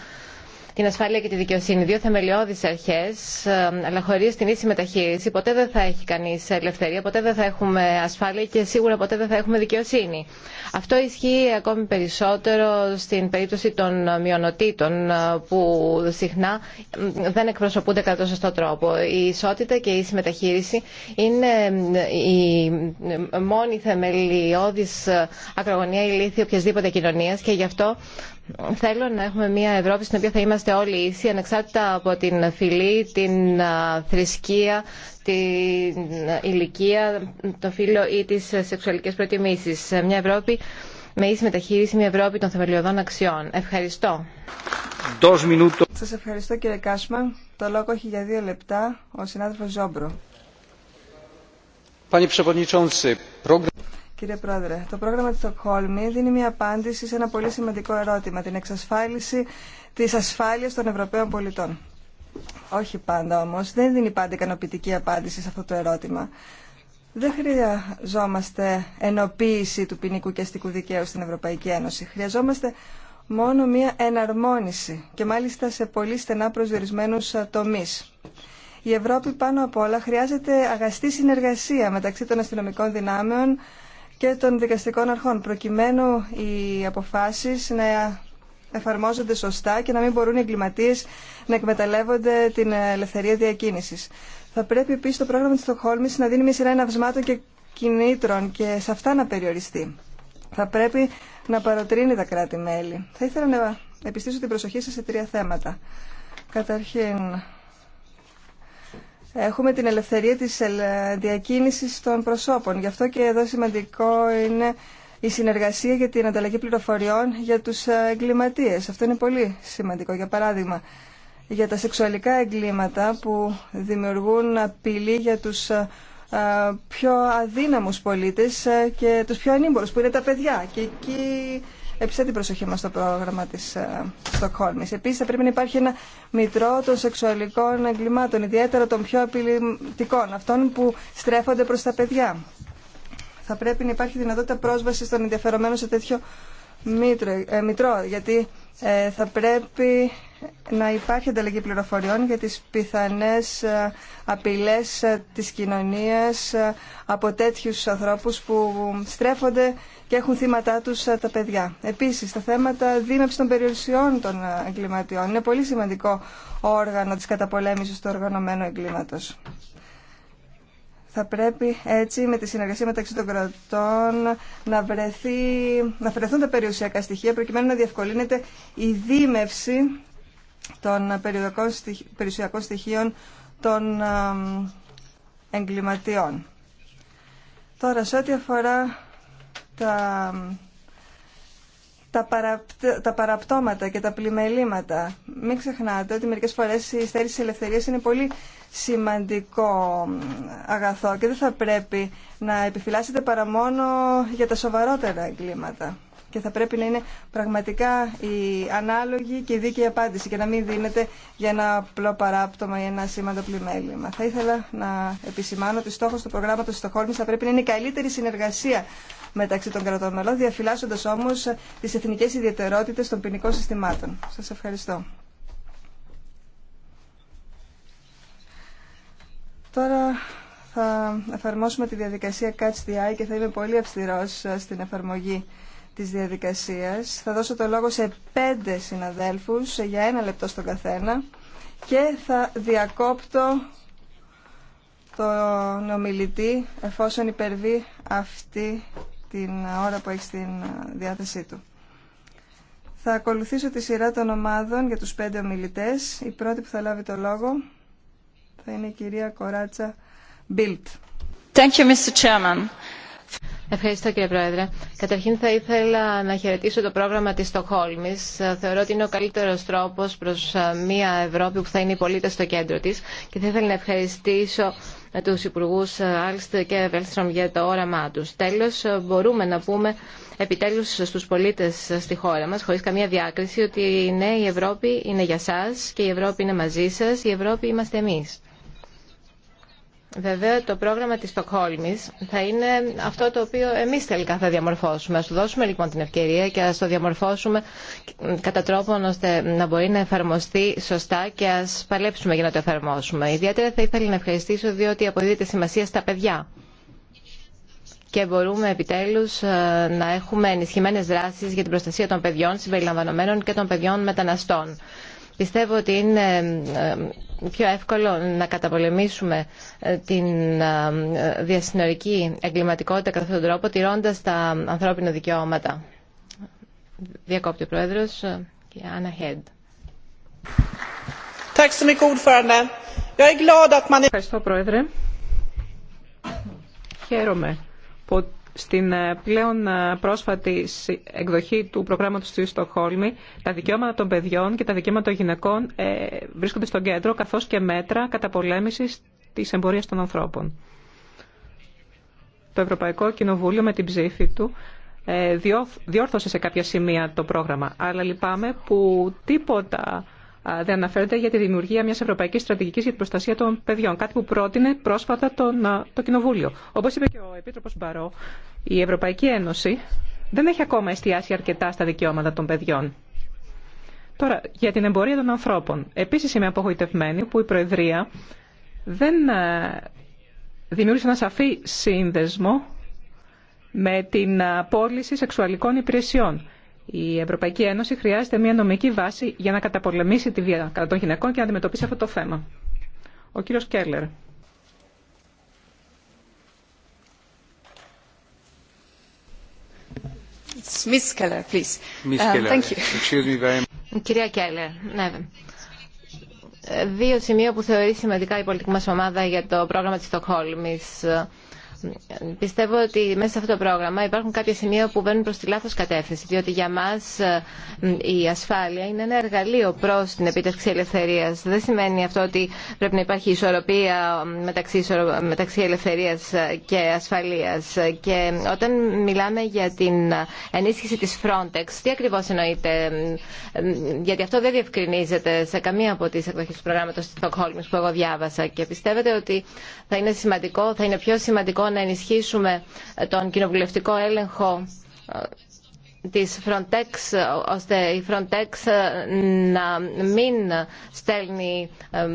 G: την ασφάλεια και τη δικαιοσύνη. Δύο θεμελιώδει αρχέ, ε, αλλά χωρί την ίση μεταχείριση ποτέ δεν θα έχει κανεί ελευθερία, ποτέ δεν θα έχουμε ασφάλεια και σίγουρα ποτέ δεν θα έχουμε δικαιοσύνη. Αυτό ισχύει ακόμη περισσότερο στην περίπτωση των μειονοτήτων ε, που συχνά ε, δεν εκπροσωπούνται κατά το σωστό τρόπο. Η ισότητα και η ίση μεταχείριση είναι η μόνη θεμελιώδη ακρογωνία ηλίθεια οποιασδήποτε κοινωνία και γι' αυτό Θέλω να έχουμε μια Ευρώπη στην οποία θα είμαστε όλοι ίσοι, ανεξάρτητα από την φυλή, την θρησκεία, την ηλικία, το φύλλο ή τις σεξουαλικές προτιμήσεις. Μια Ευρώπη με ίση
F: μεταχείριση, μια Ευρώπη των θεμελιωδών αξιών. Ευχαριστώ. Σας ευχαριστώ κύριε Κάσμαν. Το λόγο έχει για δύο λεπτά ο συνάδελφος Ζόμπρο. Κύριε Πρόεδρε, το πρόγραμμα τη Στοκχόλμη δίνει μια απάντηση σε ένα πολύ σημαντικό ερώτημα, την εξασφάλιση της ασφάλειας των Ευρωπαίων πολιτών. Όχι πάντα όμως, δεν δίνει πάντα ικανοποιητική απάντηση σε αυτό το ερώτημα. Δεν χρειαζόμαστε ενοποίηση του ποινικού και αστικού δικαίου στην Ευρωπαϊκή Ένωση. Χρειαζόμαστε μόνο μία εναρμόνιση και μάλιστα σε πολύ στενά προσδιορισμένους τομείς. Η Ευρώπη πάνω απ' όλα χρειάζεται αγαστή συνεργασία μεταξύ των αστυνομικών δυνάμεων και των δικαστικών αρχών, προκειμένου οι αποφάσεις να εφαρμόζονται σωστά και να μην μπορούν οι εγκληματίες να εκμεταλλεύονται την ελευθερία διακίνησης. Θα πρέπει επίση το πρόγραμμα της Στοχόλμης να δίνει μια σειρά εναυσμάτων και κινήτρων και σε αυτά να περιοριστεί. Θα πρέπει να παροτρύνει τα κράτη-μέλη. Θα ήθελα να επιστήσω την προσοχή σας σε τρία θέματα. Καταρχήν, έχουμε την ελευθερία της διακίνησης των προσώπων. Γι' αυτό και εδώ σημαντικό είναι η συνεργασία για την ανταλλαγή πληροφοριών για τους εγκληματίες. Αυτό είναι πολύ σημαντικό. Για παράδειγμα, για τα σεξουαλικά εγκλήματα που δημιουργούν απειλή για τους ε, πιο αδύναμους πολίτες ε, και τους πιο ανήμπορους που είναι τα παιδιά. Και εκεί επιστά την προσοχή μας στο πρόγραμμα της ε, Στοκχόλμης. Επίσης θα πρέπει να υπάρχει ένα μητρό των σεξουαλικών εγκλημάτων, ιδιαίτερα των πιο απειλητικών, αυτών που στρέφονται προς τα παιδιά. Θα πρέπει να υπάρχει δυνατότητα πρόσβαση των ενδιαφερομένων σε τέτοιο ε, μητρό, γιατί ε, θα πρέπει να υπάρχει ανταλλαγή πληροφοριών για τις πιθανές ε, απειλές ε, της κοινωνίας από τέτοιους ανθρώπους που στρέφονται και έχουν θύματά τους τα παιδιά. Επίσης, τα θέματα δίμευση των περιορισιών των εγκληματιών είναι πολύ σημαντικό όργανο της καταπολέμησης του οργανωμένου εγκλήματος. Θα πρέπει έτσι με τη συνεργασία μεταξύ των κρατών να, βρεθεί, να βρεθούν τα περιουσιακά στοιχεία προκειμένου να διευκολύνεται η δίμευση των περιουσιακών στοιχείων των εγκληματιών. Τώρα, σε ό,τι αφορά τα τα, τα παραπτώματα και τα πλημελήματα. Μην ξεχνάτε ότι μερικές φορές η στέρηση της ελευθερίας είναι πολύ σημαντικό αγαθό και δεν θα πρέπει να επιφυλάσσεται παρά μόνο για τα σοβαρότερα εγκλήματα. Και θα πρέπει να είναι πραγματικά η ανάλογη και η δίκαιη απάντηση και να μην δίνεται για ένα απλό παράπτωμα ή ένα σήμαντο πλημέλημα. Θα ήθελα να επισημάνω ότι στόχο του προγράμματο Στοχόλμη θα πρέπει να είναι η ενα σημαντο πλημελημα θα ηθελα να επισημανω οτι στοχος του προγραμματο στοχολμης θα πρεπει να ειναι η καλυτερη συνεργασια μεταξύ των κρατών μελών, διαφυλάσσοντας όμως τις εθνικές ιδιαιτερότητες των ποινικών συστημάτων. Σας ευχαριστώ. Τώρα θα εφαρμόσουμε τη διαδικασία Catch the Eye και θα είμαι πολύ αυστηρός ε, στην εφαρμογή της διαδικασίας. Θα δώσω το λόγο σε πέντε συναδέλφους ε, για ένα λεπτό στον καθένα και θα διακόπτω τον ομιλητή εφόσον υπερβεί αυτή την ώρα που έχει στην διάθεσή του. Θα ακολουθήσω τη σειρά των ομάδων για τους πέντε ομιλητές. Η πρώτη που θα λάβει το λόγο θα είναι η κυρία Κοράτσα Μπίλτ.
G: Ευχαριστώ κύριε Πρόεδρε. Καταρχήν θα ήθελα να χαιρετήσω το πρόγραμμα της Στοχόλμης. Θεωρώ ότι είναι ο καλύτερος τρόπος προς ε, μια Ευρώπη που θα είναι οι πολίτες στο κέντρο της και θα ήθελα να ευχαριστήσω τους Υπουργούς Άλστ και Βέλστρομ για το όραμά τους. Τέλος, μπορούμε να πούμε επιτέλους στους πολίτες στη χώρα μας, χωρίς καμία διάκριση, ότι ναι, η Ευρώπη είναι για σας και η Ευρώπη είναι μαζί σας, η Ευρώπη είμαστε εμείς. Βέβαια το πρόγραμμα της Στοκχόλμης θα είναι αυτό το οποίο εμείς τελικά θα διαμορφώσουμε. Ας του δώσουμε λοιπόν την ευκαιρία και ας το διαμορφώσουμε κατά τρόπο ώστε να μπορεί να εφαρμοστεί σωστά και ας παλέψουμε για να το εφαρμόσουμε. Ιδιαίτερα θα ήθελα να ευχαριστήσω διότι αποδίδεται σημασία στα παιδιά και μπορούμε επιτέλους ε, να έχουμε ενισχυμένες δράσεις για την προστασία των παιδιών συμπεριλαμβανομένων και των παιδιών μεταναστών. Πιστεύω ότι είναι ε, πιο εύκολο να καταπολεμήσουμε ε, την ε, διασυνορική εγκληματικότητα κατά αυτόν τον τρόπο, τηρώντα τα ανθρώπινα δικαιώματα. Διακόπτει ο Πρόεδρος και Άννα Χέντ.
D: Ευχαριστώ Πρόεδρε. Χαίρομαι που στην ε, πλέον ε, πρόσφατη εκδοχή του προγράμματο του Στοχόλμη, τα δικαιώματα των παιδιών και τα δικαιώματα των γυναικών ε, βρίσκονται στο κέντρο, καθώ και μέτρα καταπολέμησης τη εμπορία των ανθρώπων. Το Ευρωπαϊκό Κοινοβούλιο με την ψήφη του διόρθωσε σε κάποια σημεία το πρόγραμμα, αλλά λυπάμαι που τίποτα δεν αναφέρεται για τη δημιουργία μια ευρωπαϊκή στρατηγική για την προστασία των παιδιών. Κάτι που πρότεινε πρόσφατα τον, το Κοινοβούλιο. Όπω είπε και ο Επίτροπο Μπαρό, η Ευρωπαϊκή Ένωση δεν έχει ακόμα εστιάσει αρκετά στα δικαιώματα των παιδιών. Τώρα, για την εμπορία των ανθρώπων. επίση είμαι απογοητευμένη που η Προεδρία δεν ε, δημιούργησε ένα σαφή σύνδεσμο με την ε, πώληση σεξουαλικών υπηρεσιών. Η Ευρωπαϊκή Ένωση χρειάζεται μια νομική βάση για να καταπολεμήσει τη βία κατά των γυναικών και να αντιμετωπίσει αυτό το θέμα. Ο κύριος Κέλλερ.
G: Miss Keller, please. Ms. Um, Keller, thank you. Excuse me very much. Κυρία Κέλλερ, ναι. Δύο σημεία που θεωρεί σημαντικά η πολιτική μας ομάδα για το πρόγραμμα της Στοκχόλμης Πιστεύω ότι μέσα σε αυτό το πρόγραμμα υπάρχουν κάποια σημεία που βαίνουν προ τη λάθο κατεύθυνση, διότι για μα ε, η ασφάλεια είναι ένα εργαλείο προ την επίτευξη ελευθερία. Δεν σημαίνει αυτό ότι πρέπει να υπάρχει ισορροπία μεταξύ, μεταξύ ελευθερίας και ασφαλεία. Και όταν μιλάμε για την ενίσχυση τη Frontex, τι ακριβώ εννοείται, ε, γιατί αυτό δεν διευκρινίζεται σε καμία από τι εκδοχέ του προγράμματο τη Στοκχόλμη που εγώ διάβασα και πιστεύετε ότι θα είναι σημαντικό, θα είναι πιο σημαντικό Λοιπόν να ενισχύσουμε τον κοινοβουλευτικό έλεγχο ε, της Frontex, ώστε η Frontex ε, να μην στέλνει ε,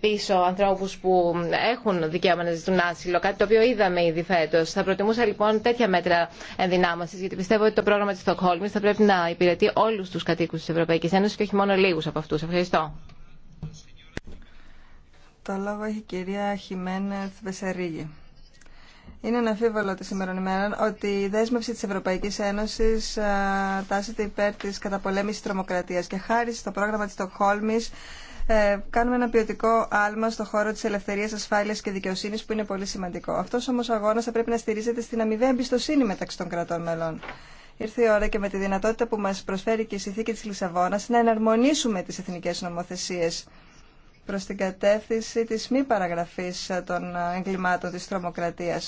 G: πίσω ανθρώπους που έχουν δικαίωμα να ζητούν άσυλο, κάτι το οποίο είδαμε ήδη φέτος. Θα προτιμούσα λοιπόν τέτοια μέτρα ενδυνάμωσης, γιατί πιστεύω ότι το πρόγραμμα της Στοκχόλμης θα πρέπει να υπηρετεί όλους τους κατοίκους της Ευρωπαϊκής Ένωσης και όχι μόνο λίγους από αυτούς. Ευχαριστώ.
F: Το λόγο έχει η κυρία Χιμένεθ Βεσερίγη. Είναι αναφίβολο τη σήμερα ημέρα ότι η δέσμευση τη Ευρωπαϊκή Ένωση τάσεται υπέρ τη καταπολέμησης τρομοκρατία και χάρη στο πρόγραμμα της ε, κάνουμε ένα ποιοτικό άλμα στο χώρο τη ελευθερία ασφάλεια και δικαιοσύνη, που είναι πολύ σημαντικό. Αυτό όμω ο αγώνα θα πρέπει να στηρίζεται στην αμοιβαία εμπιστοσύνη μεταξύ των κρατών μελών. Ήρθε η ώρα και με τη δυνατότητα που μα προσφέρει και η συνθήκη τη Λισαβόνα να εναρμονίσουμε τι εθνικέ νομοθεσίε προ την κατεύθυνση τη μη παραγραφή των εγκλημάτων τη Τρομοκρατία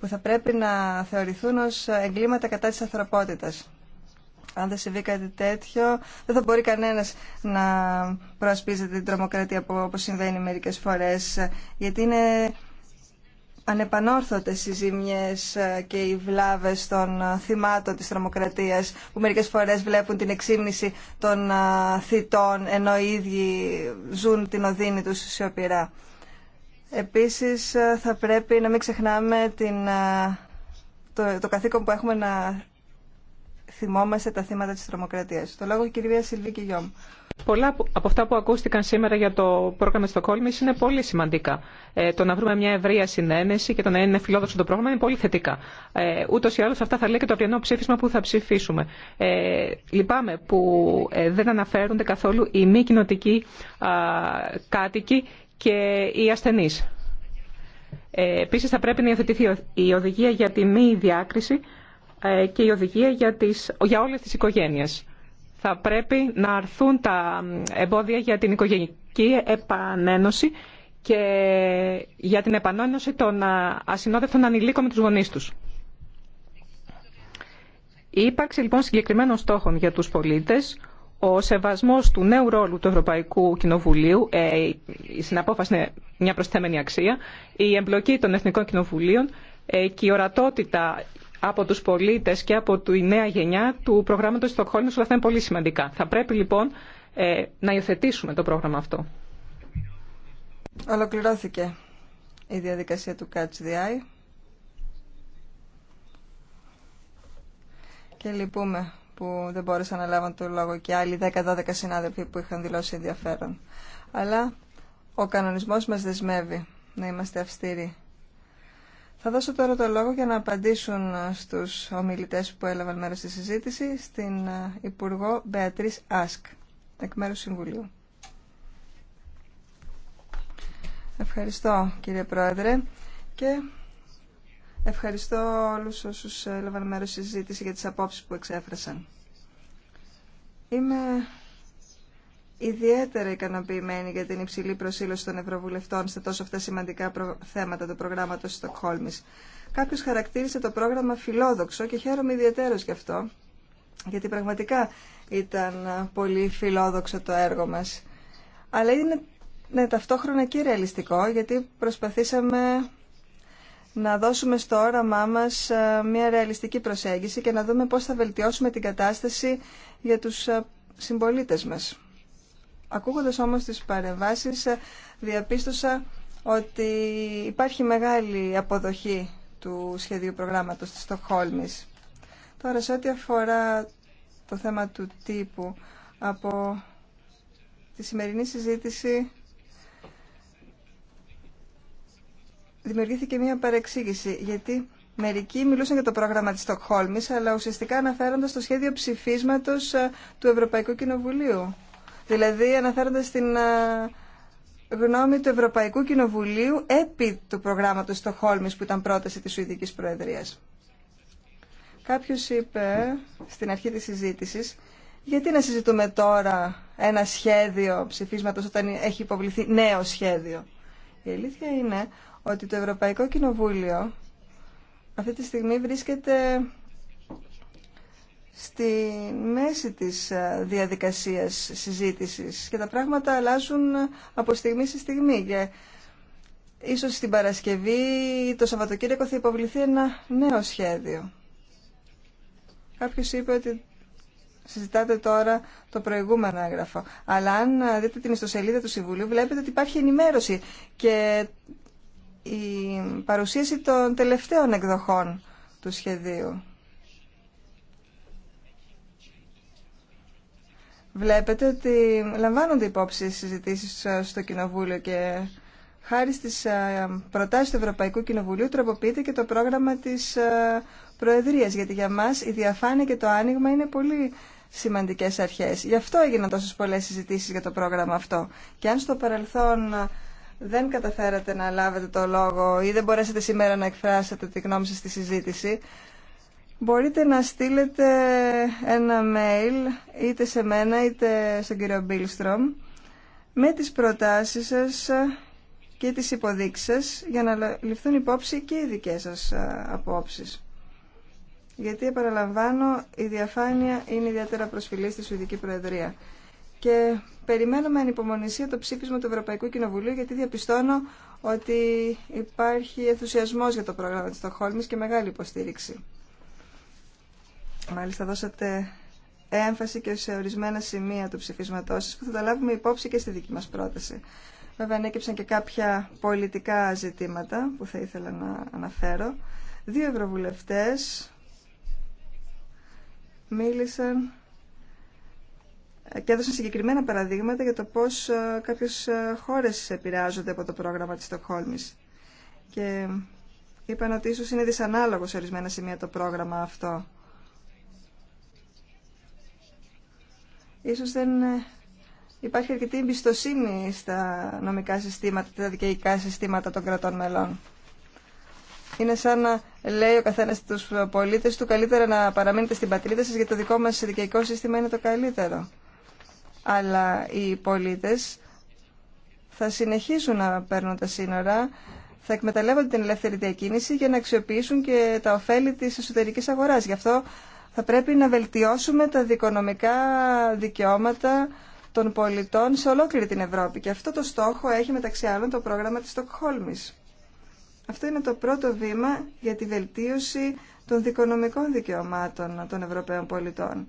F: που θα πρέπει να θεωρηθούν ως εγκλήματα κατά της ανθρωπότητας. Αν δεν συμβεί κάτι τέτοιο, δεν θα μπορεί κανένας να προασπίζεται την τρομοκρατία όπως συμβαίνει μερικές φορές, γιατί είναι ανεπανόρθωτες οι ζημιές ε, και οι βλάβες των ε, θυμάτων της τρομοκρατίας που μερικές φορές βλέπουν την εξήμνηση των ε, θητών ενώ οι ίδιοι ζουν την οδύνη τους σιωπηρά. Επίσης ε, θα πρέπει να μην ξεχνάμε την, ε, το, το καθήκον που έχουμε να θυμόμαστε τα θύματα της τρομοκρατίας. Το λόγο κυρία Σιλβίκη Γιώμ. Πολλά από αυτά που ακούστηκαν
D: σήμερα για το πρόγραμμα Στοκόλμη είναι πολύ σημαντικά. Ε, το να βρούμε μια ευρεία συνένεση και το να είναι φιλόδοξο το πρόγραμμα είναι πολύ θετικά. Ε, Ούτω ή άλλω αυτά θα λέει και το αυριανό ψήφισμα που θα ψηφίσουμε. Ε, λυπάμαι που δεν αναφέρονται καθόλου οι μη κοινοτικοί κάτοικοι και οι ασθενεί. Ε, επίσης θα πρέπει να υιοθετηθεί η οδηγία για τη μη διάκριση ε, και η οδηγία για, τις, για όλες τις οικογένειες. Θα πρέπει να αρθούν τα εμπόδια για την οικογενική επανένωση και για την επανένωση των ε, ασυνόδευτων ανηλίκων με τους γονείς τους. Η ύπαρξη λοιπόν συγκεκριμένων στόχων για τους πολίτες ο σεβασμός του νέου ρόλου του Ευρωπαϊκού Κοινοβουλίου, ε, η συναπόφαση είναι μια προσθέμενη αξία, η εμπλοκή των Εθνικών Κοινοβουλίων ε, και η ορατότητα από τους πολίτες και από τη νέα γενιά του προγράμματος Στοκχόλμης, όλα αυτά είναι πολύ σημαντικά. Θα πρέπει λοιπόν ε, να υιοθετήσουμε το πρόγραμμα
F: αυτό. Ολοκληρώθηκε η διαδικασία του Catch the Eye. Και λυπούμε που δεν μπόρεσαν να λάβουν το λόγο και άλλοι 10-12 συνάδελφοι που είχαν δηλώσει ενδιαφέρον. Αλλά ο κανονισμός μας δεσμεύει να είμαστε αυστηροί. Θα δώσω τώρα το λόγο για να απαντήσουν στους ομιλητές που έλαβαν μέρος στη συζήτηση στην ε, Υπουργό Μπεατρίς Άσκ, εκ μέρους Συμβουλίου. Ευχαριστώ κύριε Πρόεδρε και Ευχαριστώ όλους όσους έλαβαν μέρος στη συζήτηση για τις απόψεις που εξέφρασαν. Είμαι ιδιαίτερα ικανοποιημένη για την υψηλή προσήλωση των Ευρωβουλευτών σε τόσο αυτά σημαντικά θέματα του προγράμματος Στοκχόλμης. Κάποιος χαρακτήρισε το πρόγραμμα φιλόδοξο και χαίρομαι ιδιαίτερος γι' αυτό, γιατί πραγματικά ήταν πολύ φιλόδοξο το έργο μας. Αλλά είναι ναι, ταυτόχρονα και ρεαλιστικό, γιατί προσπαθήσαμε να δώσουμε στο όραμά μας ε, μια ρεαλιστική προσέγγιση και να δούμε πώς θα βελτιώσουμε την κατάσταση για τους ε, συμπολίτες μας. Ακούγοντας όμως τις παρεμβάσεις, ε, διαπίστωσα ότι υπάρχει μεγάλη αποδοχή του σχεδίου προγράμματος της Στοκχόλμης. Τώρα, σε ό,τι αφορά το θέμα του τύπου, από τη σημερινή συζήτηση δημιουργήθηκε μια παρεξήγηση, γιατί μερικοί μιλούσαν για το πρόγραμμα της Στοκχόλμης, αλλά ουσιαστικά αναφέροντας το σχέδιο ψηφίσματος ε, του Ευρωπαϊκού Κοινοβουλίου. Δηλαδή αναφέροντας την ε, γνώμη του Ευρωπαϊκού Κοινοβουλίου επί του προγράμματος Στοχόλμης που ήταν πρόταση της Σουηδικής Προεδρίας. Κάποιο είπε στην αρχή της συζήτηση, γιατί να συζητούμε τώρα ένα σχέδιο ψηφίσματος όταν έχει υποβληθεί νέο σχέδιο. Η αλήθεια είναι ότι το Ευρωπαϊκό Κοινοβούλιο αυτή τη στιγμή βρίσκεται στη μέση της ε, διαδικασίας συζήτησης και τα πράγματα αλλάζουν από στιγμή σε στιγμή και ίσως στην Παρασκευή ή το Σαββατοκύριακο θα υποβληθεί ένα νέο σχέδιο. Κάποιος είπε ότι συζητάτε τώρα το προηγούμενο έγγραφο. Αλλά αν δείτε την ιστοσελίδα του Συμβουλίου, βλέπετε ότι υπάρχει ενημέρωση και η παρουσίαση των τελευταίων εκδοχών του σχεδίου. Βλέπετε ότι λαμβάνονται υπόψη συζητήσεις στο Κοινοβούλιο και χάρη στις ε, προτάσεις του Ευρωπαϊκού Κοινοβουλίου τροποποιείται και το πρόγραμμα της ε, Προεδρίας, γιατί για μας η διαφάνεια και το άνοιγμα είναι πολύ σημαντικές αρχές. Γι' αυτό έγιναν τόσε πολλέ συζητήσεις για το πρόγραμμα αυτό. Και αν στο παρελθόν ε, δεν καταφέρατε να λάβετε το λόγο ή δεν μπορέσατε σήμερα να εκφράσετε τη γνώμη σας στη συζήτηση, μπορείτε να στείλετε ένα mail είτε σε μένα είτε στον κύριο Μπίλστρομ με τις προτάσεις σας και τις υποδείξεις για να ληφθούν υπόψη και οι δικές σας ε, απόψεις γιατί επαναλαμβάνω η διαφάνεια είναι ιδιαίτερα προσφυλή στη Σουηδική Προεδρία. Και περιμένουμε ανυπομονησία το ψήφισμα του Ευρωπαϊκού Κοινοβουλίου γιατί διαπιστώνω ότι υπάρχει ενθουσιασμός για το πρόγραμμα της Στοχόλμης και μεγάλη υποστήριξη. Μάλιστα δώσατε έμφαση και σε ορισμένα σημεία του ψηφίσματός σα που θα τα λάβουμε υπόψη και στη δική μας πρόταση. Βέβαια ανέκυψαν και κάποια πολιτικά ζητήματα που θα ήθελα να αναφέρω. Δύο ευρωβουλευτές μίλησαν και έδωσαν συγκεκριμένα παραδείγματα για το πώς ε, κάποιες ε, χώρες επηρεάζονται από το πρόγραμμα της Στοκχόλμης. Και είπαν ότι ίσως είναι δυσανάλογο σε ορισμένα σημεία το πρόγραμμα αυτό. Ίσως δεν ε, υπάρχει αρκετή εμπιστοσύνη στα νομικά συστήματα, τα δικαιϊκά συστήματα των κρατών μελών. Είναι σαν να λέει ο καθένα στου πολίτε του καλύτερα να παραμείνετε στην πατρίδα σα γιατί το δικό μα δικαϊκό σύστημα είναι το καλύτερο. Αλλά οι πολίτε θα συνεχίσουν να παίρνουν τα σύνορα, θα εκμεταλλεύονται την ελεύθερη διακίνηση για να αξιοποιήσουν και τα ωφέλη τη εσωτερική αγορά. Γι' αυτό θα πρέπει να βελτιώσουμε τα δικονομικά δικαιώματα των πολιτών σε ολόκληρη την Ευρώπη. Και αυτό το στόχο έχει μεταξύ άλλων το πρόγραμμα της Στοκχόλμης. Αυτό είναι το πρώτο βήμα για τη βελτίωση των δικονομικών δικαιωμάτων των Ευρωπαίων πολιτών.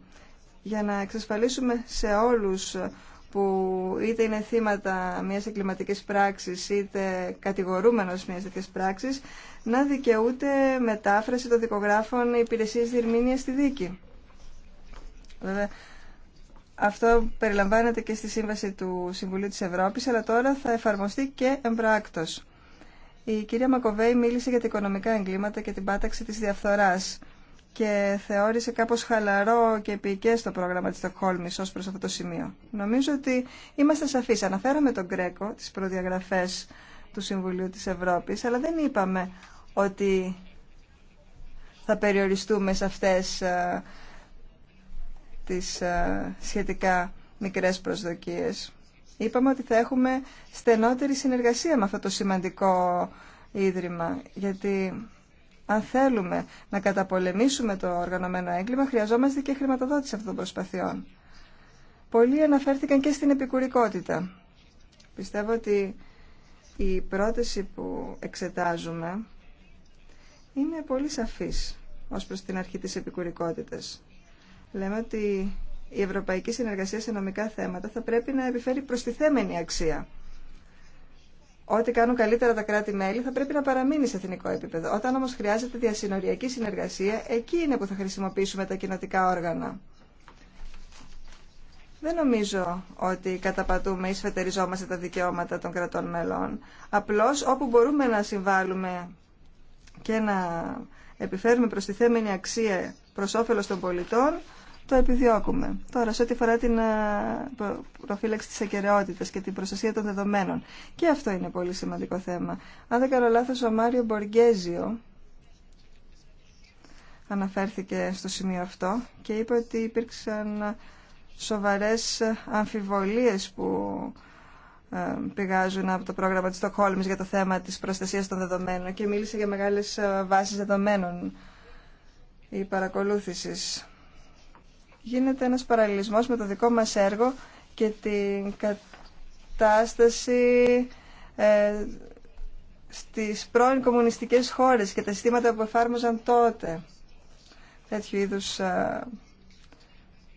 F: Για να εξασφαλίσουμε σε όλους που είτε είναι θύματα μιας εγκληματικής πράξης είτε κατηγορούμενος μιας τέτοιας πράξης να δικαιούται μετάφραση των δικογράφων υπηρεσίες διερμήνειας στη δίκη. Βέβαια, αυτό περιλαμβάνεται και στη Σύμβαση του Συμβουλίου της Ευρώπης, αλλά τώρα θα εφαρμοστεί και εμπράκτος. Η κυρία Μακοβέη μίλησε για τα οικονομικά εγκλήματα και την πάταξη της διαφθοράς και θεώρησε κάπως χαλαρό και επικές το πρόγραμμα της Στοκχόλμης ως προς αυτό το σημείο. Νομίζω ότι είμαστε σαφείς. Αναφέραμε τον Γκρέκο, τις προδιαγραφές του Συμβουλίου της Ευρώπης, αλλά δεν είπαμε ότι θα περιοριστούμε σε αυτές ε, τις ε, σχετικά μικρές προσδοκίες είπαμε ότι θα έχουμε στενότερη συνεργασία με αυτό το σημαντικό ίδρυμα. Γιατί αν θέλουμε να καταπολεμήσουμε το οργανωμένο έγκλημα, χρειαζόμαστε και χρηματοδότηση αυτών των προσπαθειών. Πολλοί αναφέρθηκαν και στην επικουρικότητα. Πιστεύω ότι η πρόταση που εξετάζουμε είναι πολύ σαφής ως προς την αρχή της επικουρικότητας. Λέμε ότι η ευρωπαϊκή συνεργασία σε νομικά θέματα θα πρέπει να επιφέρει προστιθέμενη αξία. Ό,τι κάνουν καλύτερα τα κράτη-μέλη θα πρέπει να παραμείνει σε εθνικό επίπεδο. Όταν όμω χρειάζεται διασυνοριακή συνεργασία, εκεί είναι που θα χρησιμοποιήσουμε τα κοινοτικά όργανα. Δεν νομίζω ότι καταπατούμε ή σφετεριζόμαστε τα δικαιώματα των κρατών μελών. Απλώ όπου μπορούμε να συμβάλλουμε και να επιφέρουμε προστιθέμενη αξία προ όφελο των πολιτών, το επιδιώκουμε. Τώρα, σε ό,τι αφορά την ε, προφύλαξη τη ακαιρεότητα και την προστασία των δεδομένων. Και αυτό είναι πολύ σημαντικό θέμα. Αν δεν κάνω λάθο, ο Μάριο Μποργέζιο αναφέρθηκε στο σημείο αυτό και είπε ότι υπήρξαν σοβαρές αμφιβολίες που ε, πηγάζουν από το πρόγραμμα της Στοκχόλμης για το θέμα της προστασίας των δεδομένων και μίλησε για μεγάλες ε, βάσεις δεδομένων ή παρακολούθησης γίνεται ένας παραλληλισμός με το δικό μας έργο και την κατάσταση ε, στις πρώην κομμουνιστικές χώρες και τα συστήματα που εφάρμοζαν τότε. Τέτοιου είδους ε,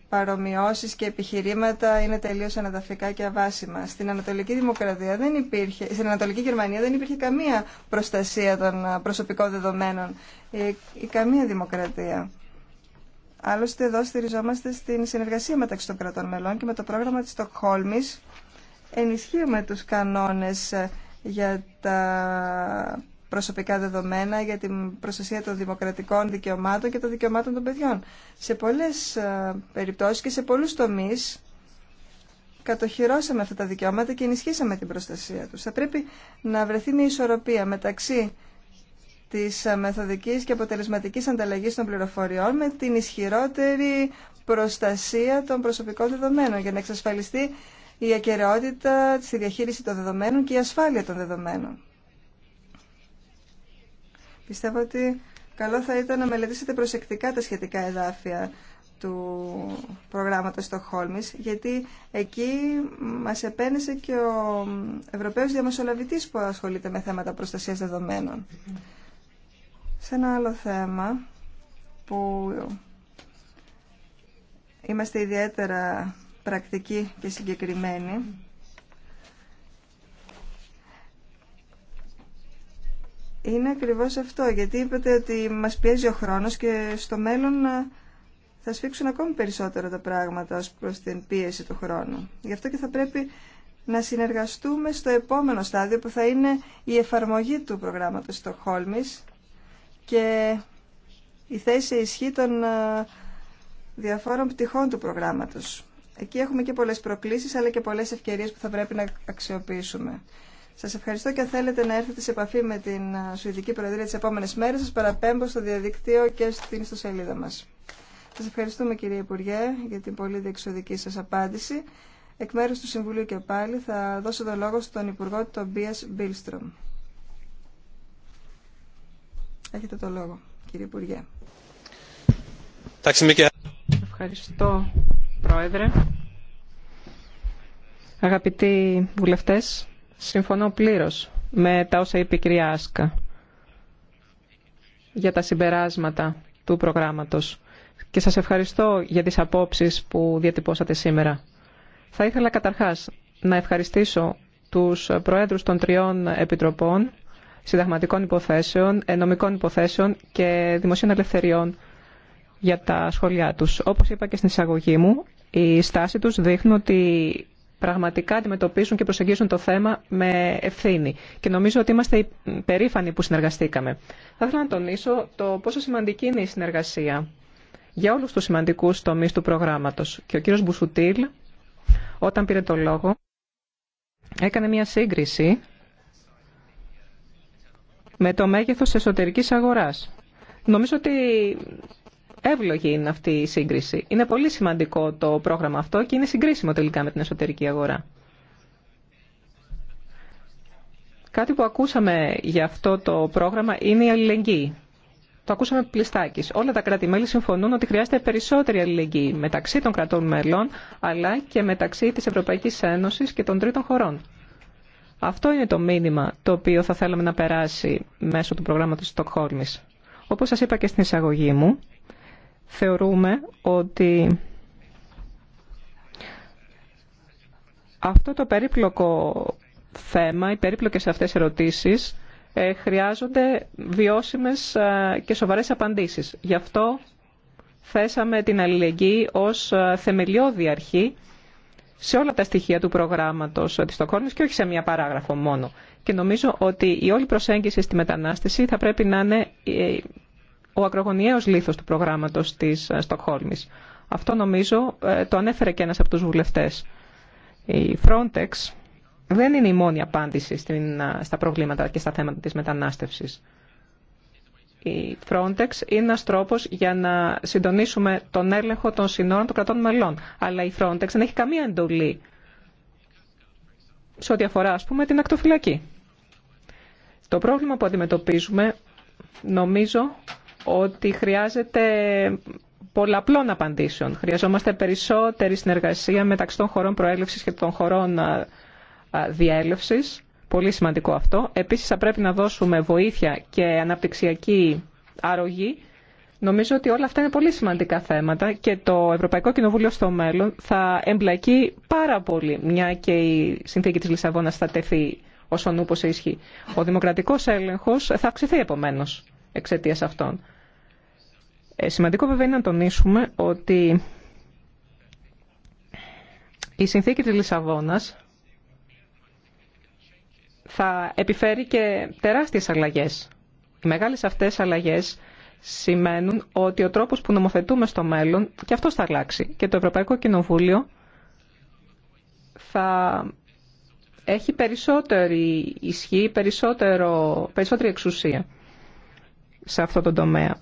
F: παρομοιώσεις και επιχειρήματα είναι τελείως αναδαφικά και αβάσιμα. Στην Ανατολική Δημοκρατία δεν υπήρχε, στην Ανατολική Γερμανία δεν υπήρχε καμία προστασία των ε, προσωπικών δεδομένων ή ε, καμία δημοκρατία. Άλλωστε εδώ στηριζόμαστε στην συνεργασία μεταξύ των κρατών μελών και με το πρόγραμμα της Στοκχόλμης ενισχύουμε τους κανόνες ε, για τα προσωπικά δεδομένα, για την προστασία των δημοκρατικών δικαιωμάτων και των δικαιωμάτων των παιδιών. Σε πολλές ε, περιπτώσεις και σε πολλούς τομείς κατοχυρώσαμε αυτά τα δικαιώματα και ενισχύσαμε την προστασία τους. Θα πρέπει να βρεθεί μια ισορροπία μεταξύ της μεθοδικής και αποτελεσματικής ανταλλαγής των πληροφοριών με την ισχυρότερη προστασία των προσωπικών δεδομένων για να εξασφαλιστεί η ακεραιότητα στη διαχείριση των δεδομένων και η ασφάλεια των δεδομένων. Πιστεύω ότι καλό θα ήταν να μελετήσετε προσεκτικά τα σχετικά εδάφια του προγράμματος Στοχόλμης, γιατί εκεί μας επένεσε και ο Ευρωπαίος Διαμεσολαβητής που ασχολείται με θέματα προστασίας δεδομένων. Σε ένα άλλο θέμα που είμαστε ιδιαίτερα πρακτικοί και συγκεκριμένοι είναι ακριβώς αυτό γιατί είπατε ότι μας πιέζει ο χρόνος και στο μέλλον ε, θα σφίξουν ακόμη περισσότερο τα πράγματα ως προς την πίεση του χρόνου. Γι' αυτό και θα πρέπει να συνεργαστούμε στο επόμενο στάδιο που θα είναι η εφαρμογή του προγράμματος Στοχόλμης και η θέση ισχύ των ε, διαφόρων πτυχών του προγράμματος. Εκεί έχουμε και πολλές προκλήσεις αλλά και πολλές ευκαιρίες που θα πρέπει να αξιοποιήσουμε. Σας ευχαριστώ και αν θέλετε να έρθετε σε επαφή με την ε, Σουηδική Προεδρία τις επόμενες μέρες σας παραπέμπω στο διαδικτύο και στην ιστοσελίδα μας. Σας ευχαριστούμε κύριε Υπουργέ για την πολύ διεξοδική σας απάντηση. Εκ μέρους του Συμβουλίου και πάλι θα δώσω το λόγο στον Υπουργό Τομπίας Μπίλστρομ. Έχετε το λόγο, κύριε Υπουργέ. Ευχαριστώ,
D: Πρόεδρε. Αγαπητοί βουλευτές, συμφωνώ πλήρως με τα όσα είπε η κυρία Άσκα για τα συμπεράσματα του προγράμματος και σας ευχαριστώ για τις απόψεις που διατυπώσατε σήμερα. Θα ήθελα καταρχάς να ευχαριστήσω τους Προέδρους των τριών Επιτροπών συνταγματικών υποθέσεων, νομικών υποθέσεων και δημοσίων ελευθεριών για τα σχόλιά τους. Όπως είπα και στην εισαγωγή μου, η στάση τους δείχνει ότι πραγματικά αντιμετωπίζουν και προσεγγίζουν το θέμα με ευθύνη. Και νομίζω ότι είμαστε περήφανοι που συνεργαστήκαμε. Θα ήθελα να τονίσω το πόσο σημαντική είναι η συνεργασία για όλους τους σημαντικούς τομείς του προγράμματος. Και ο κύριος Μπουσουτήλ, όταν πήρε το λόγο, έκανε μια σύγκριση με το μέγεθος εσωτερικής αγοράς. Νομίζω ότι εύλογη είναι αυτή η σύγκριση. Είναι πολύ σημαντικό το πρόγραμμα αυτό και είναι συγκρίσιμο τελικά με την εσωτερική αγορά. Κάτι που ακούσαμε για αυτό το πρόγραμμα είναι η αλληλεγγύη. Το ακούσαμε πλειστάκι. Όλα τα κράτη-μέλη συμφωνούν ότι χρειάζεται περισσότερη αλληλεγγύη μεταξύ των κρατών μελών, αλλά και μεταξύ τη Ευρωπαϊκή Ένωση και των τρίτων χωρών. Αυτό είναι το μήνυμα το οποίο θα θέλαμε να περάσει μέσω του προγράμματος Στοκχόλμης. Όπως σας είπα και στην εισαγωγή μου, θεωρούμε ότι αυτό το περίπλοκο θέμα, οι περίπλοκες αυτές ερωτήσεις, ε, χρειάζονται βιώσιμες ε, και σοβαρές απαντήσεις. Γι' αυτό θέσαμε την αλληλεγγύη ως ε, θεμελιώδη αρχή σε όλα τα στοιχεία του προγράμματος της Στοκχόλμη και όχι σε μία παράγραφο μόνο. Και νομίζω ότι η όλη προσέγγιση στη μετανάστευση θα πρέπει να είναι ε, ο ακρογωνιαίος λήθος του προγράμματος της ε, Στοκχόλμη. Αυτό νομίζω ε, το ανέφερε και ένας από τους βουλευτές. Η Frontex δεν είναι η μόνη απάντηση στα προβλήματα και στα θέματα της μετανάστευσης η Frontex είναι ένας τρόπος για να συντονίσουμε τον έλεγχο των συνόρων των κρατών μελών. Αλλά η Frontex δεν έχει καμία εντολή σε ό,τι αφορά, ας πούμε, την ακτοφυλακή. Το πρόβλημα που αντιμετωπίζουμε νομίζω ότι χρειάζεται πολλαπλών απαντήσεων. Χρειαζόμαστε περισσότερη συνεργασία μεταξύ των χωρών προέλευσης και των χωρών διέλευσης Πολύ σημαντικό αυτό. Επίσης θα πρέπει να δώσουμε βοήθεια και αναπτυξιακή αρρωγή. Νομίζω ότι όλα αυτά είναι πολύ σημαντικά θέματα και το Ευρωπαϊκό Κοινοβούλιο στο μέλλον θα εμπλακεί πάρα πολύ, μια και η συνθήκη της Λισαβόνας θα τεθεί όσον ούπο ισχύει. Ο δημοκρατικός έλεγχος θα αυξηθεί επομένω εξαιτία αυτών. Ε, σημαντικό βέβαια είναι να τονίσουμε ότι η συνθήκη της Λισαβόνας θα επιφέρει και τεράστιες αλλαγές. Οι μεγάλες αυτές αλλαγές σημαίνουν ότι ο τρόπος που νομοθετούμε στο μέλλον και αυτό θα αλλάξει. Και το Ευρωπαϊκό Κοινοβούλιο θα έχει περισσότερη ισχύ, περισσότερο, περισσότερη εξουσία σε αυτό το τομέα.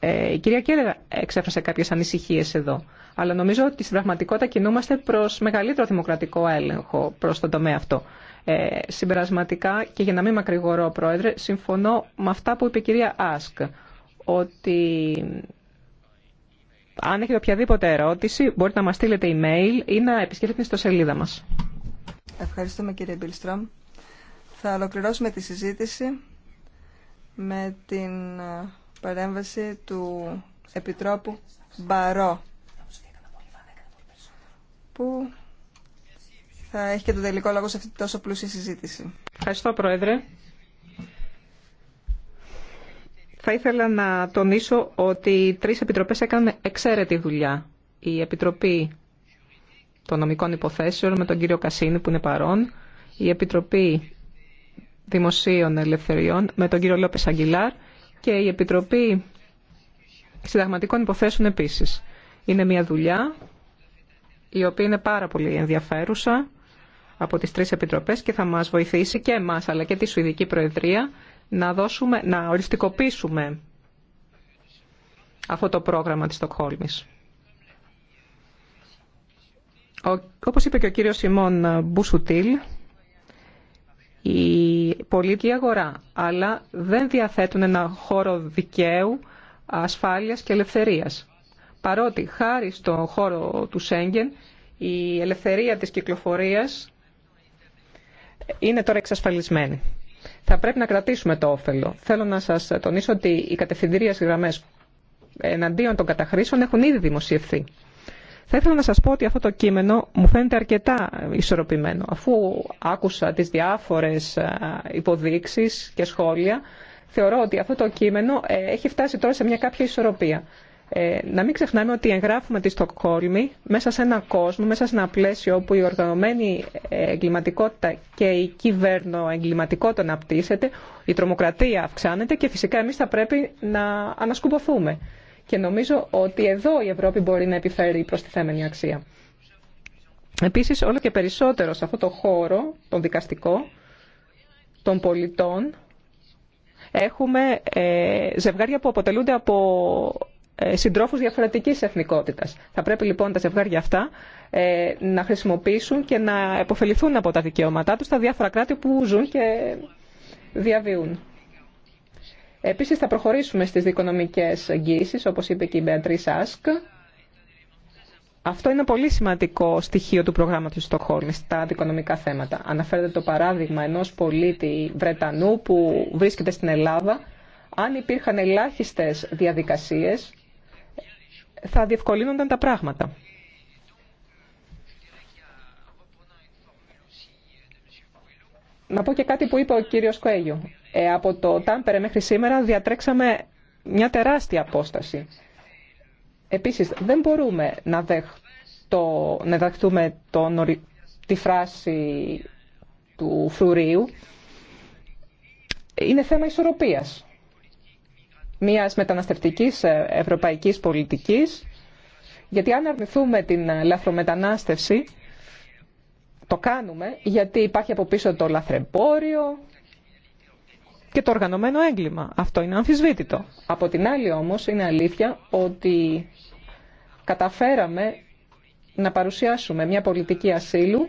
D: Ε, η κυρία Κέλλερα εξέφρασε κάποιες ανησυχίες εδώ, αλλά νομίζω ότι στην πραγματικότητα κινούμαστε προς μεγαλύτερο δημοκρατικό έλεγχο προς τον τομέα αυτό. Ε, συμπερασματικά και για να μην μακρηγορώ, Πρόεδρε, συμφωνώ με αυτά που είπε η κυρία Άσκ, ότι αν έχετε οποιαδήποτε ερώτηση μπορείτε να μας στείλετε email ή να επισκεφτείτε στο σελίδα μας.
F: Ευχαριστούμε κύριε Μπίλστρομ. Θα ολοκληρώσουμε τη συζήτηση με την ε, παρέμβαση του Επιτρόπου Μπαρό που θα έχει και το τελικό λόγο σε αυτή τη τόσο πλούσια συζήτηση.
D: Ευχαριστώ, Πρόεδρε. Θα ήθελα να τονίσω ότι οι τρεις επιτροπές έκαναν εξαίρετη δουλειά. Η Επιτροπή των Νομικών Υποθέσεων με τον κύριο Κασίνη που είναι παρόν, η Επιτροπή Δημοσίων Ελευθεριών με τον κύριο Λόπες Αγγιλάρ και η Επιτροπή Συνταγματικών Υποθέσεων επίσης. Είναι μια δουλειά η οποία είναι πάρα πολύ ενδιαφέρουσα από τις τρεις επιτροπές και θα μας βοηθήσει και εμάς αλλά και τη Σουηδική Προεδρία να, δώσουμε, να οριστικοποιήσουμε αυτό το πρόγραμμα της Στοκχόλμης. Ο, όπως είπε και ο κύριος Σιμών Μπουσουτήλ, η πολιτική αγορά, αλλά δεν διαθέτουν ένα χώρο δικαίου, ασφάλειας και ελευθερίας. Παρότι χάρη στον χώρο του Σέγγεν η ελευθερία της κυκλοφορίας είναι τώρα εξασφαλισμένη. Θα πρέπει να κρατήσουμε το όφελο. Θέλω να σας τονίσω ότι οι κατευθυντήριες γραμμές εναντίον των καταχρήσεων έχουν ήδη δημοσιευθεί. Θα ήθελα να σας πω ότι αυτό το κείμενο μου φαίνεται αρκετά ισορροπημένο. Αφού άκουσα τις διάφορες υποδείξεις και σχόλια, θεωρώ ότι αυτό το κείμενο ε, έχει φτάσει τώρα σε μια κάποια ισορροπία. Ε, να μην ξεχνάμε ότι εγγράφουμε τη Στοκχόλμη μέσα σε ένα κόσμο, μέσα σε ένα πλαίσιο όπου η οργανωμένη εγκληματικότητα και η κυβέρνο εγκληματικότητα αναπτύσσεται, η τρομοκρατία αυξάνεται και φυσικά εμείς θα πρέπει να ανασκουμποθούμε. Και νομίζω ότι εδώ η Ευρώπη μπορεί να επιφέρει θέμενη αξία. Επίσης, όλο και περισσότερο σε αυτό το χώρο, τον δικαστικό, των πολιτών, έχουμε ε, ζευγάρια που αποτελούνται από ε, συντρόφους διαφορετικής εθνικότητας. Θα πρέπει λοιπόν τα ζευγάρια αυτά ε, να χρησιμοποιήσουν και να επωφεληθούν από τα δικαιώματά τους στα διάφορα κράτη που ζουν και διαβιούν. Επίσης θα προχωρήσουμε στις δικονομικές εγγύησεις, όπως είπε και η Μπεατρίς Σάσκ. Αυτό είναι πολύ σημαντικό στοιχείο του προγράμματος του Στοκχόλμης στα δικονομικά θέματα. Αναφέρεται το παράδειγμα ενός πολίτη Βρετανού που βρίσκεται στην Ελλάδα. Αν υπήρχαν ελάχιστες διαδικασίες θα διευκολύνονταν τα πράγματα. Να πω και κάτι που είπε ο κύριος Κοέγιο. Ε, από το Τάμπερε μέχρι σήμερα διατρέξαμε μια τεράστια απόσταση. Επίσης, δεν μπορούμε να, να δεχτούμε τη φράση του φρουρίου. Είναι θέμα ισορροπίας μιας μεταναστευτικής ε, ευρωπαϊκής πολιτικής, γιατί αν αρνηθούμε την ε, λαθρομετανάστευση, το κάνουμε γιατί υπάρχει από πίσω το λαθρεμπόριο και το οργανωμένο έγκλημα. Αυτό είναι αμφισβήτητο. Από την άλλη όμως είναι αλήθεια ότι καταφέραμε να παρουσιάσουμε μια πολιτική ασύλου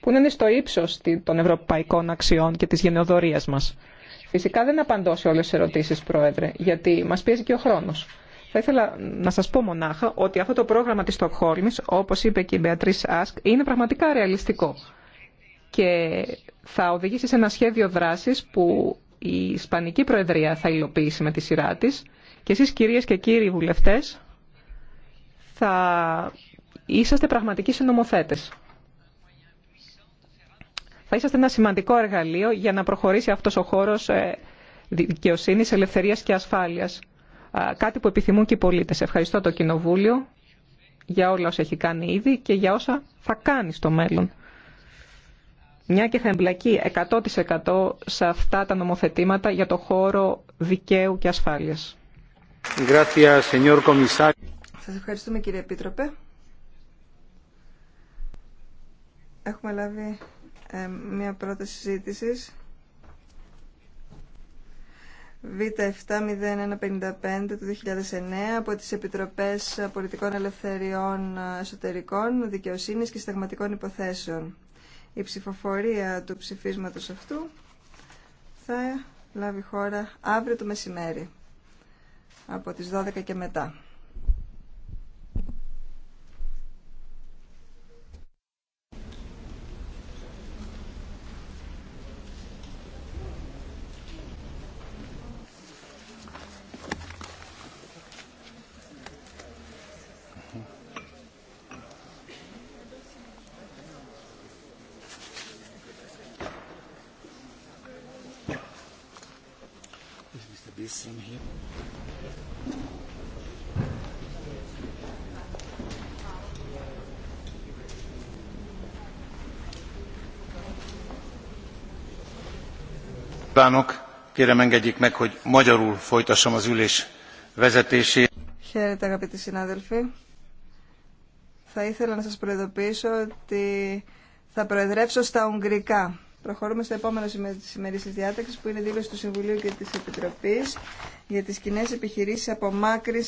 D: που είναι στο ύψος των ευρωπαϊκών αξιών και της γενεοδορίας μας. Φυσικά δεν απαντώ σε όλες τις ερωτήσεις, Πρόεδρε, γιατί μας πιέζει και ο χρόνος. Θα ήθελα να σας πω μονάχα ότι αυτό το πρόγραμμα της Στοκχόλμης, όπως είπε και η Μπεατρίς Άσκ, είναι πραγματικά ρεαλιστικό και θα οδηγήσει σε ένα σχέδιο δράσης που η Ισπανική Προεδρία θα υλοποιήσει με τη σειρά τη και εσείς κυρίες και κύριοι βουλευτές θα είσαστε πραγματικοί συνομοθέτες θα είσαστε ένα σημαντικό εργαλείο για να προχωρήσει αυτός ο χώρος ε, δικαιοσύνης, ελευθερίας και ασφάλειας. Κάτι που επιθυμούν και οι πολίτες. Ευχαριστώ το Κοινοβούλιο για όλα όσα έχει κάνει ήδη και για όσα θα κάνει στο μέλλον. Μια και θα εμπλακεί 100% σε αυτά τα νομοθετήματα για το χώρο δικαίου και ασφάλειας.
F: Σας ευχαριστούμε κύριε Επίτροπε. Έχουμε λάβει ε, μια πρόταση συζήτηση. Β70155 του 2009 από τις Επιτροπές Πολιτικών Ελευθεριών Εσωτερικών, Δικαιοσύνης και Σταγματικών Υποθέσεων. Η ψηφοφορία του ψηφίσματος αυτού θα λάβει χώρα αύριο το μεσημέρι από τις 12 και μετά. Χαίρετε αγαπητοί συνάδελφοι. Θα ήθελα να σας προειδοποιήσω ότι θα προεδρεύσω στα Ουγγρικά. Προχωρούμε στο επόμενο σημείο της ημερήσης διάταξης που είναι δήλωση του Συμβουλίου και της Επιτροπής για τις κοινέ επιχειρήσεις απομάκρυση.